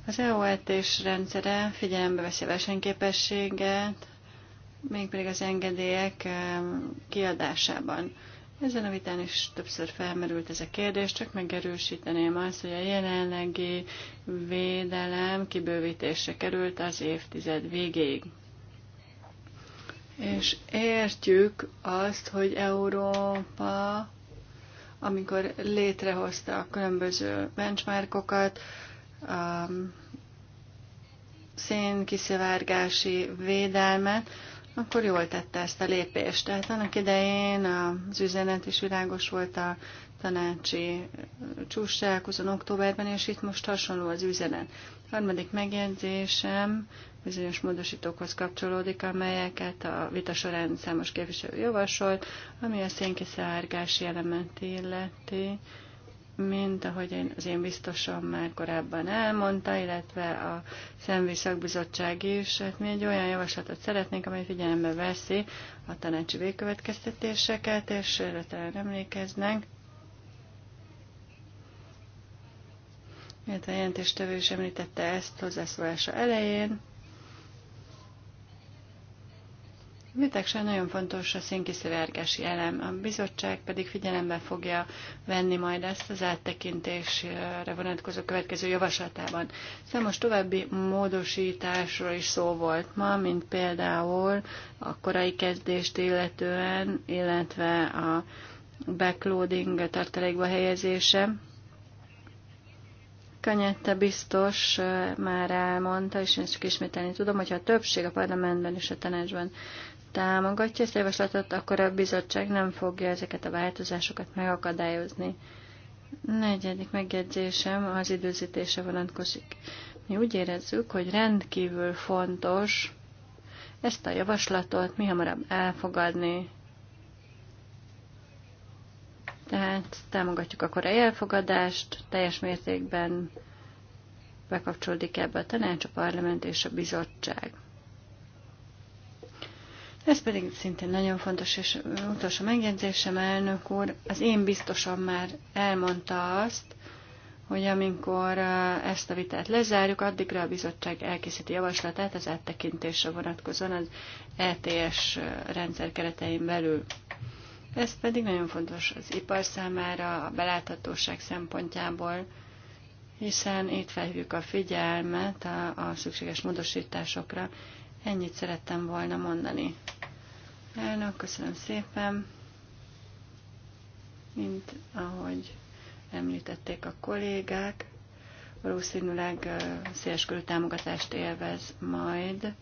Az eu és rendszere figyelembe veszi a versenyképességet, mégpedig az engedélyek kiadásában. Ezen a vitán is többször felmerült ez a kérdés, csak megerősíteném azt, hogy a jelenlegi védelem kibővítése került az évtized végéig. És értjük azt, hogy Európa, amikor létrehozta a különböző benchmarkokat, szénkiszivárgási védelmet, akkor jól tette ezt a lépést. Tehát annak idején az üzenet is világos volt a tanácsi csúsztálkozón októberben, és itt most hasonló az üzenet. A harmadik megjegyzésem bizonyos módosítókhoz kapcsolódik, amelyeket a vita során számos képviselő javasolt, ami a szénkiszárgási elemet illeti mint ahogy én, az én biztosan már korábban elmondta, illetve a Szemvi Szakbizottság is, hát mi egy olyan javaslatot szeretnénk, amely figyelembe veszi a tanácsi végkövetkeztetéseket, és erre talán emlékeznek. Illetve a jelentéstevő is említette ezt hozzászólása elején. Vitákság nagyon fontos a szénkiszivárgási elem, a bizottság pedig figyelembe fogja venni majd ezt az áttekintésre vonatkozó következő javaslatában. Számos szóval további módosításról is szó volt ma, mint például a korai kezdést illetően, illetve a backloading tartalékba helyezése. Kanyette biztos eh, már elmondta, és én csak ismételni tudom, hogyha a többség a parlamentben és a tanácsban támogatja ezt a javaslatot, akkor a bizottság nem fogja ezeket a változásokat megakadályozni. Negyedik megjegyzésem az időzítése vonatkozik. Mi úgy érezzük, hogy rendkívül fontos ezt a javaslatot mi hamarabb elfogadni. Tehát támogatjuk a elfogadást, teljes mértékben bekapcsolódik ebbe a tanács, a parlament és a bizottság. Ez pedig szintén nagyon fontos, és utolsó megjegyzésem, elnök úr, az én biztosan már elmondta azt, hogy amikor ezt a vitát lezárjuk, addigra a bizottság elkészíti javaslatát az áttekintésre vonatkozóan az ETS rendszer keretein belül. Ez pedig nagyon fontos az ipar számára, a beláthatóság szempontjából, hiszen itt felhívjuk a figyelmet a, a szükséges módosításokra. Ennyit szerettem volna mondani. Elnök, köszönöm szépen. Mint ahogy említették a kollégák, valószínűleg széleskörű támogatást élvez majd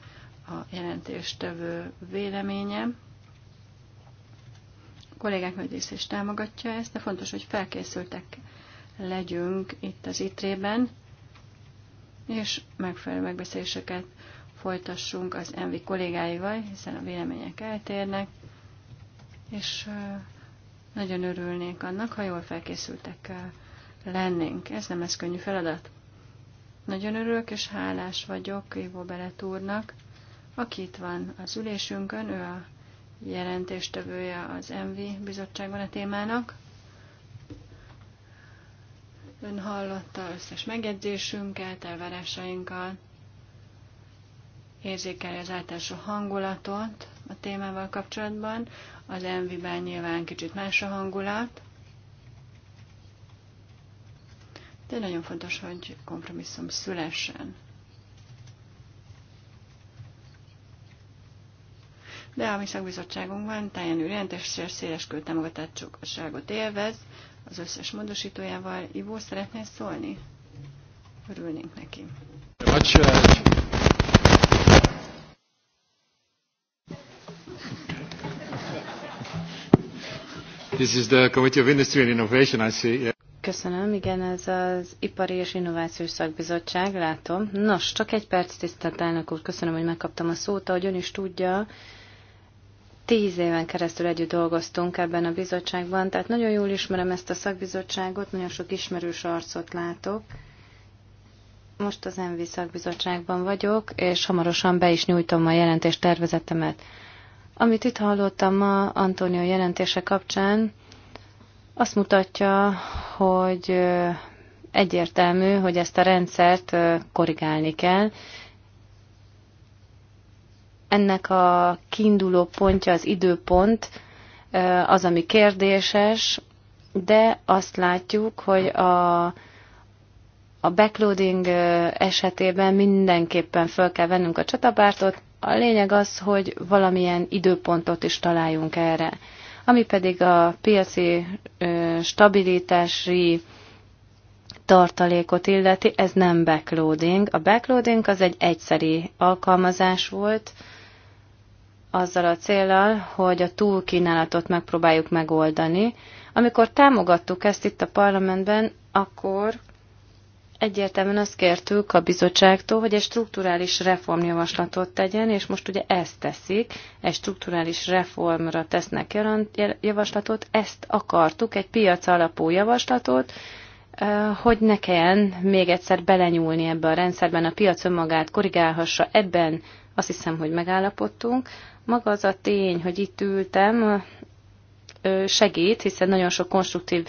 a jelentéstevő véleménye. A kollégák nagy része is támogatja ezt, de fontos, hogy felkészültek legyünk itt az itrében, és megfelelő megbeszéléseket folytassunk az Envi kollégáival, hiszen a vélemények eltérnek, és nagyon örülnék annak, ha jól felkészültek lennénk. Ez nem ez könnyű feladat. Nagyon örülök és hálás vagyok Ivo Belet úrnak, aki itt van az ülésünkön, ő a jelentéstevője az MV bizottságban a témának. Ön hallotta összes megjegyzésünket, elvárásainkat, érzékelje az általános hangulatot a témával kapcsolatban. Az enviben nyilván kicsit más a hangulat, de nagyon fontos, hogy kompromisszum szülessen. De a mi szakbizottságunkban táján ürjentésre széles támogatottságot élvez, az összes módosítójával. Ivó, szeretnél szólni? Örülnénk neki. Uh, This is the Committee of Industry and Innovation, I see. Yeah. Köszönöm, igen, ez az Ipari és Innovációs Szakbizottság, látom. Nos, csak egy perc, tisztelt elnök úr, köszönöm, hogy megkaptam a szót, ahogy ön is tudja, tíz éven keresztül együtt dolgoztunk ebben a bizottságban, tehát nagyon jól ismerem ezt a szakbizottságot, nagyon sok ismerős arcot látok. Most az MV szakbizottságban vagyok, és hamarosan be is nyújtom a jelentés tervezetemet. Amit itt hallottam ma Antonio jelentése kapcsán, azt mutatja, hogy egyértelmű, hogy ezt a rendszert korrigálni kell. Ennek a kiinduló pontja az időpont, az, ami kérdéses, de azt látjuk, hogy a, a backloading esetében mindenképpen fel kell vennünk a csatabártot. A lényeg az, hogy valamilyen időpontot is találjunk erre. Ami pedig a piaci stabilitási tartalékot illeti, ez nem backloading. A backloading az egy egyszeri alkalmazás volt, azzal a célral, hogy a túlkínálatot megpróbáljuk megoldani. Amikor támogattuk ezt itt a parlamentben, akkor Egyértelműen azt kértük a bizottságtól, hogy egy strukturális reformjavaslatot tegyen, és most ugye ezt teszik, egy strukturális reformra tesznek javaslatot, ezt akartuk, egy piac alapú javaslatot, hogy ne kelljen még egyszer belenyúlni ebbe a rendszerben, a piac önmagát korrigálhassa, ebben azt hiszem, hogy megállapodtunk. Maga az a tény, hogy itt ültem, segít, hiszen nagyon sok konstruktív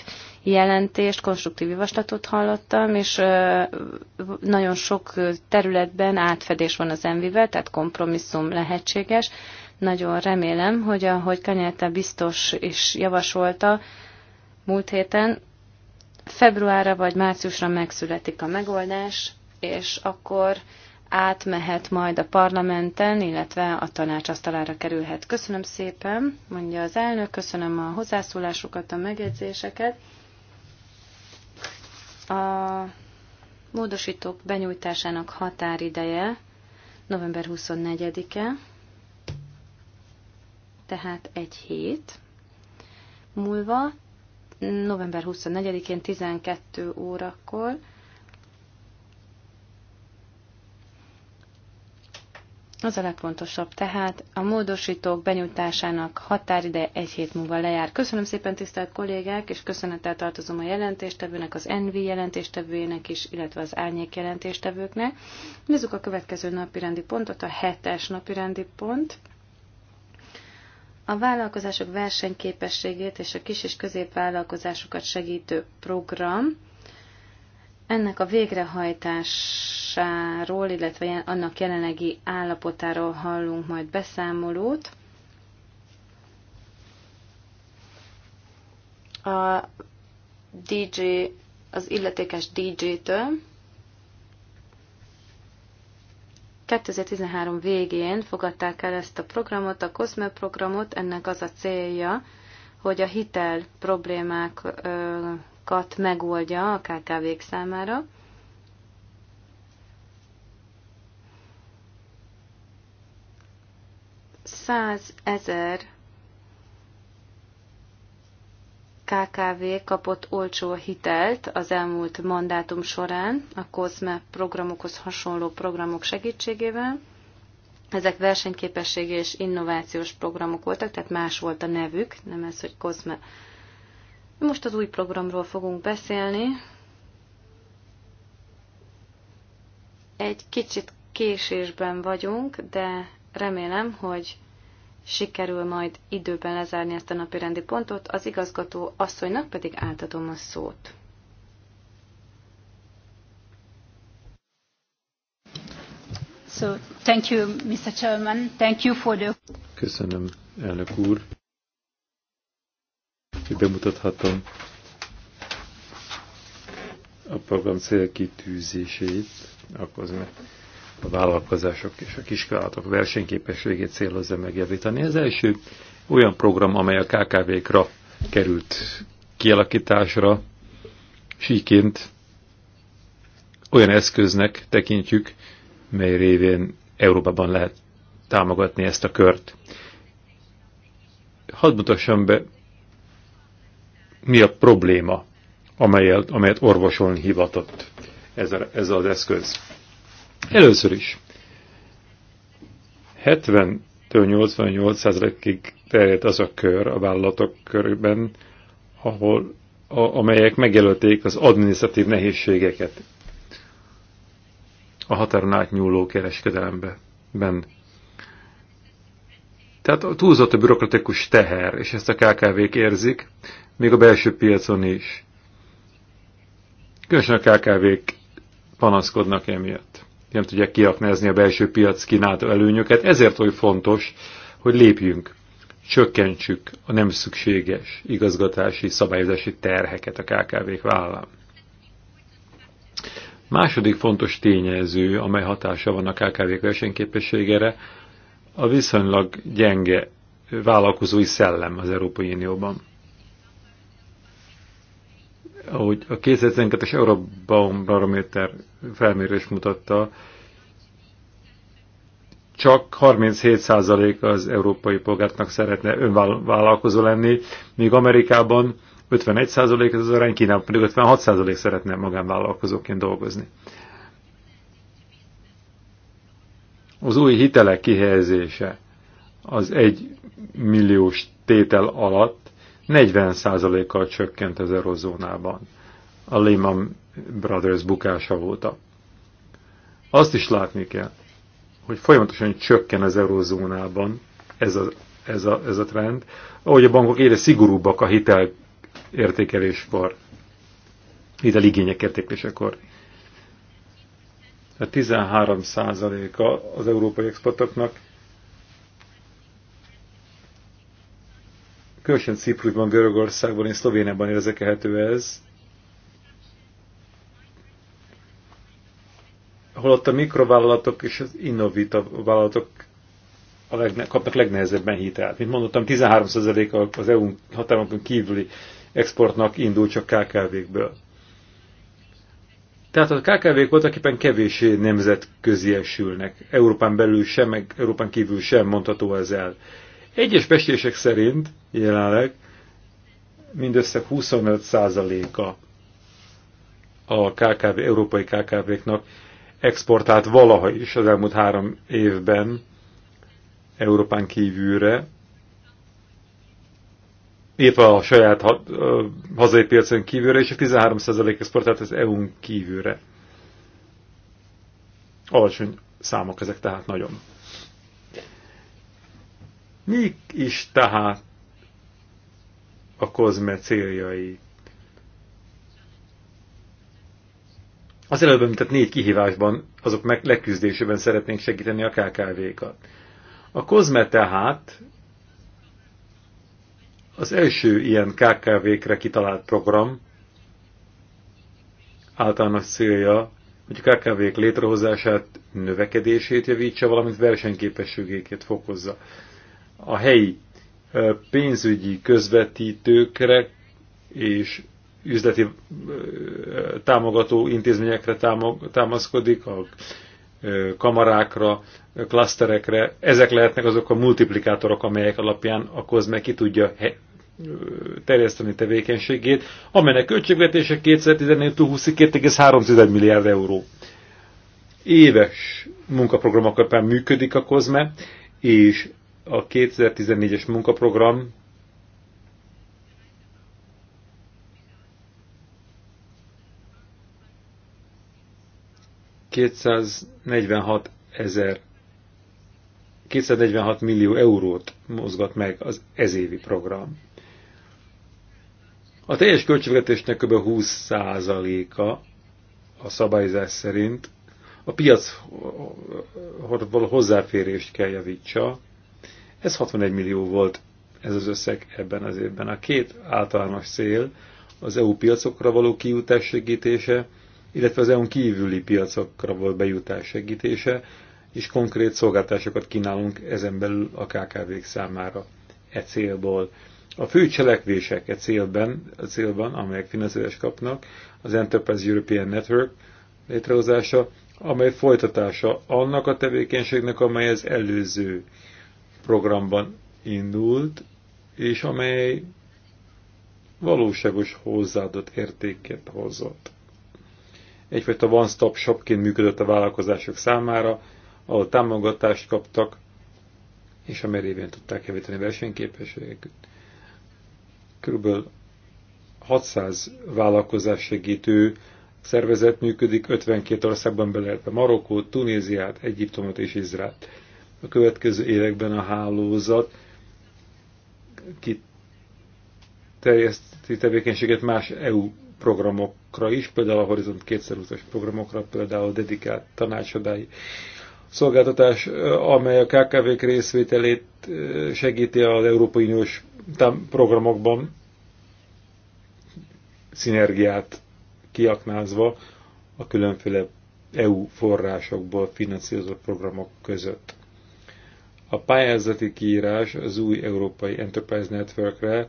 jelentést, konstruktív javaslatot hallottam, és nagyon sok területben átfedés van az envivel, tehát kompromisszum lehetséges. Nagyon remélem, hogy ahogy Kanyelte biztos is javasolta múlt héten, februárra vagy márciusra megszületik a megoldás, és akkor átmehet majd a parlamenten, illetve a tanács asztalára kerülhet. Köszönöm szépen, mondja az elnök, köszönöm a hozzászólásukat, a megjegyzéseket. A módosítók benyújtásának határideje november 24-e, tehát egy hét múlva, november 24-én 12 órakor, Az a legfontosabb tehát, a módosítók benyújtásának határideje egy hét múlva lejár. Köszönöm szépen tisztelt kollégák, és köszönettel tartozom a jelentéstevőnek, az NV jelentéstevőjének is, illetve az árnyék jelentéstevőknek. Nézzük a következő napirendi pontot, a hetes napirendi pont. A vállalkozások versenyképességét és a kis- és középvállalkozásokat segítő program ennek a végrehajtásáról, illetve annak jelenlegi állapotáról hallunk majd beszámolót. A DJ, az illetékes DJ-től. 2013 végén fogadták el ezt a programot, a COSME programot, ennek az a célja, hogy a hitel problémák problémákat megoldja a kkv számára. Száz ezer KKV kapott olcsó hitelt az elmúlt mandátum során a COSME programokhoz hasonló programok segítségével. Ezek versenyképességi és innovációs programok voltak, tehát más volt a nevük, nem ez, hogy COSME most az új programról fogunk beszélni. Egy kicsit késésben vagyunk, de remélem, hogy sikerül majd időben lezárni ezt a napi rendi pontot, az igazgató asszonynak pedig átadom a szót. So, thank you, Mr. Chairman. Thank you for the... Köszönöm, elnök úr hogy bemutathatom a program célkitűzését, akkor a vállalkozások és a kiskállatok versenyképességét célozza megjavítani. Ez első olyan program, amely a KKV-kra került kialakításra, síként olyan eszköznek tekintjük, mely révén Európában lehet támogatni ezt a kört. Hadd mutassam be mi a probléma, amelyet, amelyet orvosolni hivatott ez, a, ez az eszköz. Először is, 70-től 88%-ig terjedt az a kör a vállalatok körben, ahol, a, amelyek megjelölték az adminisztratív nehézségeket a határon átnyúló kereskedelemben. Tehát a túlzott a bürokratikus teher, és ezt a KKV-k érzik, még a belső piacon is. Különösen a KKV-k panaszkodnak emiatt. Nem tudják kiaknázni a belső piac kínálta előnyöket, ezért oly fontos, hogy lépjünk, csökkentsük a nem szükséges igazgatási, szabályozási terheket a KKV-k vállán. Második fontos tényező, amely hatása van a KKV-k versenyképességére, a viszonylag gyenge vállalkozói szellem az Európai Unióban ahogy a 2012-es barométer felmérés mutatta, csak 37% az európai polgárnak szeretne önvállalkozó lenni, míg Amerikában 51% az arány, Kínában pedig 56% szeretne magánvállalkozóként dolgozni. Az új hitelek kihelyezése az egy milliós tétel alatt 40%-kal csökkent az eurozónában. A Lehman Brothers bukása óta. Azt is látni kell, hogy folyamatosan csökken az eurozónában ez a, ez a, ez a trend, ahogy a bankok egyre szigorúbbak a hitel értékeléskor, hiteligények értékelésekor. A 13%-a az európai exportoknak Különösen Ciprusban, Görögországban és Szlovéniában érzékelhető ez, holott a mikrovállalatok és az innovita vállalatok a legne, kapnak legnehezebben hitelt. Mint mondottam, 13% az EU határon kívüli exportnak indul csak KKV-kből. Tehát a KKV-k voltaképpen nemzetközi esülnek. Európán belül sem, meg Európán kívül sem mondható ez el. Egyes beszések szerint jelenleg mindössze 25%-a a KKV, európai KKV-knak exportált valaha is az elmúlt három évben Európán kívülre, épp a saját hazai piacon kívülre, és a 13% exportált az EU-n kívülre. Alacsony számok ezek tehát nagyon. Mik is tehát a kozme céljai? Az előbb említett négy kihívásban, azok meg leküzdésében szeretnénk segíteni a KKV-kat. A kozme tehát az első ilyen KKV-kre kitalált program általános célja, hogy a KKV-k létrehozását, növekedését javítsa, valamint versenyképességét fokozza a helyi pénzügyi közvetítőkre és üzleti támogató intézményekre támaszkodik, a kamarákra, klaszterekre. Ezek lehetnek azok a multiplikátorok, amelyek alapján a COSME ki tudja terjeszteni tevékenységét, amelynek költségvetése 2014 20 milliárd euró. Éves munkaprogram alapján működik a COSME, és a 2014-es munkaprogram ...246 ezer 246 millió eurót mozgat meg az ezévi program. A teljes költségvetésnek kb. 20%-a a szabályzás szerint a piac való hozzáférést kell javítsa, ez 61 millió volt ez az összeg ebben az évben. A két általános cél az EU piacokra való kijutás segítése, illetve az EU-n kívüli piacokra való bejutás segítése, és konkrét szolgáltásokat kínálunk ezen belül a KKV-k számára e célból. A fő cselekvések e célben, a célban, amelyek finanszírozást kapnak, az Enterprise European Network létrehozása, amely folytatása annak a tevékenységnek, amely az előző programban indult, és amely valóságos hozzáadott értéket hozott. Egyfajta one-stop shopként működött a vállalkozások számára, ahol támogatást kaptak, és a merévén tudták javítani versenyképességeket. Körülbelül 600 vállalkozás segítő szervezet működik 52 országban beleértve Marokkót, Tunéziát, Egyiptomot és Izraelt. A következő években a hálózat kiterjeszti tevékenységet más EU programokra is, például a Horizont 2020-as programokra, például a dedikált tanácsadái szolgáltatás, amely a KKV-k részvételét segíti az Európai Uniós programokban szinergiát kiaknázva a különféle EU forrásokból finanszírozott programok között. A pályázati kiírás az új Európai Enterprise Networkre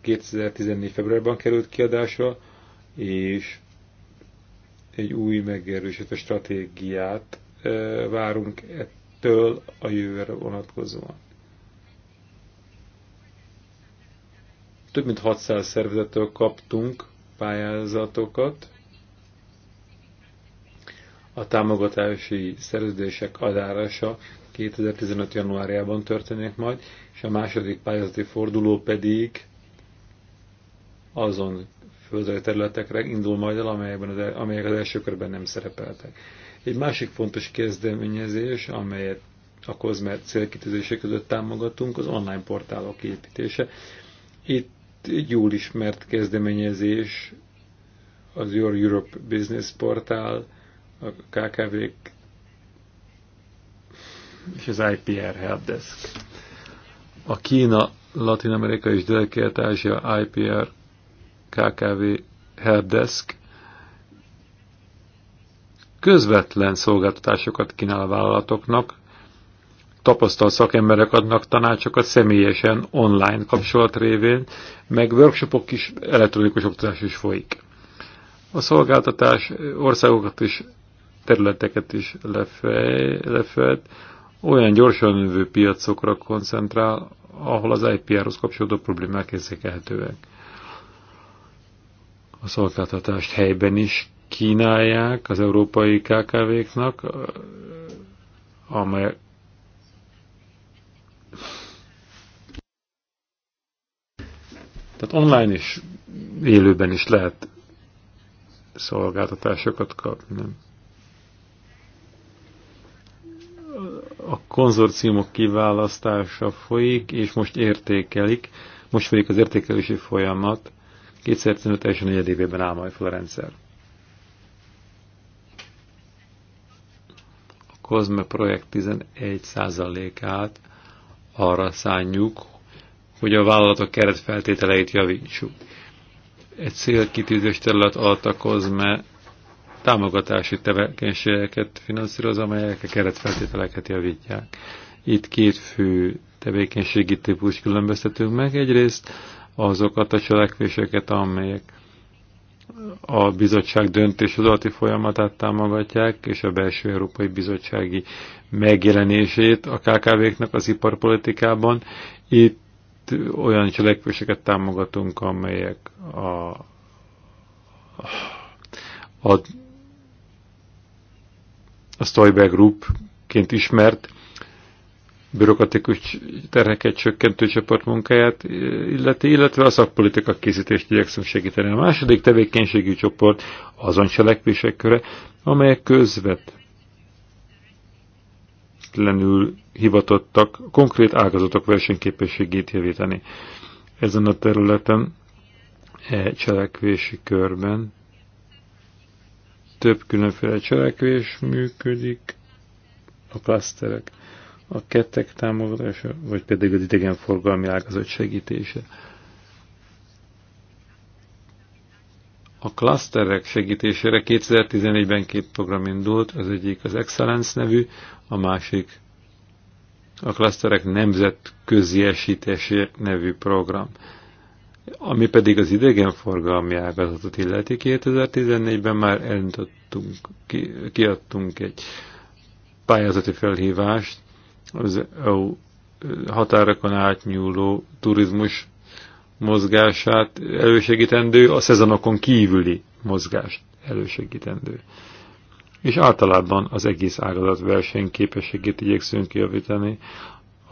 2014. februárban került kiadásra, és egy új megerősített stratégiát e, várunk ettől a jövőre vonatkozóan. Több mint 600 szervezettől kaptunk pályázatokat. A támogatási szerződések adárása 2015. januárjában történik majd, és a második pályázati forduló pedig azon földrajzi területekre indul majd el, amelyekben az, amelyek az első körben nem szerepeltek. Egy másik fontos kezdeményezés, amelyet a COSME célkitűzése között támogatunk, az online portálok építése. Itt egy jól ismert kezdeményezés az Your Europe Business portál, a KKV-k és az IPR Helpdesk. A Kína, Latin Amerika és Délkelet Ázsia IPR KKV Helpdesk közvetlen szolgáltatásokat kínál a vállalatoknak, tapasztalt szakemberek adnak tanácsokat személyesen, online kapcsolat révén, meg workshopok is, elektronikus oktatás is folyik. A szolgáltatás országokat is, területeket is lefed, lefed olyan gyorsan növő piacokra koncentrál, ahol az IPR-hoz kapcsolódó problémák érzékelhetőek. A szolgáltatást helyben is kínálják az európai KKV-knak, amely Tehát online is, élőben is lehet szolgáltatásokat kapni. a konzorciumok kiválasztása folyik, és most értékelik, most folyik az értékelési folyamat, 2015 első negyedévében áll majd fel a rendszer. A COSME projekt 11%-át arra szánjuk, hogy a vállalatok keretfeltételeit javítsuk. Egy célkitűzés terület alatt a COSME támogatási tevékenységeket finanszíroz, amelyek a keretfeltételeket javítják. Itt két fő tevékenységi típus különböztetünk meg. Egyrészt azokat a cselekvéseket, amelyek a bizottság döntéshozati folyamatát támogatják, és a belső európai bizottsági megjelenését a KKV-knak az iparpolitikában. Itt olyan cselekvéseket támogatunk, amelyek a, a a Stoiber Groupként ismert bürokratikus terheket csökkentő csoport munkáját illeti, illetve a szakpolitika készítést igyekszünk segíteni. A második tevékenységi csoport azon cselekvések köre, amelyek közvetlenül hivatottak konkrét ágazatok versenyképességét javítani. Ezen a területen e cselekvési körben több különféle cselekvés működik, a klaszterek, a kettek támogatása, vagy pedig az idegenforgalmi ágazat segítése. A klaszterek segítésére 2014-ben két program indult, az egyik az Excellence nevű, a másik a klaszterek esítésé nevű program. Ami pedig az idegenforgalmi ágazatot illeti, 2014-ben már elindítottunk, ki, kiadtunk egy pályázati felhívást az EU határokon átnyúló turizmus mozgását elősegítendő, a szezonokon kívüli mozgást elősegítendő. És általában az egész ágazat versenyképességét igyekszünk javítani,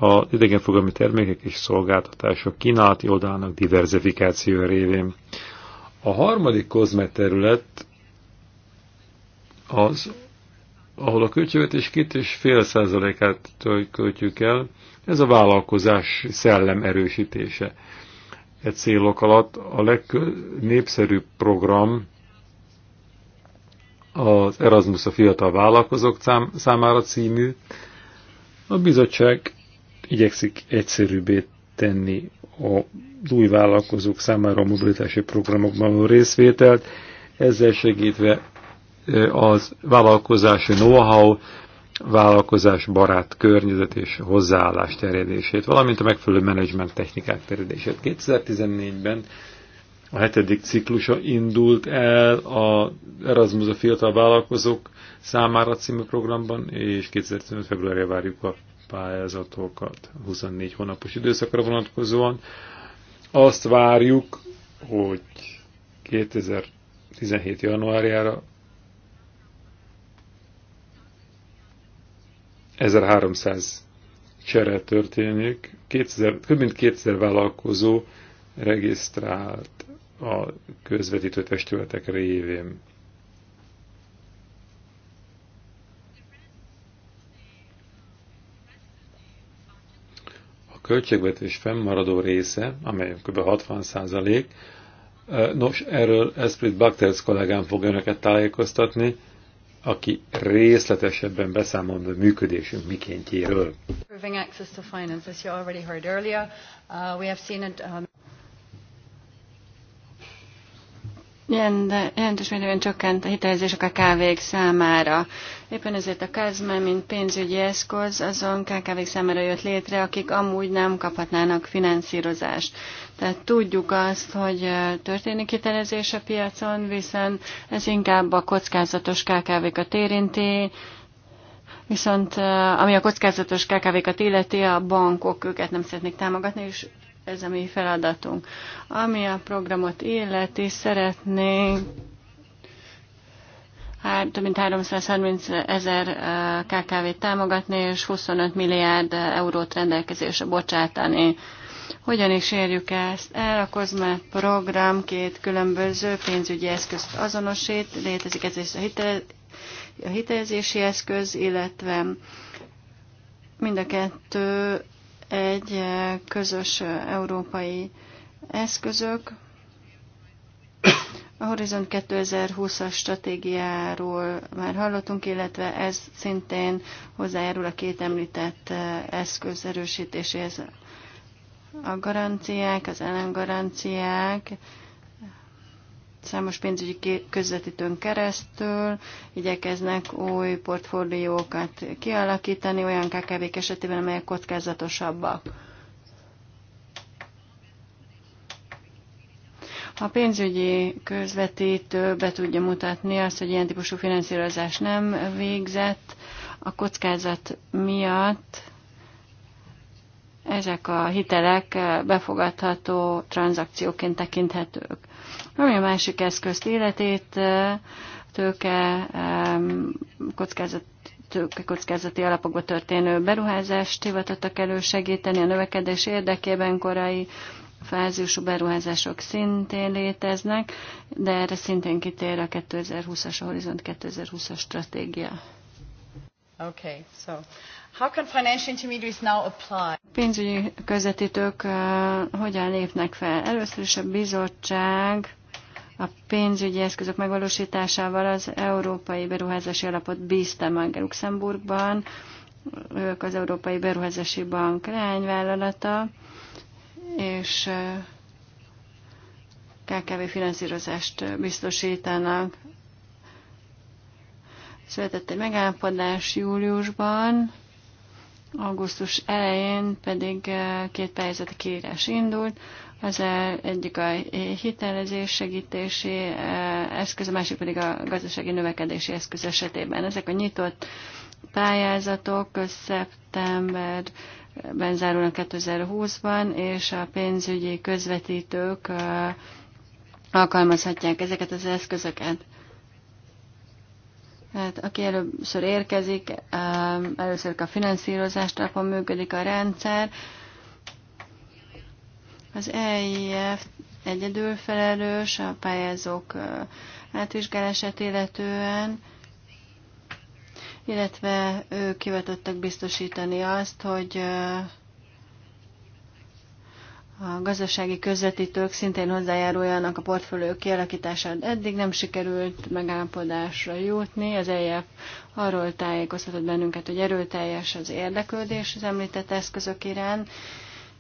az idegenfogalmi termékek és szolgáltatások kínálati oldalának diverzifikáció révén. A harmadik kozmet terület az, ahol a költségvetés fél százalékát költjük el, ez a vállalkozás szellem erősítése. E célok alatt a legnépszerűbb program az Erasmus a fiatal vállalkozók számára című. A bizottság igyekszik egyszerűbbé tenni az új vállalkozók számára a mobilitási programokban való részvételt, ezzel segítve az vállalkozási know-how, vállalkozás barát környezet és hozzáállás terjedését, valamint a megfelelő menedzsment technikák terjedését. 2014-ben a hetedik ciklusa indult el a Erasmus a fiatal vállalkozók számára című programban, és 2015. februárja várjuk a pályázatokat 24 hónapos időszakra vonatkozóan. Azt várjuk, hogy 2017. januárjára 1300 csere történik, 2000, több mint 2000 vállalkozó regisztrált a közvetítő testületek révén. költségvetés fennmaradó része, amely kb. 60 százalék, nos, erről Esprit Bakterz kollégám fog önöket tájékoztatni, aki részletesebben beszámol a működésünk mikéntjéről. jelentős mértékben csökkent a hitelezések a kávék számára. Éppen ezért a KAZME, mint pénzügyi eszköz, azon kkv számára jött létre, akik amúgy nem kaphatnának finanszírozást. Tehát tudjuk azt, hogy történik hitelezés a piacon, viszont ez inkább a kockázatos KKV-kat érinti, viszont ami a kockázatos KKV-kat illeti, a bankok őket nem szeretnék támogatni, és ez a mi feladatunk. Ami a programot illeti, szeretnénk több mint 330 ezer KKV-t támogatni, és 25 milliárd eurót rendelkezésre bocsátani. Hogyan is érjük ezt el? A COSME program két különböző pénzügyi eszközt azonosít, létezik ez is a, hitel, a hitelezési eszköz, illetve mind a kettő egy közös európai eszközök. A Horizont 2020-as stratégiáról már hallottunk, illetve ez szintén hozzájárul a két említett eszköz erősítéséhez. A garanciák, az ellengaranciák, számos pénzügyi közvetítőn keresztül igyekeznek új portfóliókat kialakítani olyan kkv esetében, amelyek kockázatosabbak. A pénzügyi közvetítő be tudja mutatni azt, hogy ilyen típusú finanszírozás nem végzett, a kockázat miatt ezek a hitelek befogadható tranzakcióként tekinthetők. Ami a másik eszközt életét, tőke, kockázat kockázati alapokba történő beruházást hivatottak elősegíteni a növekedés érdekében korai fázisú beruházások szintén léteznek, de erre szintén kitér a 2020-as, a Horizont 2020-as stratégia. Okay, so how can financial intermediaries now apply? Pénzügyi közvetítők uh, hogyan lépnek fel? Először is a bizottság a pénzügyi eszközök megvalósításával az Európai Beruházási Alapot bízta meg Luxemburgban, ők az Európai Beruházási Bank leányvállalata, és KKV finanszírozást biztosítanak. Született egy megállapodás júliusban, augusztus elején pedig két pályázati kiírás indult, az e egyik a hitelezés segítési e eszköz, a másik pedig a gazdasági növekedési eszköz esetében. Ezek a nyitott pályázatok szeptember zárulnak 2020-ban, és a pénzügyi közvetítők e, alkalmazhatják ezeket az eszközöket. Hát, aki először érkezik, először a finanszírozást, abban működik a rendszer, az EIF egyedül felelős a pályázók átvizsgálását illetően, illetve ők kivetettek biztosítani azt, hogy a gazdasági közvetítők szintén hozzájáruljanak a portfólió kialakításához. Eddig nem sikerült megállapodásra jutni. Az EIF arról tájékoztatott bennünket, hogy erőteljes az érdeklődés az említett eszközök iránt,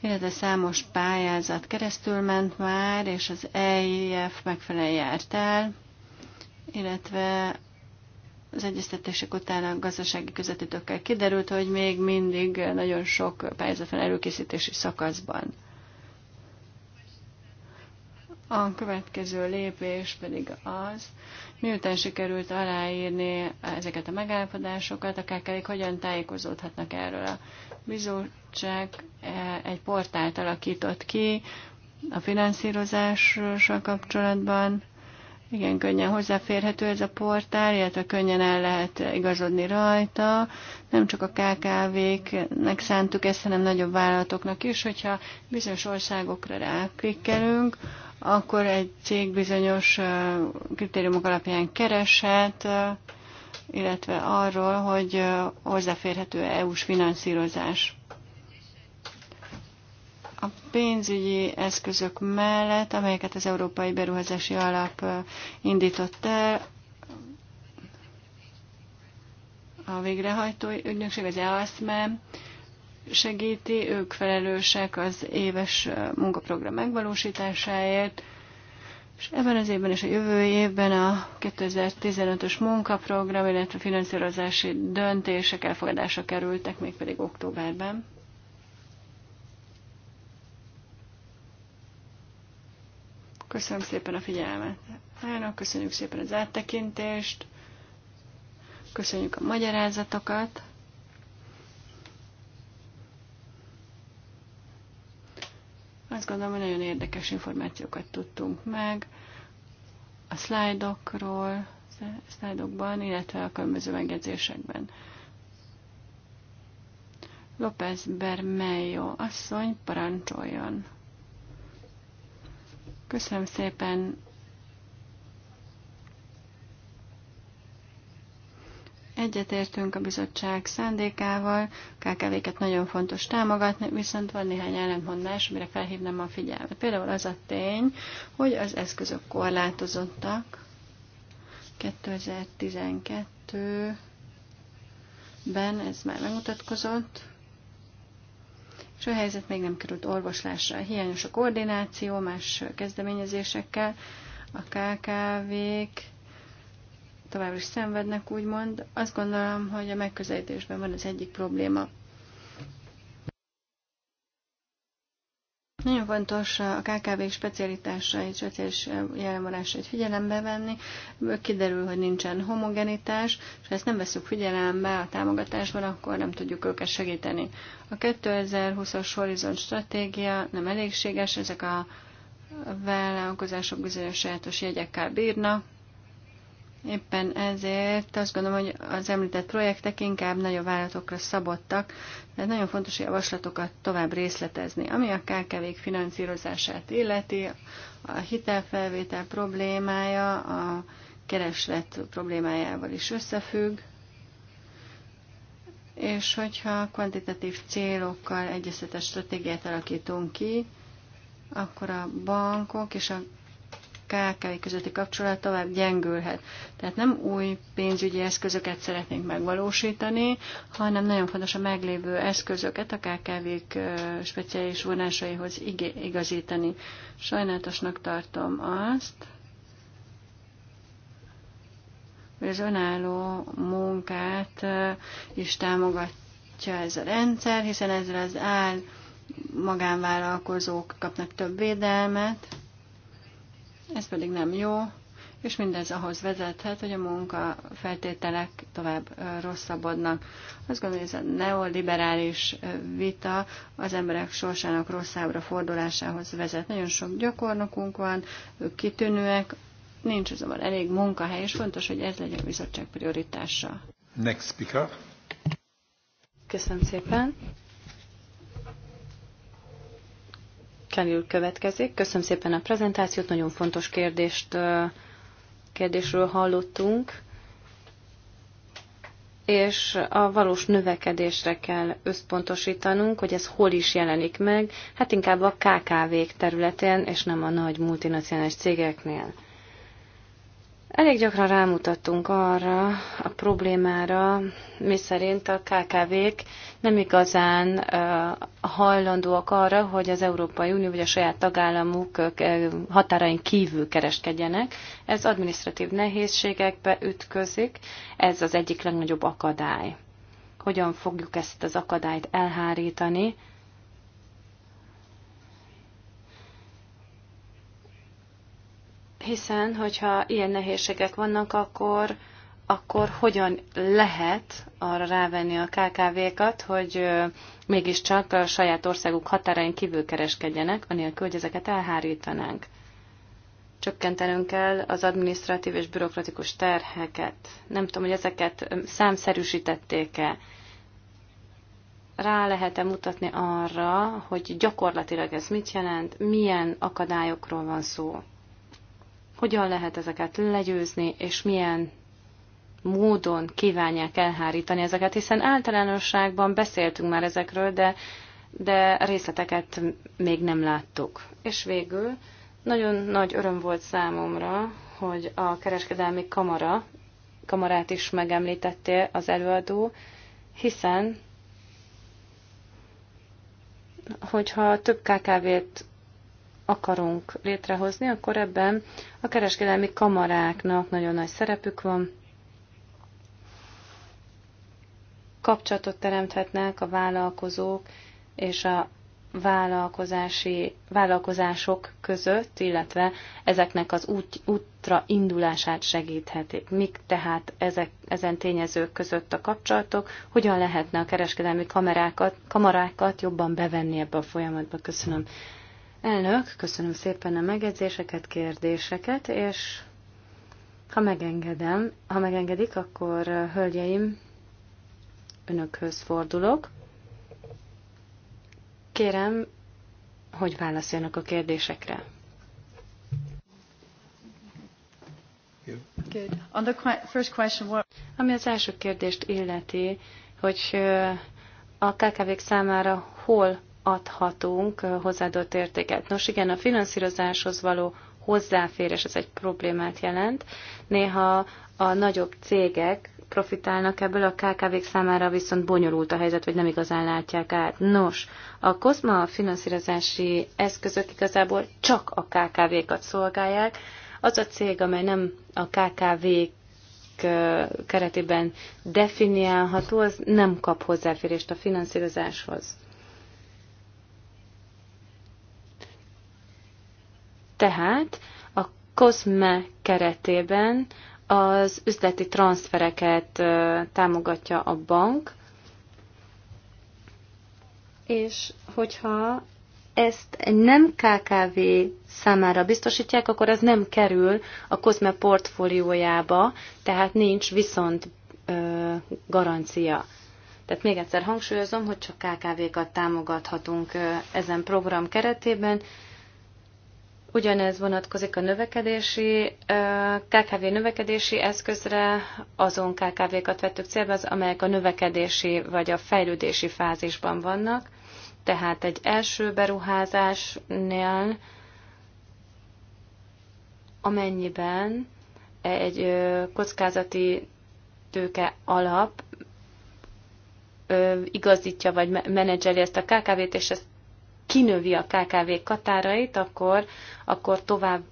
illetve számos pályázat keresztül ment már, és az EIF megfelelően járt el, illetve az egyeztetések után a gazdasági közvetítőkkel kiderült, hogy még mindig nagyon sok pályázat van előkészítési szakaszban. A következő lépés pedig az, miután sikerült aláírni ezeket a megállapodásokat, akár kkv hogyan tájékozódhatnak erről a bizottság eh, egy portált alakított ki a finanszírozással kapcsolatban. Igen, könnyen hozzáférhető ez a portál, illetve könnyen el lehet igazodni rajta. Nem csak a KKV-knek szántuk ezt, hanem nagyobb vállalatoknak is, hogyha bizonyos országokra ráklikkelünk, akkor egy cég bizonyos eh, kritériumok alapján kereshet, eh, illetve arról, hogy hozzáférhető EU-s finanszírozás. A pénzügyi eszközök mellett, amelyeket az Európai Beruházási Alap indított el, a végrehajtó ügynökség, az EASME segíti, ők felelősek az éves munkaprogram megvalósításáért, és ebben az évben és a jövő évben a 2015-ös munkaprogram, illetve finanszírozási döntések elfogadása kerültek, mégpedig októberben. Köszönöm szépen a figyelmet. Állnak, köszönjük szépen az áttekintést, köszönjük a magyarázatokat. Azt gondolom, hogy nagyon érdekes információkat tudtunk meg a szlájdokról, szlájdokban, illetve a különböző megjegyzésekben. López Bermejo asszony parancsoljon. Köszönöm szépen, Egyetértünk a bizottság szándékával, KKV-ket nagyon fontos támogatni, viszont van néhány ellentmondás, amire felhívnám a figyelmet. Például az a tény, hogy az eszközök korlátozottak. 2012-ben ez már megmutatkozott, és a helyzet még nem került orvoslásra. Hiányos a koordináció más kezdeményezésekkel, a KKV-k tovább is szenvednek, úgymond. Azt gondolom, hogy a megközelítésben van az egyik probléma. Nagyon fontos a KKV specialitásait, speciális jelenvonásait figyelembe venni. kiderül, hogy nincsen homogenitás, és ha ezt nem veszük figyelembe a támogatásban, akkor nem tudjuk őket segíteni. A 2020-as horizont stratégia nem elégséges, ezek a vállalkozások bizonyos sajátos jegyekkel bírnak, Éppen ezért azt gondolom, hogy az említett projektek inkább nagyobb vállalatokra szabottak, de nagyon fontos javaslatokat tovább részletezni. Ami a kkv finanszírozását illeti, a hitelfelvétel problémája a kereslet problémájával is összefügg, és hogyha kvantitatív célokkal egyeztetett stratégiát alakítunk ki, akkor a bankok és a KKV közötti kapcsolat tovább gyengülhet. Tehát nem új pénzügyi eszközöket szeretnénk megvalósítani, hanem nagyon fontos a meglévő eszközöket a KKV-k speciális vonásaihoz igazítani. Sajnálatosnak tartom azt, hogy az önálló munkát is támogatja ez a rendszer, hiszen ezzel az áll magánvállalkozók kapnak több védelmet, ez pedig nem jó, és mindez ahhoz vezethet, hogy a munka feltételek tovább rosszabbodnak. Azt gondolom, hogy ez a neoliberális vita az emberek sorsának rosszábbra fordulásához vezet. Nagyon sok gyakornokunk van, ők kitűnőek, nincs azonban elég munkahely, és fontos, hogy ez legyen a bizottság prioritása. Next speaker. Köszönöm szépen. Kelly következik. Köszönöm szépen a prezentációt, nagyon fontos kérdést, kérdésről hallottunk, és a valós növekedésre kell összpontosítanunk, hogy ez hol is jelenik meg, hát inkább a KKV-k területén, és nem a nagy multinacionális cégeknél. Elég gyakran rámutattunk arra a problémára, mi szerint a KKV-k nem igazán hajlandóak arra, hogy az Európai Unió vagy a saját tagállamuk határain kívül kereskedjenek. Ez administratív nehézségekbe ütközik, ez az egyik legnagyobb akadály. Hogyan fogjuk ezt az akadályt elhárítani? hiszen, hogyha ilyen nehézségek vannak, akkor, akkor hogyan lehet arra rávenni a KKV-kat, hogy mégiscsak a saját országuk határain kívül kereskedjenek, anélkül, hogy ezeket elhárítanánk. Csökkentenünk kell az administratív és bürokratikus terheket. Nem tudom, hogy ezeket számszerűsítették-e. Rá lehet-e mutatni arra, hogy gyakorlatilag ez mit jelent, milyen akadályokról van szó? Hogyan lehet ezeket legyőzni, és milyen módon kívánják elhárítani ezeket, hiszen általánosságban beszéltünk már ezekről, de, de részleteket még nem láttuk. És végül nagyon nagy öröm volt számomra, hogy a kereskedelmi kamara, kamarát is megemlítette az előadó, hiszen hogyha több KKV-t akarunk létrehozni, akkor ebben a kereskedelmi kamaráknak nagyon nagy szerepük van. Kapcsolatot teremthetnek a vállalkozók és a vállalkozási, vállalkozások között, illetve ezeknek az út, útra indulását segíthetik. Mik tehát ezek, ezen tényezők között a kapcsolatok, hogyan lehetne a kereskedelmi kamerákat, kamarákat jobban bevenni ebbe a folyamatba? Köszönöm. Elnök, köszönöm szépen a megjegyzéseket, kérdéseket, és ha megengedem, ha megengedik, akkor hölgyeim, önökhöz fordulok. Kérem, hogy válaszoljanak a kérdésekre. Good. On the first question, what... Ami az első kérdést illeti, hogy a KKV-k számára hol adhatunk hozzáadott értéket. Nos igen, a finanszírozáshoz való hozzáférés, ez egy problémát jelent. Néha a nagyobb cégek profitálnak ebből, a KKV-k számára viszont bonyolult a helyzet, vagy nem igazán látják át. Nos, a COSMA finanszírozási eszközök igazából csak a KKV-kat szolgálják. Az a cég, amely nem a kkv keretében definiálható, az nem kap hozzáférést a finanszírozáshoz. Tehát a COSME keretében az üzleti transfereket támogatja a bank, és hogyha ezt nem KKV számára biztosítják, akkor ez nem kerül a COSME portfóliójába, tehát nincs viszont ö, garancia. Tehát még egyszer hangsúlyozom, hogy csak KKV-kat támogathatunk ezen program keretében, Ugyanez vonatkozik a növekedési, KKV növekedési eszközre, azon KKV-kat vettük célba, az, amelyek a növekedési vagy a fejlődési fázisban vannak. Tehát egy első beruházásnál, amennyiben egy kockázati tőke alap igazítja vagy menedzseli ezt a KKV-t, és ezt kinövi a KKV katárait, akkor, akkor tovább,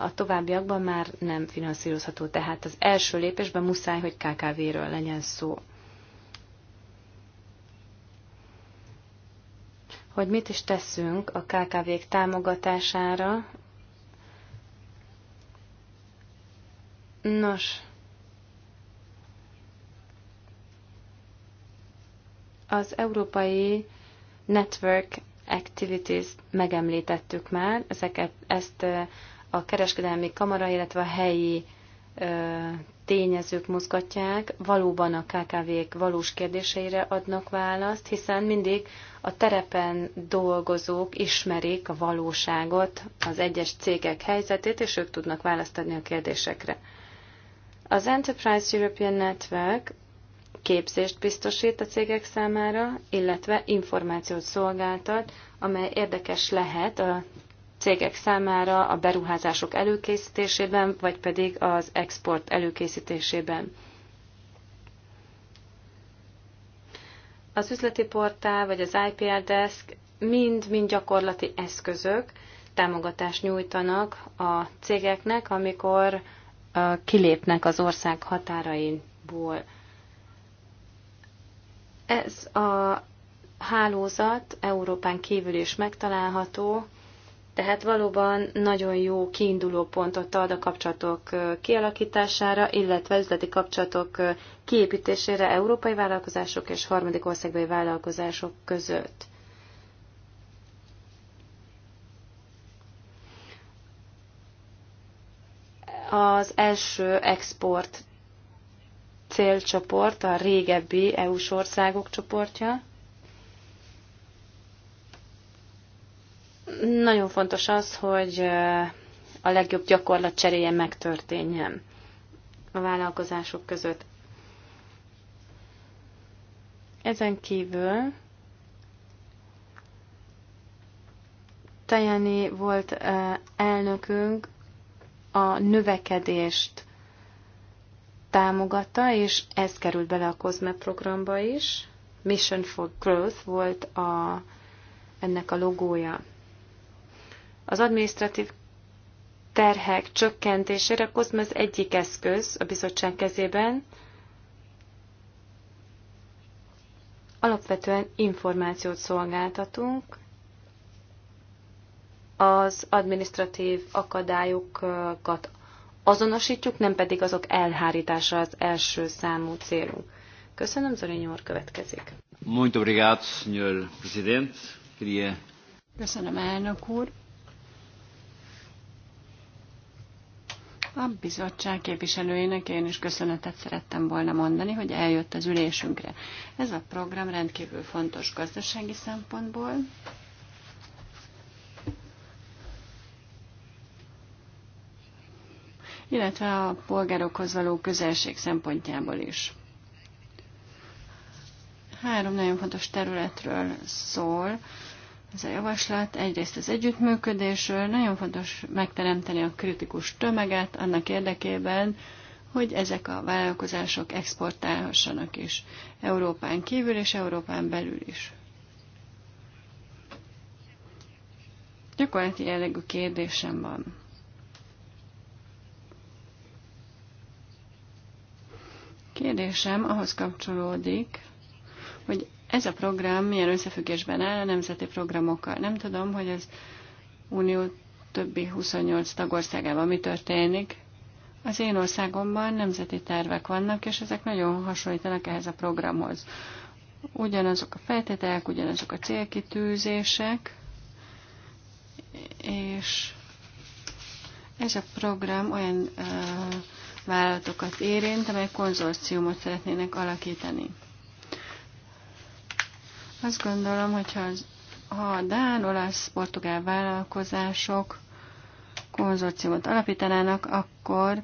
a továbbiakban már nem finanszírozható. Tehát az első lépésben muszáj, hogy KKV-ről legyen szó. Hogy mit is teszünk a KKV-k támogatására? Nos, az európai Network Activities megemlítettük már, ezeket, ezt a kereskedelmi kamara, illetve a helyi tényezők mozgatják, valóban a KKV-k valós kérdéseire adnak választ, hiszen mindig a terepen dolgozók ismerik a valóságot, az egyes cégek helyzetét, és ők tudnak választ adni a kérdésekre. Az Enterprise European Network képzést biztosít a cégek számára, illetve információt szolgáltat, amely érdekes lehet a cégek számára a beruházások előkészítésében, vagy pedig az export előkészítésében. Az üzleti portál vagy az IPR Desk mind-mind gyakorlati eszközök támogatást nyújtanak a cégeknek, amikor kilépnek az ország határainból. Ez a hálózat Európán kívül is megtalálható, tehát valóban nagyon jó kiinduló pontot ad a kapcsolatok kialakítására, illetve üzleti kapcsolatok kiépítésére európai vállalkozások és harmadik országbeli vállalkozások között. Az első export célcsoport a régebbi EU-s országok csoportja. Nagyon fontos az, hogy a legjobb gyakorlat cseréje megtörténjen a vállalkozások között. Ezen kívül Tajani volt elnökünk a növekedést támogatta, és ez került bele a COSME programba is. Mission for Growth volt a, ennek a logója. Az administratív terhek csökkentésére COSME az egyik eszköz a bizottság kezében. Alapvetően információt szolgáltatunk az administratív akadályokat azonosítjuk, nem pedig azok elhárítása az első számú célunk. Köszönöm, Zorin úr, következik. Muito obrigado, senhor presidente. Queria... Köszönöm, elnök úr. A bizottság képviselőjének én is köszönetet szerettem volna mondani, hogy eljött az ülésünkre. Ez a program rendkívül fontos gazdasági szempontból, illetve a polgárokhoz való közelség szempontjából is. Három nagyon fontos területről szól ez a javaslat. Egyrészt az együttműködésről, nagyon fontos megteremteni a kritikus tömeget annak érdekében, hogy ezek a vállalkozások exportálhassanak is Európán kívül és Európán belül is. Gyakorlati jellegű kérdésem van. Kérdésem ahhoz kapcsolódik, hogy ez a program milyen összefüggésben áll a nemzeti programokkal. Nem tudom, hogy az Unió többi 28 tagországában mi történik. Az én országomban nemzeti tervek vannak, és ezek nagyon hasonlítanak ehhez a programhoz. Ugyanazok a feltételek, ugyanazok a célkitűzések, és ez a program olyan uh, vállalatokat érint, amelyek konzorciumot szeretnének alakítani. Azt gondolom, hogyha az, ha a Dán, olasz, portugál vállalkozások konzorciumot alapítanának, akkor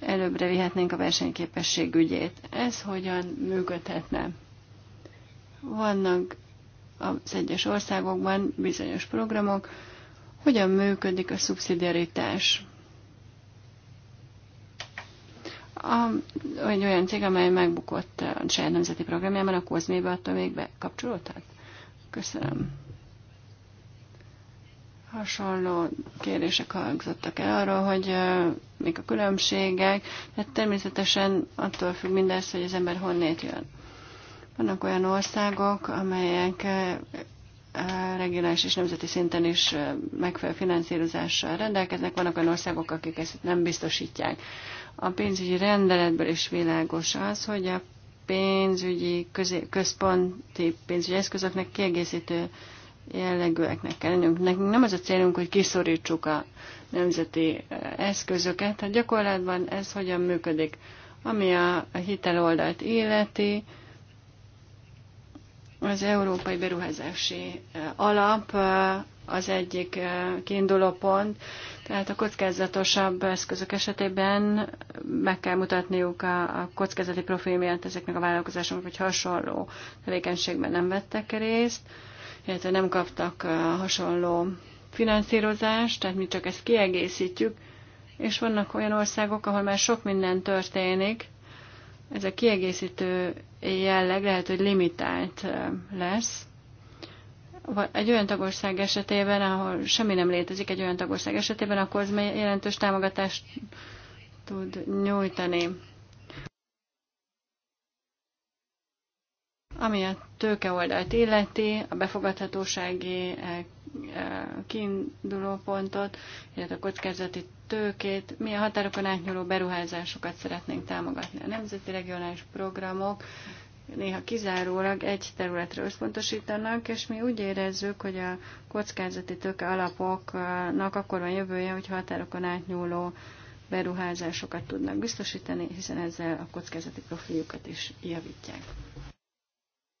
előbbre vihetnénk a versenyképesség ügyét. Ez hogyan működhetne? Vannak az egyes országokban bizonyos programok, hogyan működik a szubszidiaritás? a, egy olyan cég, amely megbukott a saját nemzeti programjában, a Kozmébe attól még bekapcsolódhat? Köszönöm. Hasonló kérések hangzottak el arról, hogy uh, mik a különbségek. Hát természetesen attól függ mindez, hogy az ember honnét jön. Vannak olyan országok, amelyek uh, regionális és nemzeti szinten is megfelelő finanszírozással rendelkeznek. Vannak olyan országok, akik ezt nem biztosítják. A pénzügyi rendeletből is világos az, hogy a pénzügyi közé, központi pénzügyi eszközöknek kiegészítő jellegűeknek kell lennünk. Nekünk nem az a célunk, hogy kiszorítsuk a nemzeti eszközöket, Tehát gyakorlatban ez hogyan működik. Ami a hiteloldalt illeti, az Európai Beruházási Alap az egyik kiinduló pont, tehát a kockázatosabb eszközök esetében meg kell mutatniuk a, a kockázati profil miatt ezeknek a vállalkozásoknak, hogy hasonló tevékenységben nem vettek részt, illetve nem kaptak hasonló finanszírozást, tehát mi csak ezt kiegészítjük, és vannak olyan országok, ahol már sok minden történik, ez a kiegészítő jelleg lehet, hogy limitált lesz, egy olyan tagország esetében, ahol semmi nem létezik egy olyan tagország esetében, akkor ez jelentős támogatást tud nyújtani. Ami a oldalt illeti, a befogadhatósági eh, eh, kiinduló pontot, illetve a kockázati tőkét, mi a határokon átnyúló beruházásokat szeretnénk támogatni. A nemzeti regionális programok néha kizárólag egy területre összpontosítanak, és mi úgy érezzük, hogy a kockázati tőke alapoknak akkor van jövője, hogy határokon átnyúló beruházásokat tudnak biztosítani, hiszen ezzel a kockázati profiljukat is javítják.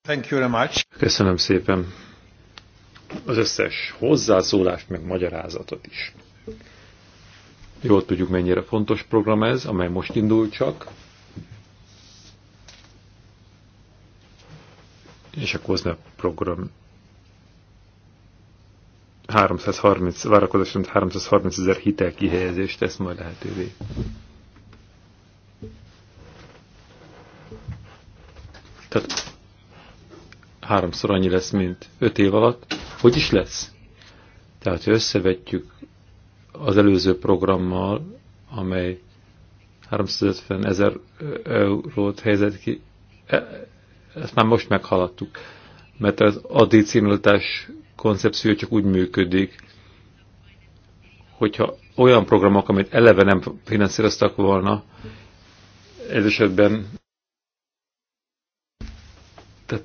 Thank you very much. Köszönöm szépen az összes hozzászólást, meg magyarázatot is. Jól tudjuk, mennyire fontos program ez, amely most indul csak, és a Kozna program 330, várakozás 330 ezer hitel kihelyezést tesz majd lehetővé. Tehát háromszor annyi lesz, mint öt év alatt. Hogy is lesz? Tehát, ha összevetjük az előző programmal, amely 350 ezer eurót helyezett ki, e, ezt már most meghaladtuk, mert az addicionalitás koncepció csak úgy működik, hogyha olyan programok, amit eleve nem finanszíroztak volna, ez esetben tehát,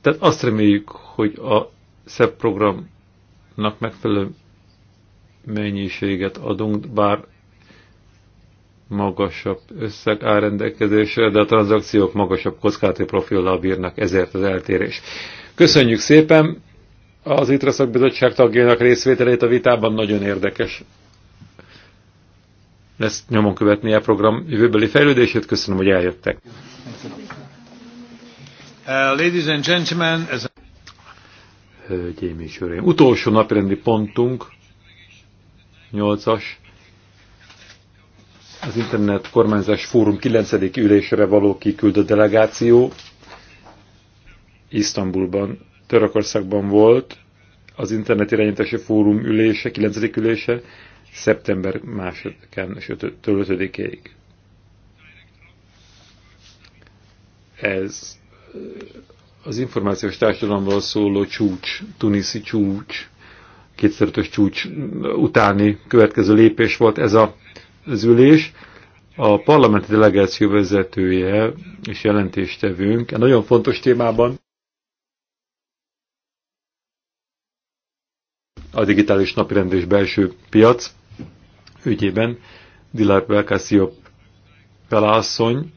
tehát azt reméljük, hogy a szebb programnak megfelelő mennyiséget adunk, bár magasabb összeg áll rendelkezésre, de a tranzakciók magasabb kockázati profillal bírnak, ezért az eltérés. Köszönjük szépen az ITRA szakbizottság tagjának részvételét a vitában, nagyon érdekes lesz nyomon követni a program jövőbeli fejlődését. Köszönöm, hogy eljöttek. Uh, ladies and gentlemen, ez... Hölgyeim és uraim, utolsó napirendi pontunk, 8-as, az Internet Kormányzás Fórum 9. ülésre való kiküldött delegáció Isztambulban, Törökországban volt az Internet Irányítási Fórum ülése, 9. ülése szeptember 2-án és 5-ig. Ez az információs társadalomról szóló csúcs, tuniszi csúcs, kétszerűtös csúcs utáni következő lépés volt ez a az ülés, a parlamenti delegáció vezetője és jelentéstevőnk egy nagyon fontos témában a digitális napirend és belső piac ügyében Dilar Belkászió Pelászony,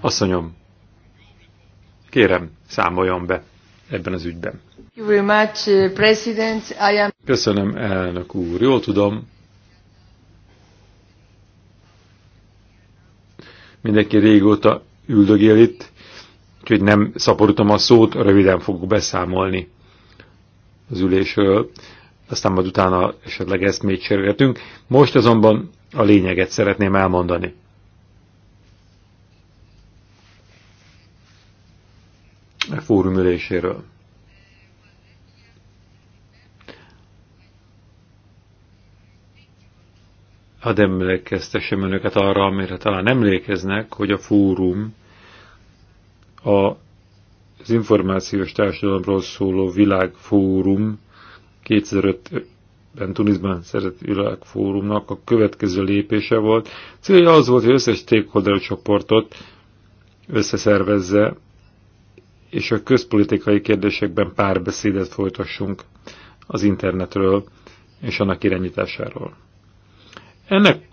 asszonyom, kérem, számoljon be ebben az ügyben. Uh, Köszönöm, elnök úr. Jól tudom, mindenki régóta üldögél itt, úgyhogy nem szaporítom a szót, röviden fogok beszámolni az ülésről, aztán majd utána esetleg ezt még cserélhetünk. Most azonban a lényeget szeretném elmondani. A fórum üléséről. Hadd emlékeztessem önöket arra, amire talán emlékeznek, hogy a fórum a, az információs társadalomról szóló világfórum 2005-ben Tunisban szerett világfórumnak a következő lépése volt. Célja az volt, hogy összes stakeholder csoportot összeszervezze, és a közpolitikai kérdésekben párbeszédet folytassunk az internetről és annak irányításáról. Ennek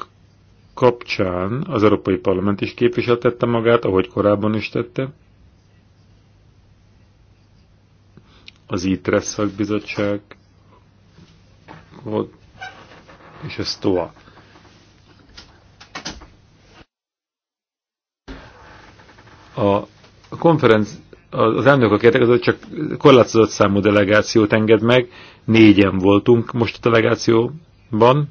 kapcsán az Európai Parlament is képviseltette magát, ahogy korábban is tette. Az ITRES szakbizottság és a STOA. A konferenc, az elnökök értekezett csak korlátozott számú delegációt enged meg, négyen voltunk most a delegációban,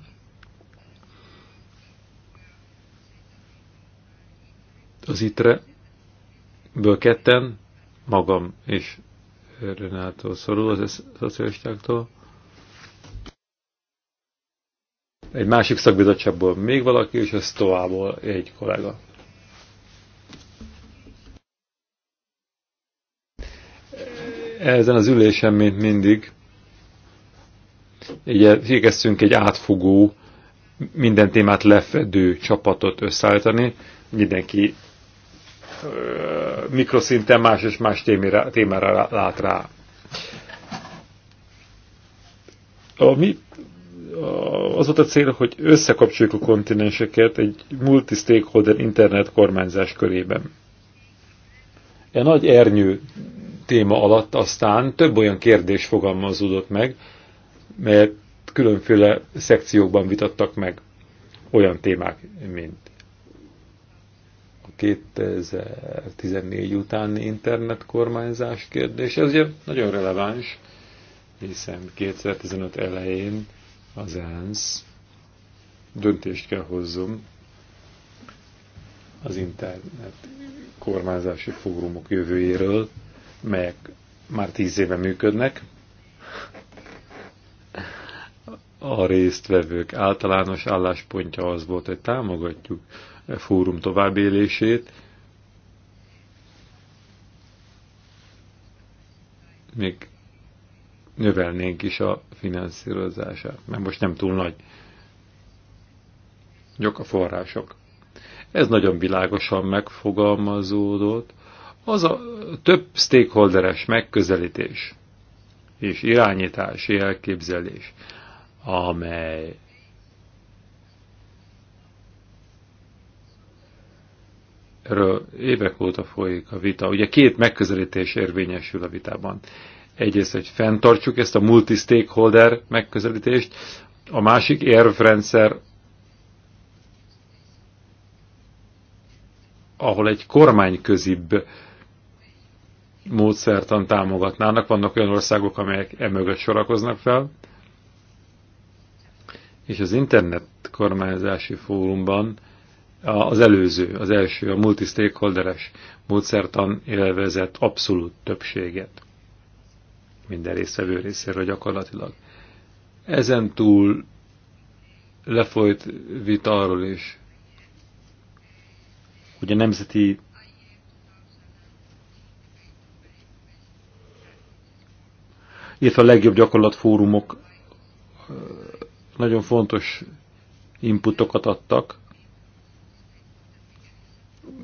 az itre ből ketten, magam és Renától szorul, az szocialistáktól. Egy másik szakbizottságból még valaki, és ez Stoából egy kollega. Ezen az ülésen, mint mindig, igyekeztünk egy átfogó, minden témát lefedő csapatot összeállítani. Mindenki mikroszinten más és más témára, témára lát rá. A mi az volt a cél, hogy összekapcsoljuk a kontinenseket egy multi-stakeholder internet kormányzás körében. E nagy ernyő téma alatt aztán több olyan kérdés fogalmazódott meg, mert különféle szekciókban vitattak meg olyan témák, mint 2014 utáni internetkormányzás kérdés. Ez ugye nagyon releváns, hiszen 2015 elején az ENSZ döntést kell hozzon az internet kormányzási fórumok jövőjéről, melyek már tíz éve működnek. A résztvevők általános álláspontja az volt, hogy támogatjuk fórum továbbélését. Még növelnénk is a finanszírozását, mert most nem túl nagy. Jok a források. Ez nagyon világosan megfogalmazódott. Az a több stakeholderes megközelítés és irányítási elképzelés, amely erről évek óta folyik a vita. Ugye két megközelítés érvényesül a vitában. Egyrészt, hogy fenntartsuk ezt a multi-stakeholder megközelítést, a másik érvrendszer, ahol egy kormányközibb módszertan támogatnának. Vannak olyan országok, amelyek emögött sorakoznak fel, és az internet kormányzási fórumban az előző, az első, a multi-stakeholderes módszertan élvezett abszolút többséget minden részvevő részéről gyakorlatilag. Ezen túl lefolyt vita arról is, hogy a nemzeti illetve a legjobb gyakorlatfórumok nagyon fontos inputokat adtak,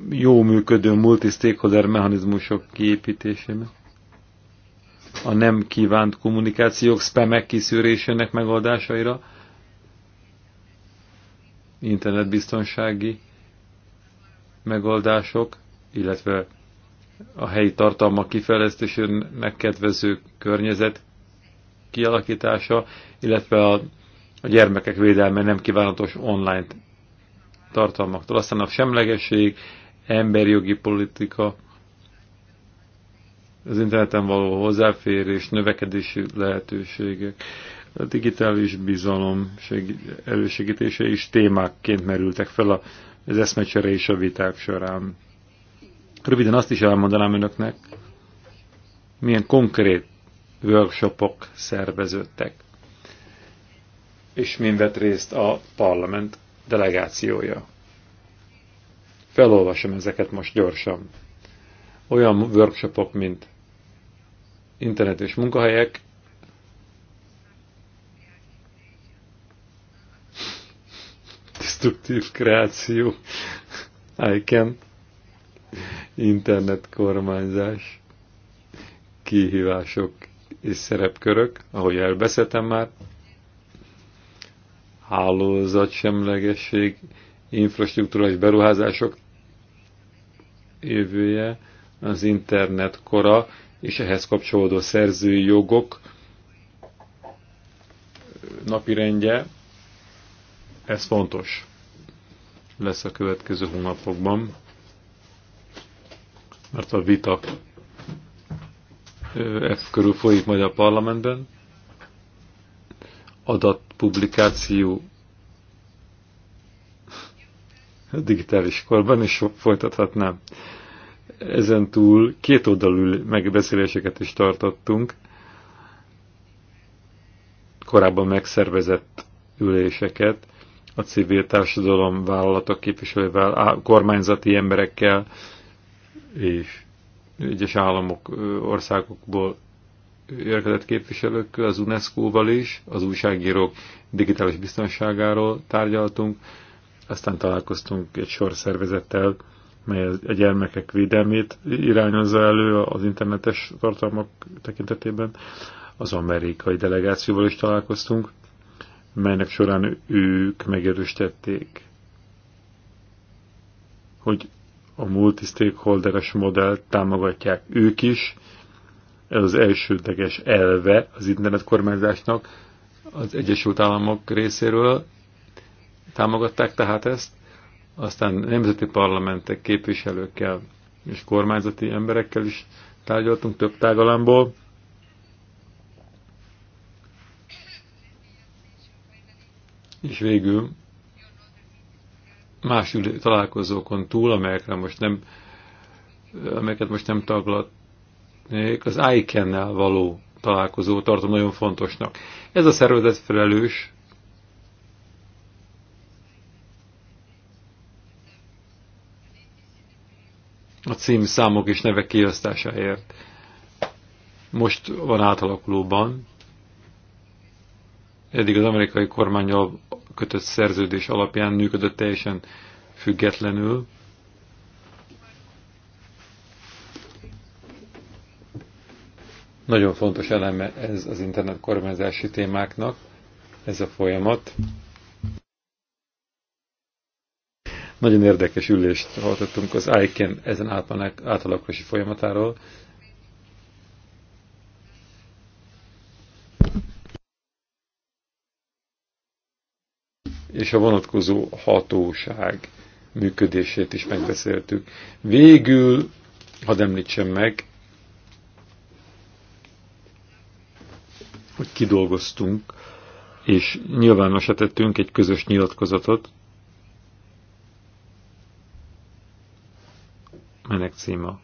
jó működő multistakeholder mechanizmusok kiépítésének, a nem kívánt kommunikációk spamek kiszűrésének megoldásaira, internetbiztonsági megoldások, illetve a helyi tartalmak kifejlesztésének kedvező környezet kialakítása, illetve a, a gyermekek védelme nem kívánatos online tartalmaktól. Aztán a semlegesség, emberjogi politika, az interneten való hozzáférés, növekedési lehetőségek, a digitális bizalom elősegítése is témákként merültek fel az eszmecsere és a viták során. Röviden azt is elmondanám önöknek, milyen konkrét workshopok szerveződtek, és mind vett részt a parlament delegációja. Felolvasom ezeket most gyorsan. Olyan workshopok, mint internet és munkahelyek, destruktív kreáció, ICANN, internetkormányzás, kihívások és szerepkörök, ahogy elbeszéltem már, hálózatsemlegesség, infrastruktúrális beruházások jövője, az internet kora és ehhez kapcsolódó szerzői jogok napirendje, ez fontos lesz a következő hónapokban, mert a vita F körül folyik majd a parlamentben adatpublikáció a digitális korban is folytathatnám. Ezen túl két oldalú megbeszéléseket is tartottunk, korábban megszervezett üléseket, a civil társadalom vállalatok képviselővel, kormányzati emberekkel és egyes államok, országokból érkezett képviselőkkel, az UNESCO-val is, az újságírók digitális biztonságáról tárgyaltunk, aztán találkoztunk egy sor szervezettel, mely a gyermekek védelmét irányozza elő az internetes tartalmak tekintetében. Az amerikai delegációval is találkoztunk, melynek során ők megerősítették, hogy a multi-stakeholderes modellt támogatják ők is, ez az elsődleges elve az internetkormányzásnak az Egyesült Államok részéről támogatták tehát ezt, aztán nemzeti parlamentek képviselőkkel és kormányzati emberekkel is tárgyaltunk több tágalámból. És végül más találkozókon túl, amelyekre most nem, amelyeket most nem taglalt az ICANN-nel való találkozó tartom nagyon fontosnak. Ez a szervezet felelős a cím számok és nevek kiasztásáért. Most van átalakulóban. Eddig az amerikai kormányjal kötött szerződés alapján működött teljesen függetlenül. Nagyon fontos eleme ez az internet kormányzási témáknak, ez a folyamat. Nagyon érdekes ülést hallottunk az ICAN ezen átalakulási folyamatáról. És a vonatkozó hatóság működését is megbeszéltük. Végül, hadd említsem meg, hogy kidolgoztunk, és nyilvánosra tettünk egy közös nyilatkozatot, menek címa.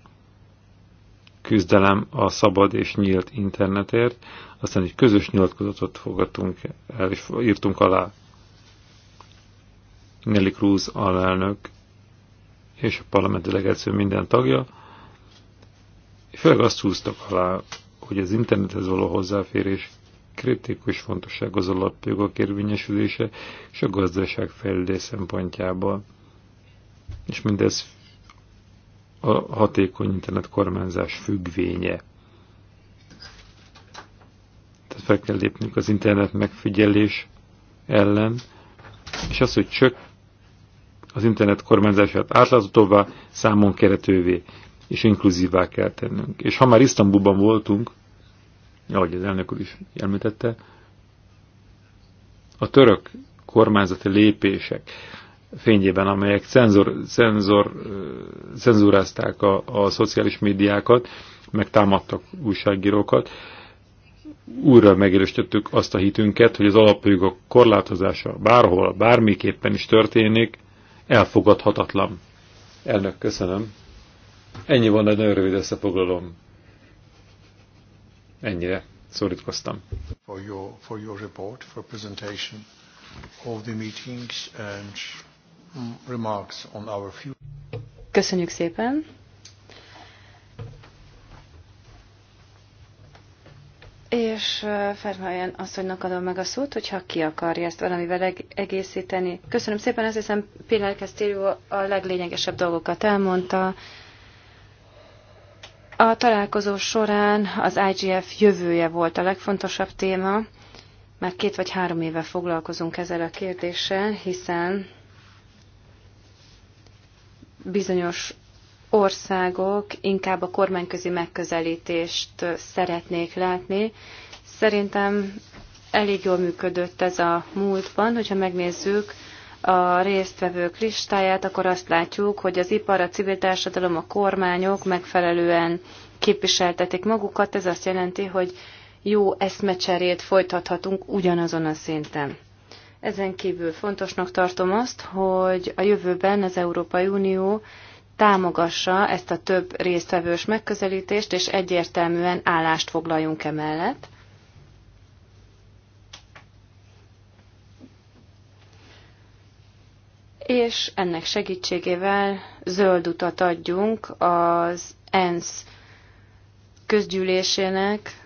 Küzdelem a szabad és nyílt internetért, aztán egy közös nyilatkozatot fogadtunk el, és írtunk alá. Nelly Cruz alelnök és a parlament delegáció minden tagja, főleg azt húztak alá, hogy az internethez való hozzáférés kritikus fontosság az alapjogok érvényesülése és a gazdaság fejlődés szempontjából. És mindez a hatékony internet kormányzás függvénye. Tehát fel kell lépnünk az internet megfigyelés ellen, és az, hogy csak az internet kormányzását átláthatóvá, számon keretővé és inkluzívá kell tennünk. És ha már Isztambulban voltunk, ahogy az elnök úr is említette, a török kormányzati lépések fényében, amelyek cenzor, cenzor, cenzúrázták a, a szociális médiákat, meg támadtak újságírókat, újra megerősítettük azt a hitünket, hogy az alapjogok korlátozása bárhol, bármiképpen is történik, elfogadhatatlan. Elnök, köszönöm. Ennyi van, egy nagyon rövid összefoglalom ennyire szorítkoztam. For your, for your report, for presentation of the meetings and remarks on our future. Köszönjük szépen! És Fermajen asszonynak adom meg a szót, hogyha ki akarja ezt valamivel egészíteni. Köszönöm szépen, azt hiszem Pilar Castillo a leglényegesebb dolgokat elmondta, a találkozó során az IGF jövője volt a legfontosabb téma. Már két vagy három éve foglalkozunk ezzel a kérdéssel, hiszen bizonyos országok inkább a kormányközi megközelítést szeretnék látni. Szerintem elég jól működött ez a múltban, hogyha megnézzük a résztvevők listáját, akkor azt látjuk, hogy az ipar, a civil társadalom, a kormányok megfelelően képviseltetik magukat. Ez azt jelenti, hogy jó eszmecserét folytathatunk ugyanazon a szinten. Ezen kívül fontosnak tartom azt, hogy a jövőben az Európai Unió támogassa ezt a több résztvevős megközelítést, és egyértelműen állást foglaljunk emellett. és ennek segítségével zöld utat adjunk az ENSZ közgyűlésének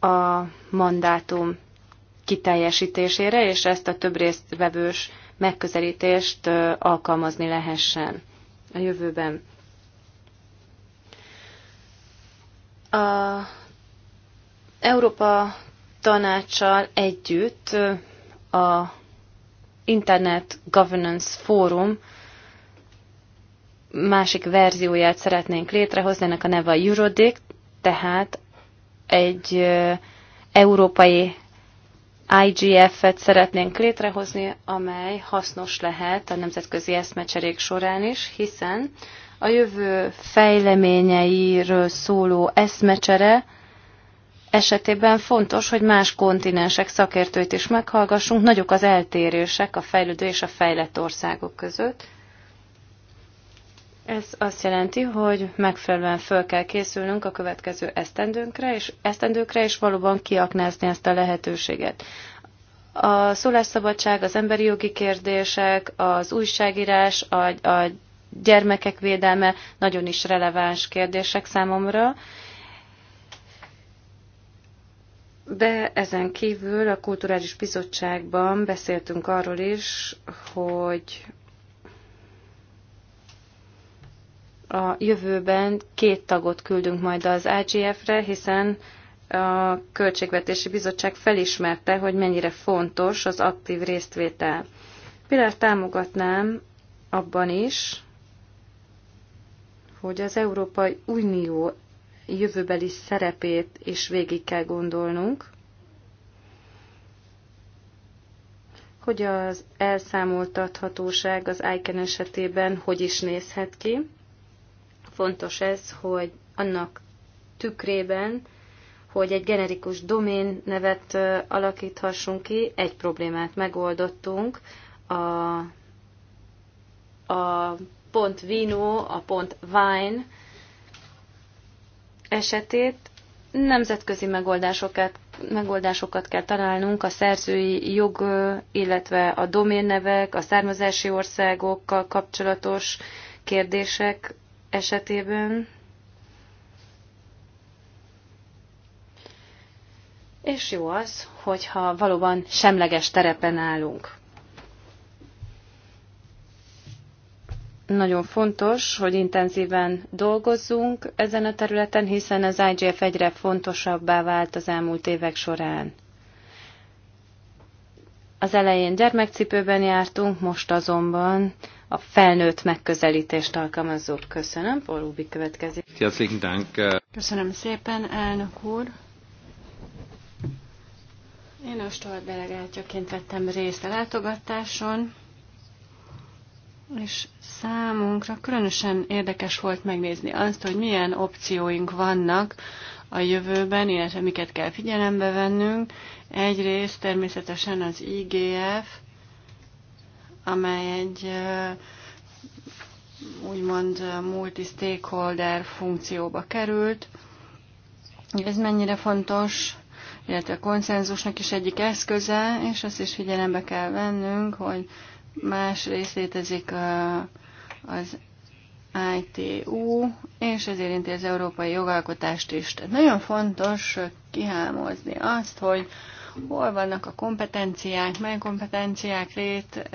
a mandátum kiteljesítésére, és ezt a több résztvevős megközelítést alkalmazni lehessen a jövőben. A Európa tanácssal együtt a Internet Governance Forum másik verzióját szeretnénk létrehozni, ennek a neve a Eurodic, tehát egy európai IGF-et szeretnénk létrehozni, amely hasznos lehet a nemzetközi eszmecserék során is, hiszen a jövő fejleményeiről szóló eszmecsere esetében fontos, hogy más kontinensek szakértőit is meghallgassunk. Nagyok az eltérések a fejlődő és a fejlett országok között. Ez azt jelenti, hogy megfelelően föl kell készülnünk a következő esztendőnkre, és esztendőkre is valóban kiaknázni ezt a lehetőséget. A szólásszabadság, az emberi jogi kérdések, az újságírás, a, a gyermekek védelme nagyon is releváns kérdések számomra, de ezen kívül a Kulturális Bizottságban beszéltünk arról is, hogy a jövőben két tagot küldünk majd az AGF-re, hiszen a Költségvetési Bizottság felismerte, hogy mennyire fontos az aktív résztvétel. Például támogatnám abban is, hogy az Európai Unió jövőbeli szerepét is végig kell gondolnunk, hogy az elszámoltathatóság az ICAN esetében hogy is nézhet ki. Fontos ez, hogy annak tükrében, hogy egy generikus domén nevet alakíthassunk ki, egy problémát megoldottunk, a, a pont vino, a pont wine esetét nemzetközi megoldásokat, megoldásokat kell találnunk a szerzői jog, illetve a doménnevek, a származási országokkal kapcsolatos kérdések esetében. És jó az, hogyha valóban semleges terepen állunk. Nagyon fontos, hogy intenzíven dolgozzunk ezen a területen, hiszen az IGF egyre fontosabbá vált az elmúlt évek során. Az elején gyermekcipőben jártunk, most azonban a felnőtt megközelítést alkalmazzuk. Köszönöm, Polúbi következik. Köszönöm szépen, elnök úr. Én a stolt delegáltjaként vettem részt a látogatáson. És számunkra különösen érdekes volt megnézni azt, hogy milyen opcióink vannak a jövőben, illetve miket kell figyelembe vennünk. Egyrészt természetesen az IGF, amely egy úgymond multi-stakeholder funkcióba került. Ez mennyire fontos, illetve a konszenzusnak is egyik eszköze, és azt is figyelembe kell vennünk, hogy másrészt létezik az ITU, és ez érinti az európai jogalkotást is. Tehát nagyon fontos kihámozni azt, hogy hol vannak a kompetenciák, mely kompetenciák lét,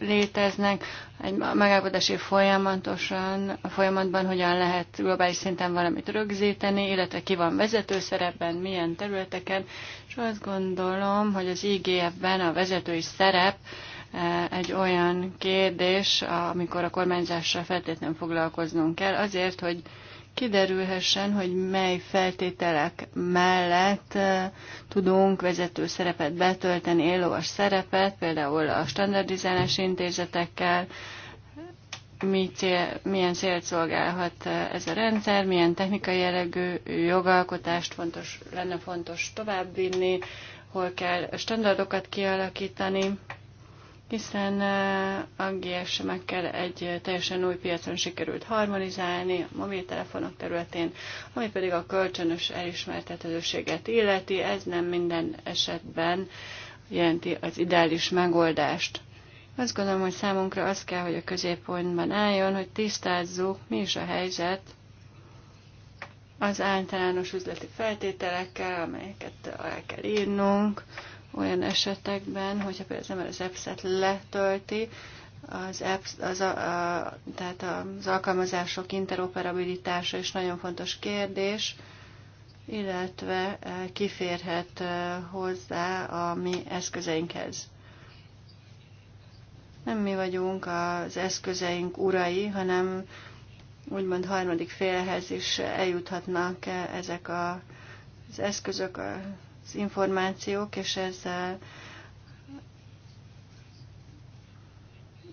léteznek, egy megállapodási folyamatosan, a folyamatban hogyan lehet globális szinten valamit rögzíteni, illetve ki van vezető szerepben, milyen területeken, és azt gondolom, hogy az IGF-ben a vezetői szerep Eh, egy olyan kérdés, amikor a kormányzásra feltétlenül foglalkoznunk kell, azért, hogy kiderülhessen, hogy mely feltételek mellett eh, tudunk vezető szerepet betölteni, élóas szerepet, például a standardizálás intézetekkel, mi cél, milyen célt szolgálhat eh, ez a rendszer, milyen technikai jellegű jogalkotást fontos, lenne fontos továbbvinni, hol kell standardokat kialakítani hiszen a GSM-ekkel egy teljesen új piacon sikerült harmonizálni a mobiltelefonok területén, ami pedig a kölcsönös elismertetőséget illeti, ez nem minden esetben jelenti az ideális megoldást. Azt gondolom, hogy számunkra az kell, hogy a középpontban álljon, hogy tisztázzuk, mi is a helyzet az általános üzleti feltételekkel, amelyeket alá kell írnunk, olyan esetekben, hogyha például az ember az EPS-et letölti, az, apps, az, a, a, tehát az alkalmazások interoperabilitása is nagyon fontos kérdés, illetve e, kiférhet e, hozzá a mi eszközeinkhez. Nem mi vagyunk az eszközeink urai, hanem úgymond harmadik félhez is eljuthatnak e, ezek az eszközök, információk, és ezzel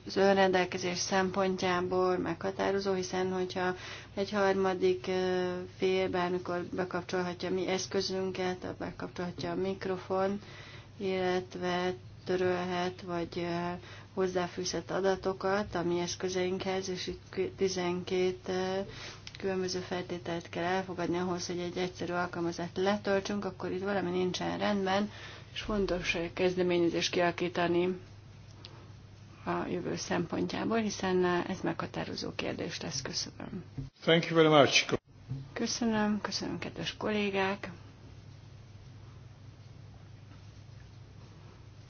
az önrendelkezés szempontjából meghatározó, hiszen hogyha egy harmadik fél bármikor bekapcsolhatja mi eszközünket, bekapcsolhatja a mikrofon, illetve törölhet, vagy hozzáfűzhet adatokat a mi eszközeinkhez, és itt 12 különböző feltételt kell elfogadni ahhoz, hogy egy egyszerű alkalmazást letöltsünk, akkor itt valami nincsen rendben, és fontos kezdeményezést kialakítani a jövő szempontjából, hiszen ez meghatározó kérdés lesz. Köszönöm. Thank you very much. Köszönöm, köszönöm kedves kollégák.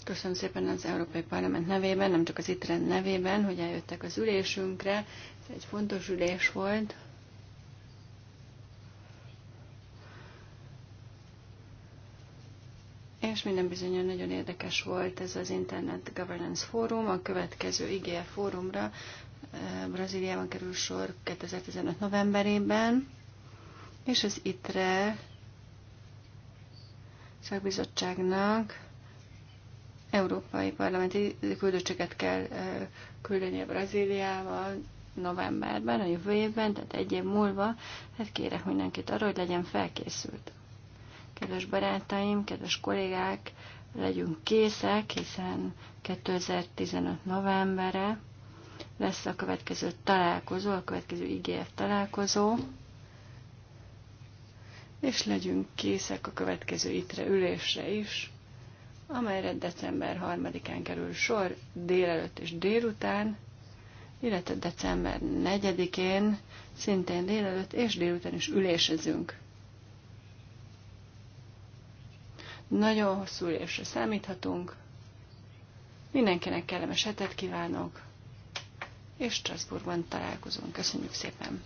Köszönöm szépen az Európai Parlament nevében, nem csak az ITREN nevében, hogy eljöttek az ülésünkre. Ez egy fontos ülés volt. és minden bizonyan nagyon érdekes volt ez az Internet Governance Fórum. A következő IGF fórumra eh, Brazíliában kerül sor 2015 novemberében, és az ITRE szakbizottságnak európai parlamenti küldöcsöket kell eh, küldeni a Brazíliában novemberben, a jövő évben, tehát egy év múlva. Hát kérek mindenkit arra, hogy legyen felkészült. Kedves barátaim, kedves kollégák, legyünk készek, hiszen 2015 novembere lesz a következő találkozó, a következő IGF találkozó, és legyünk készek a következő itre ülésre is, amelyre december 3-án kerül sor, délelőtt és délután, illetve december 4-én, szintén délelőtt és délután is ülésezünk. Nagyon hosszú ülésre számíthatunk. Mindenkinek kellemes hetet kívánok, és Strasbourgban találkozunk. Köszönjük szépen!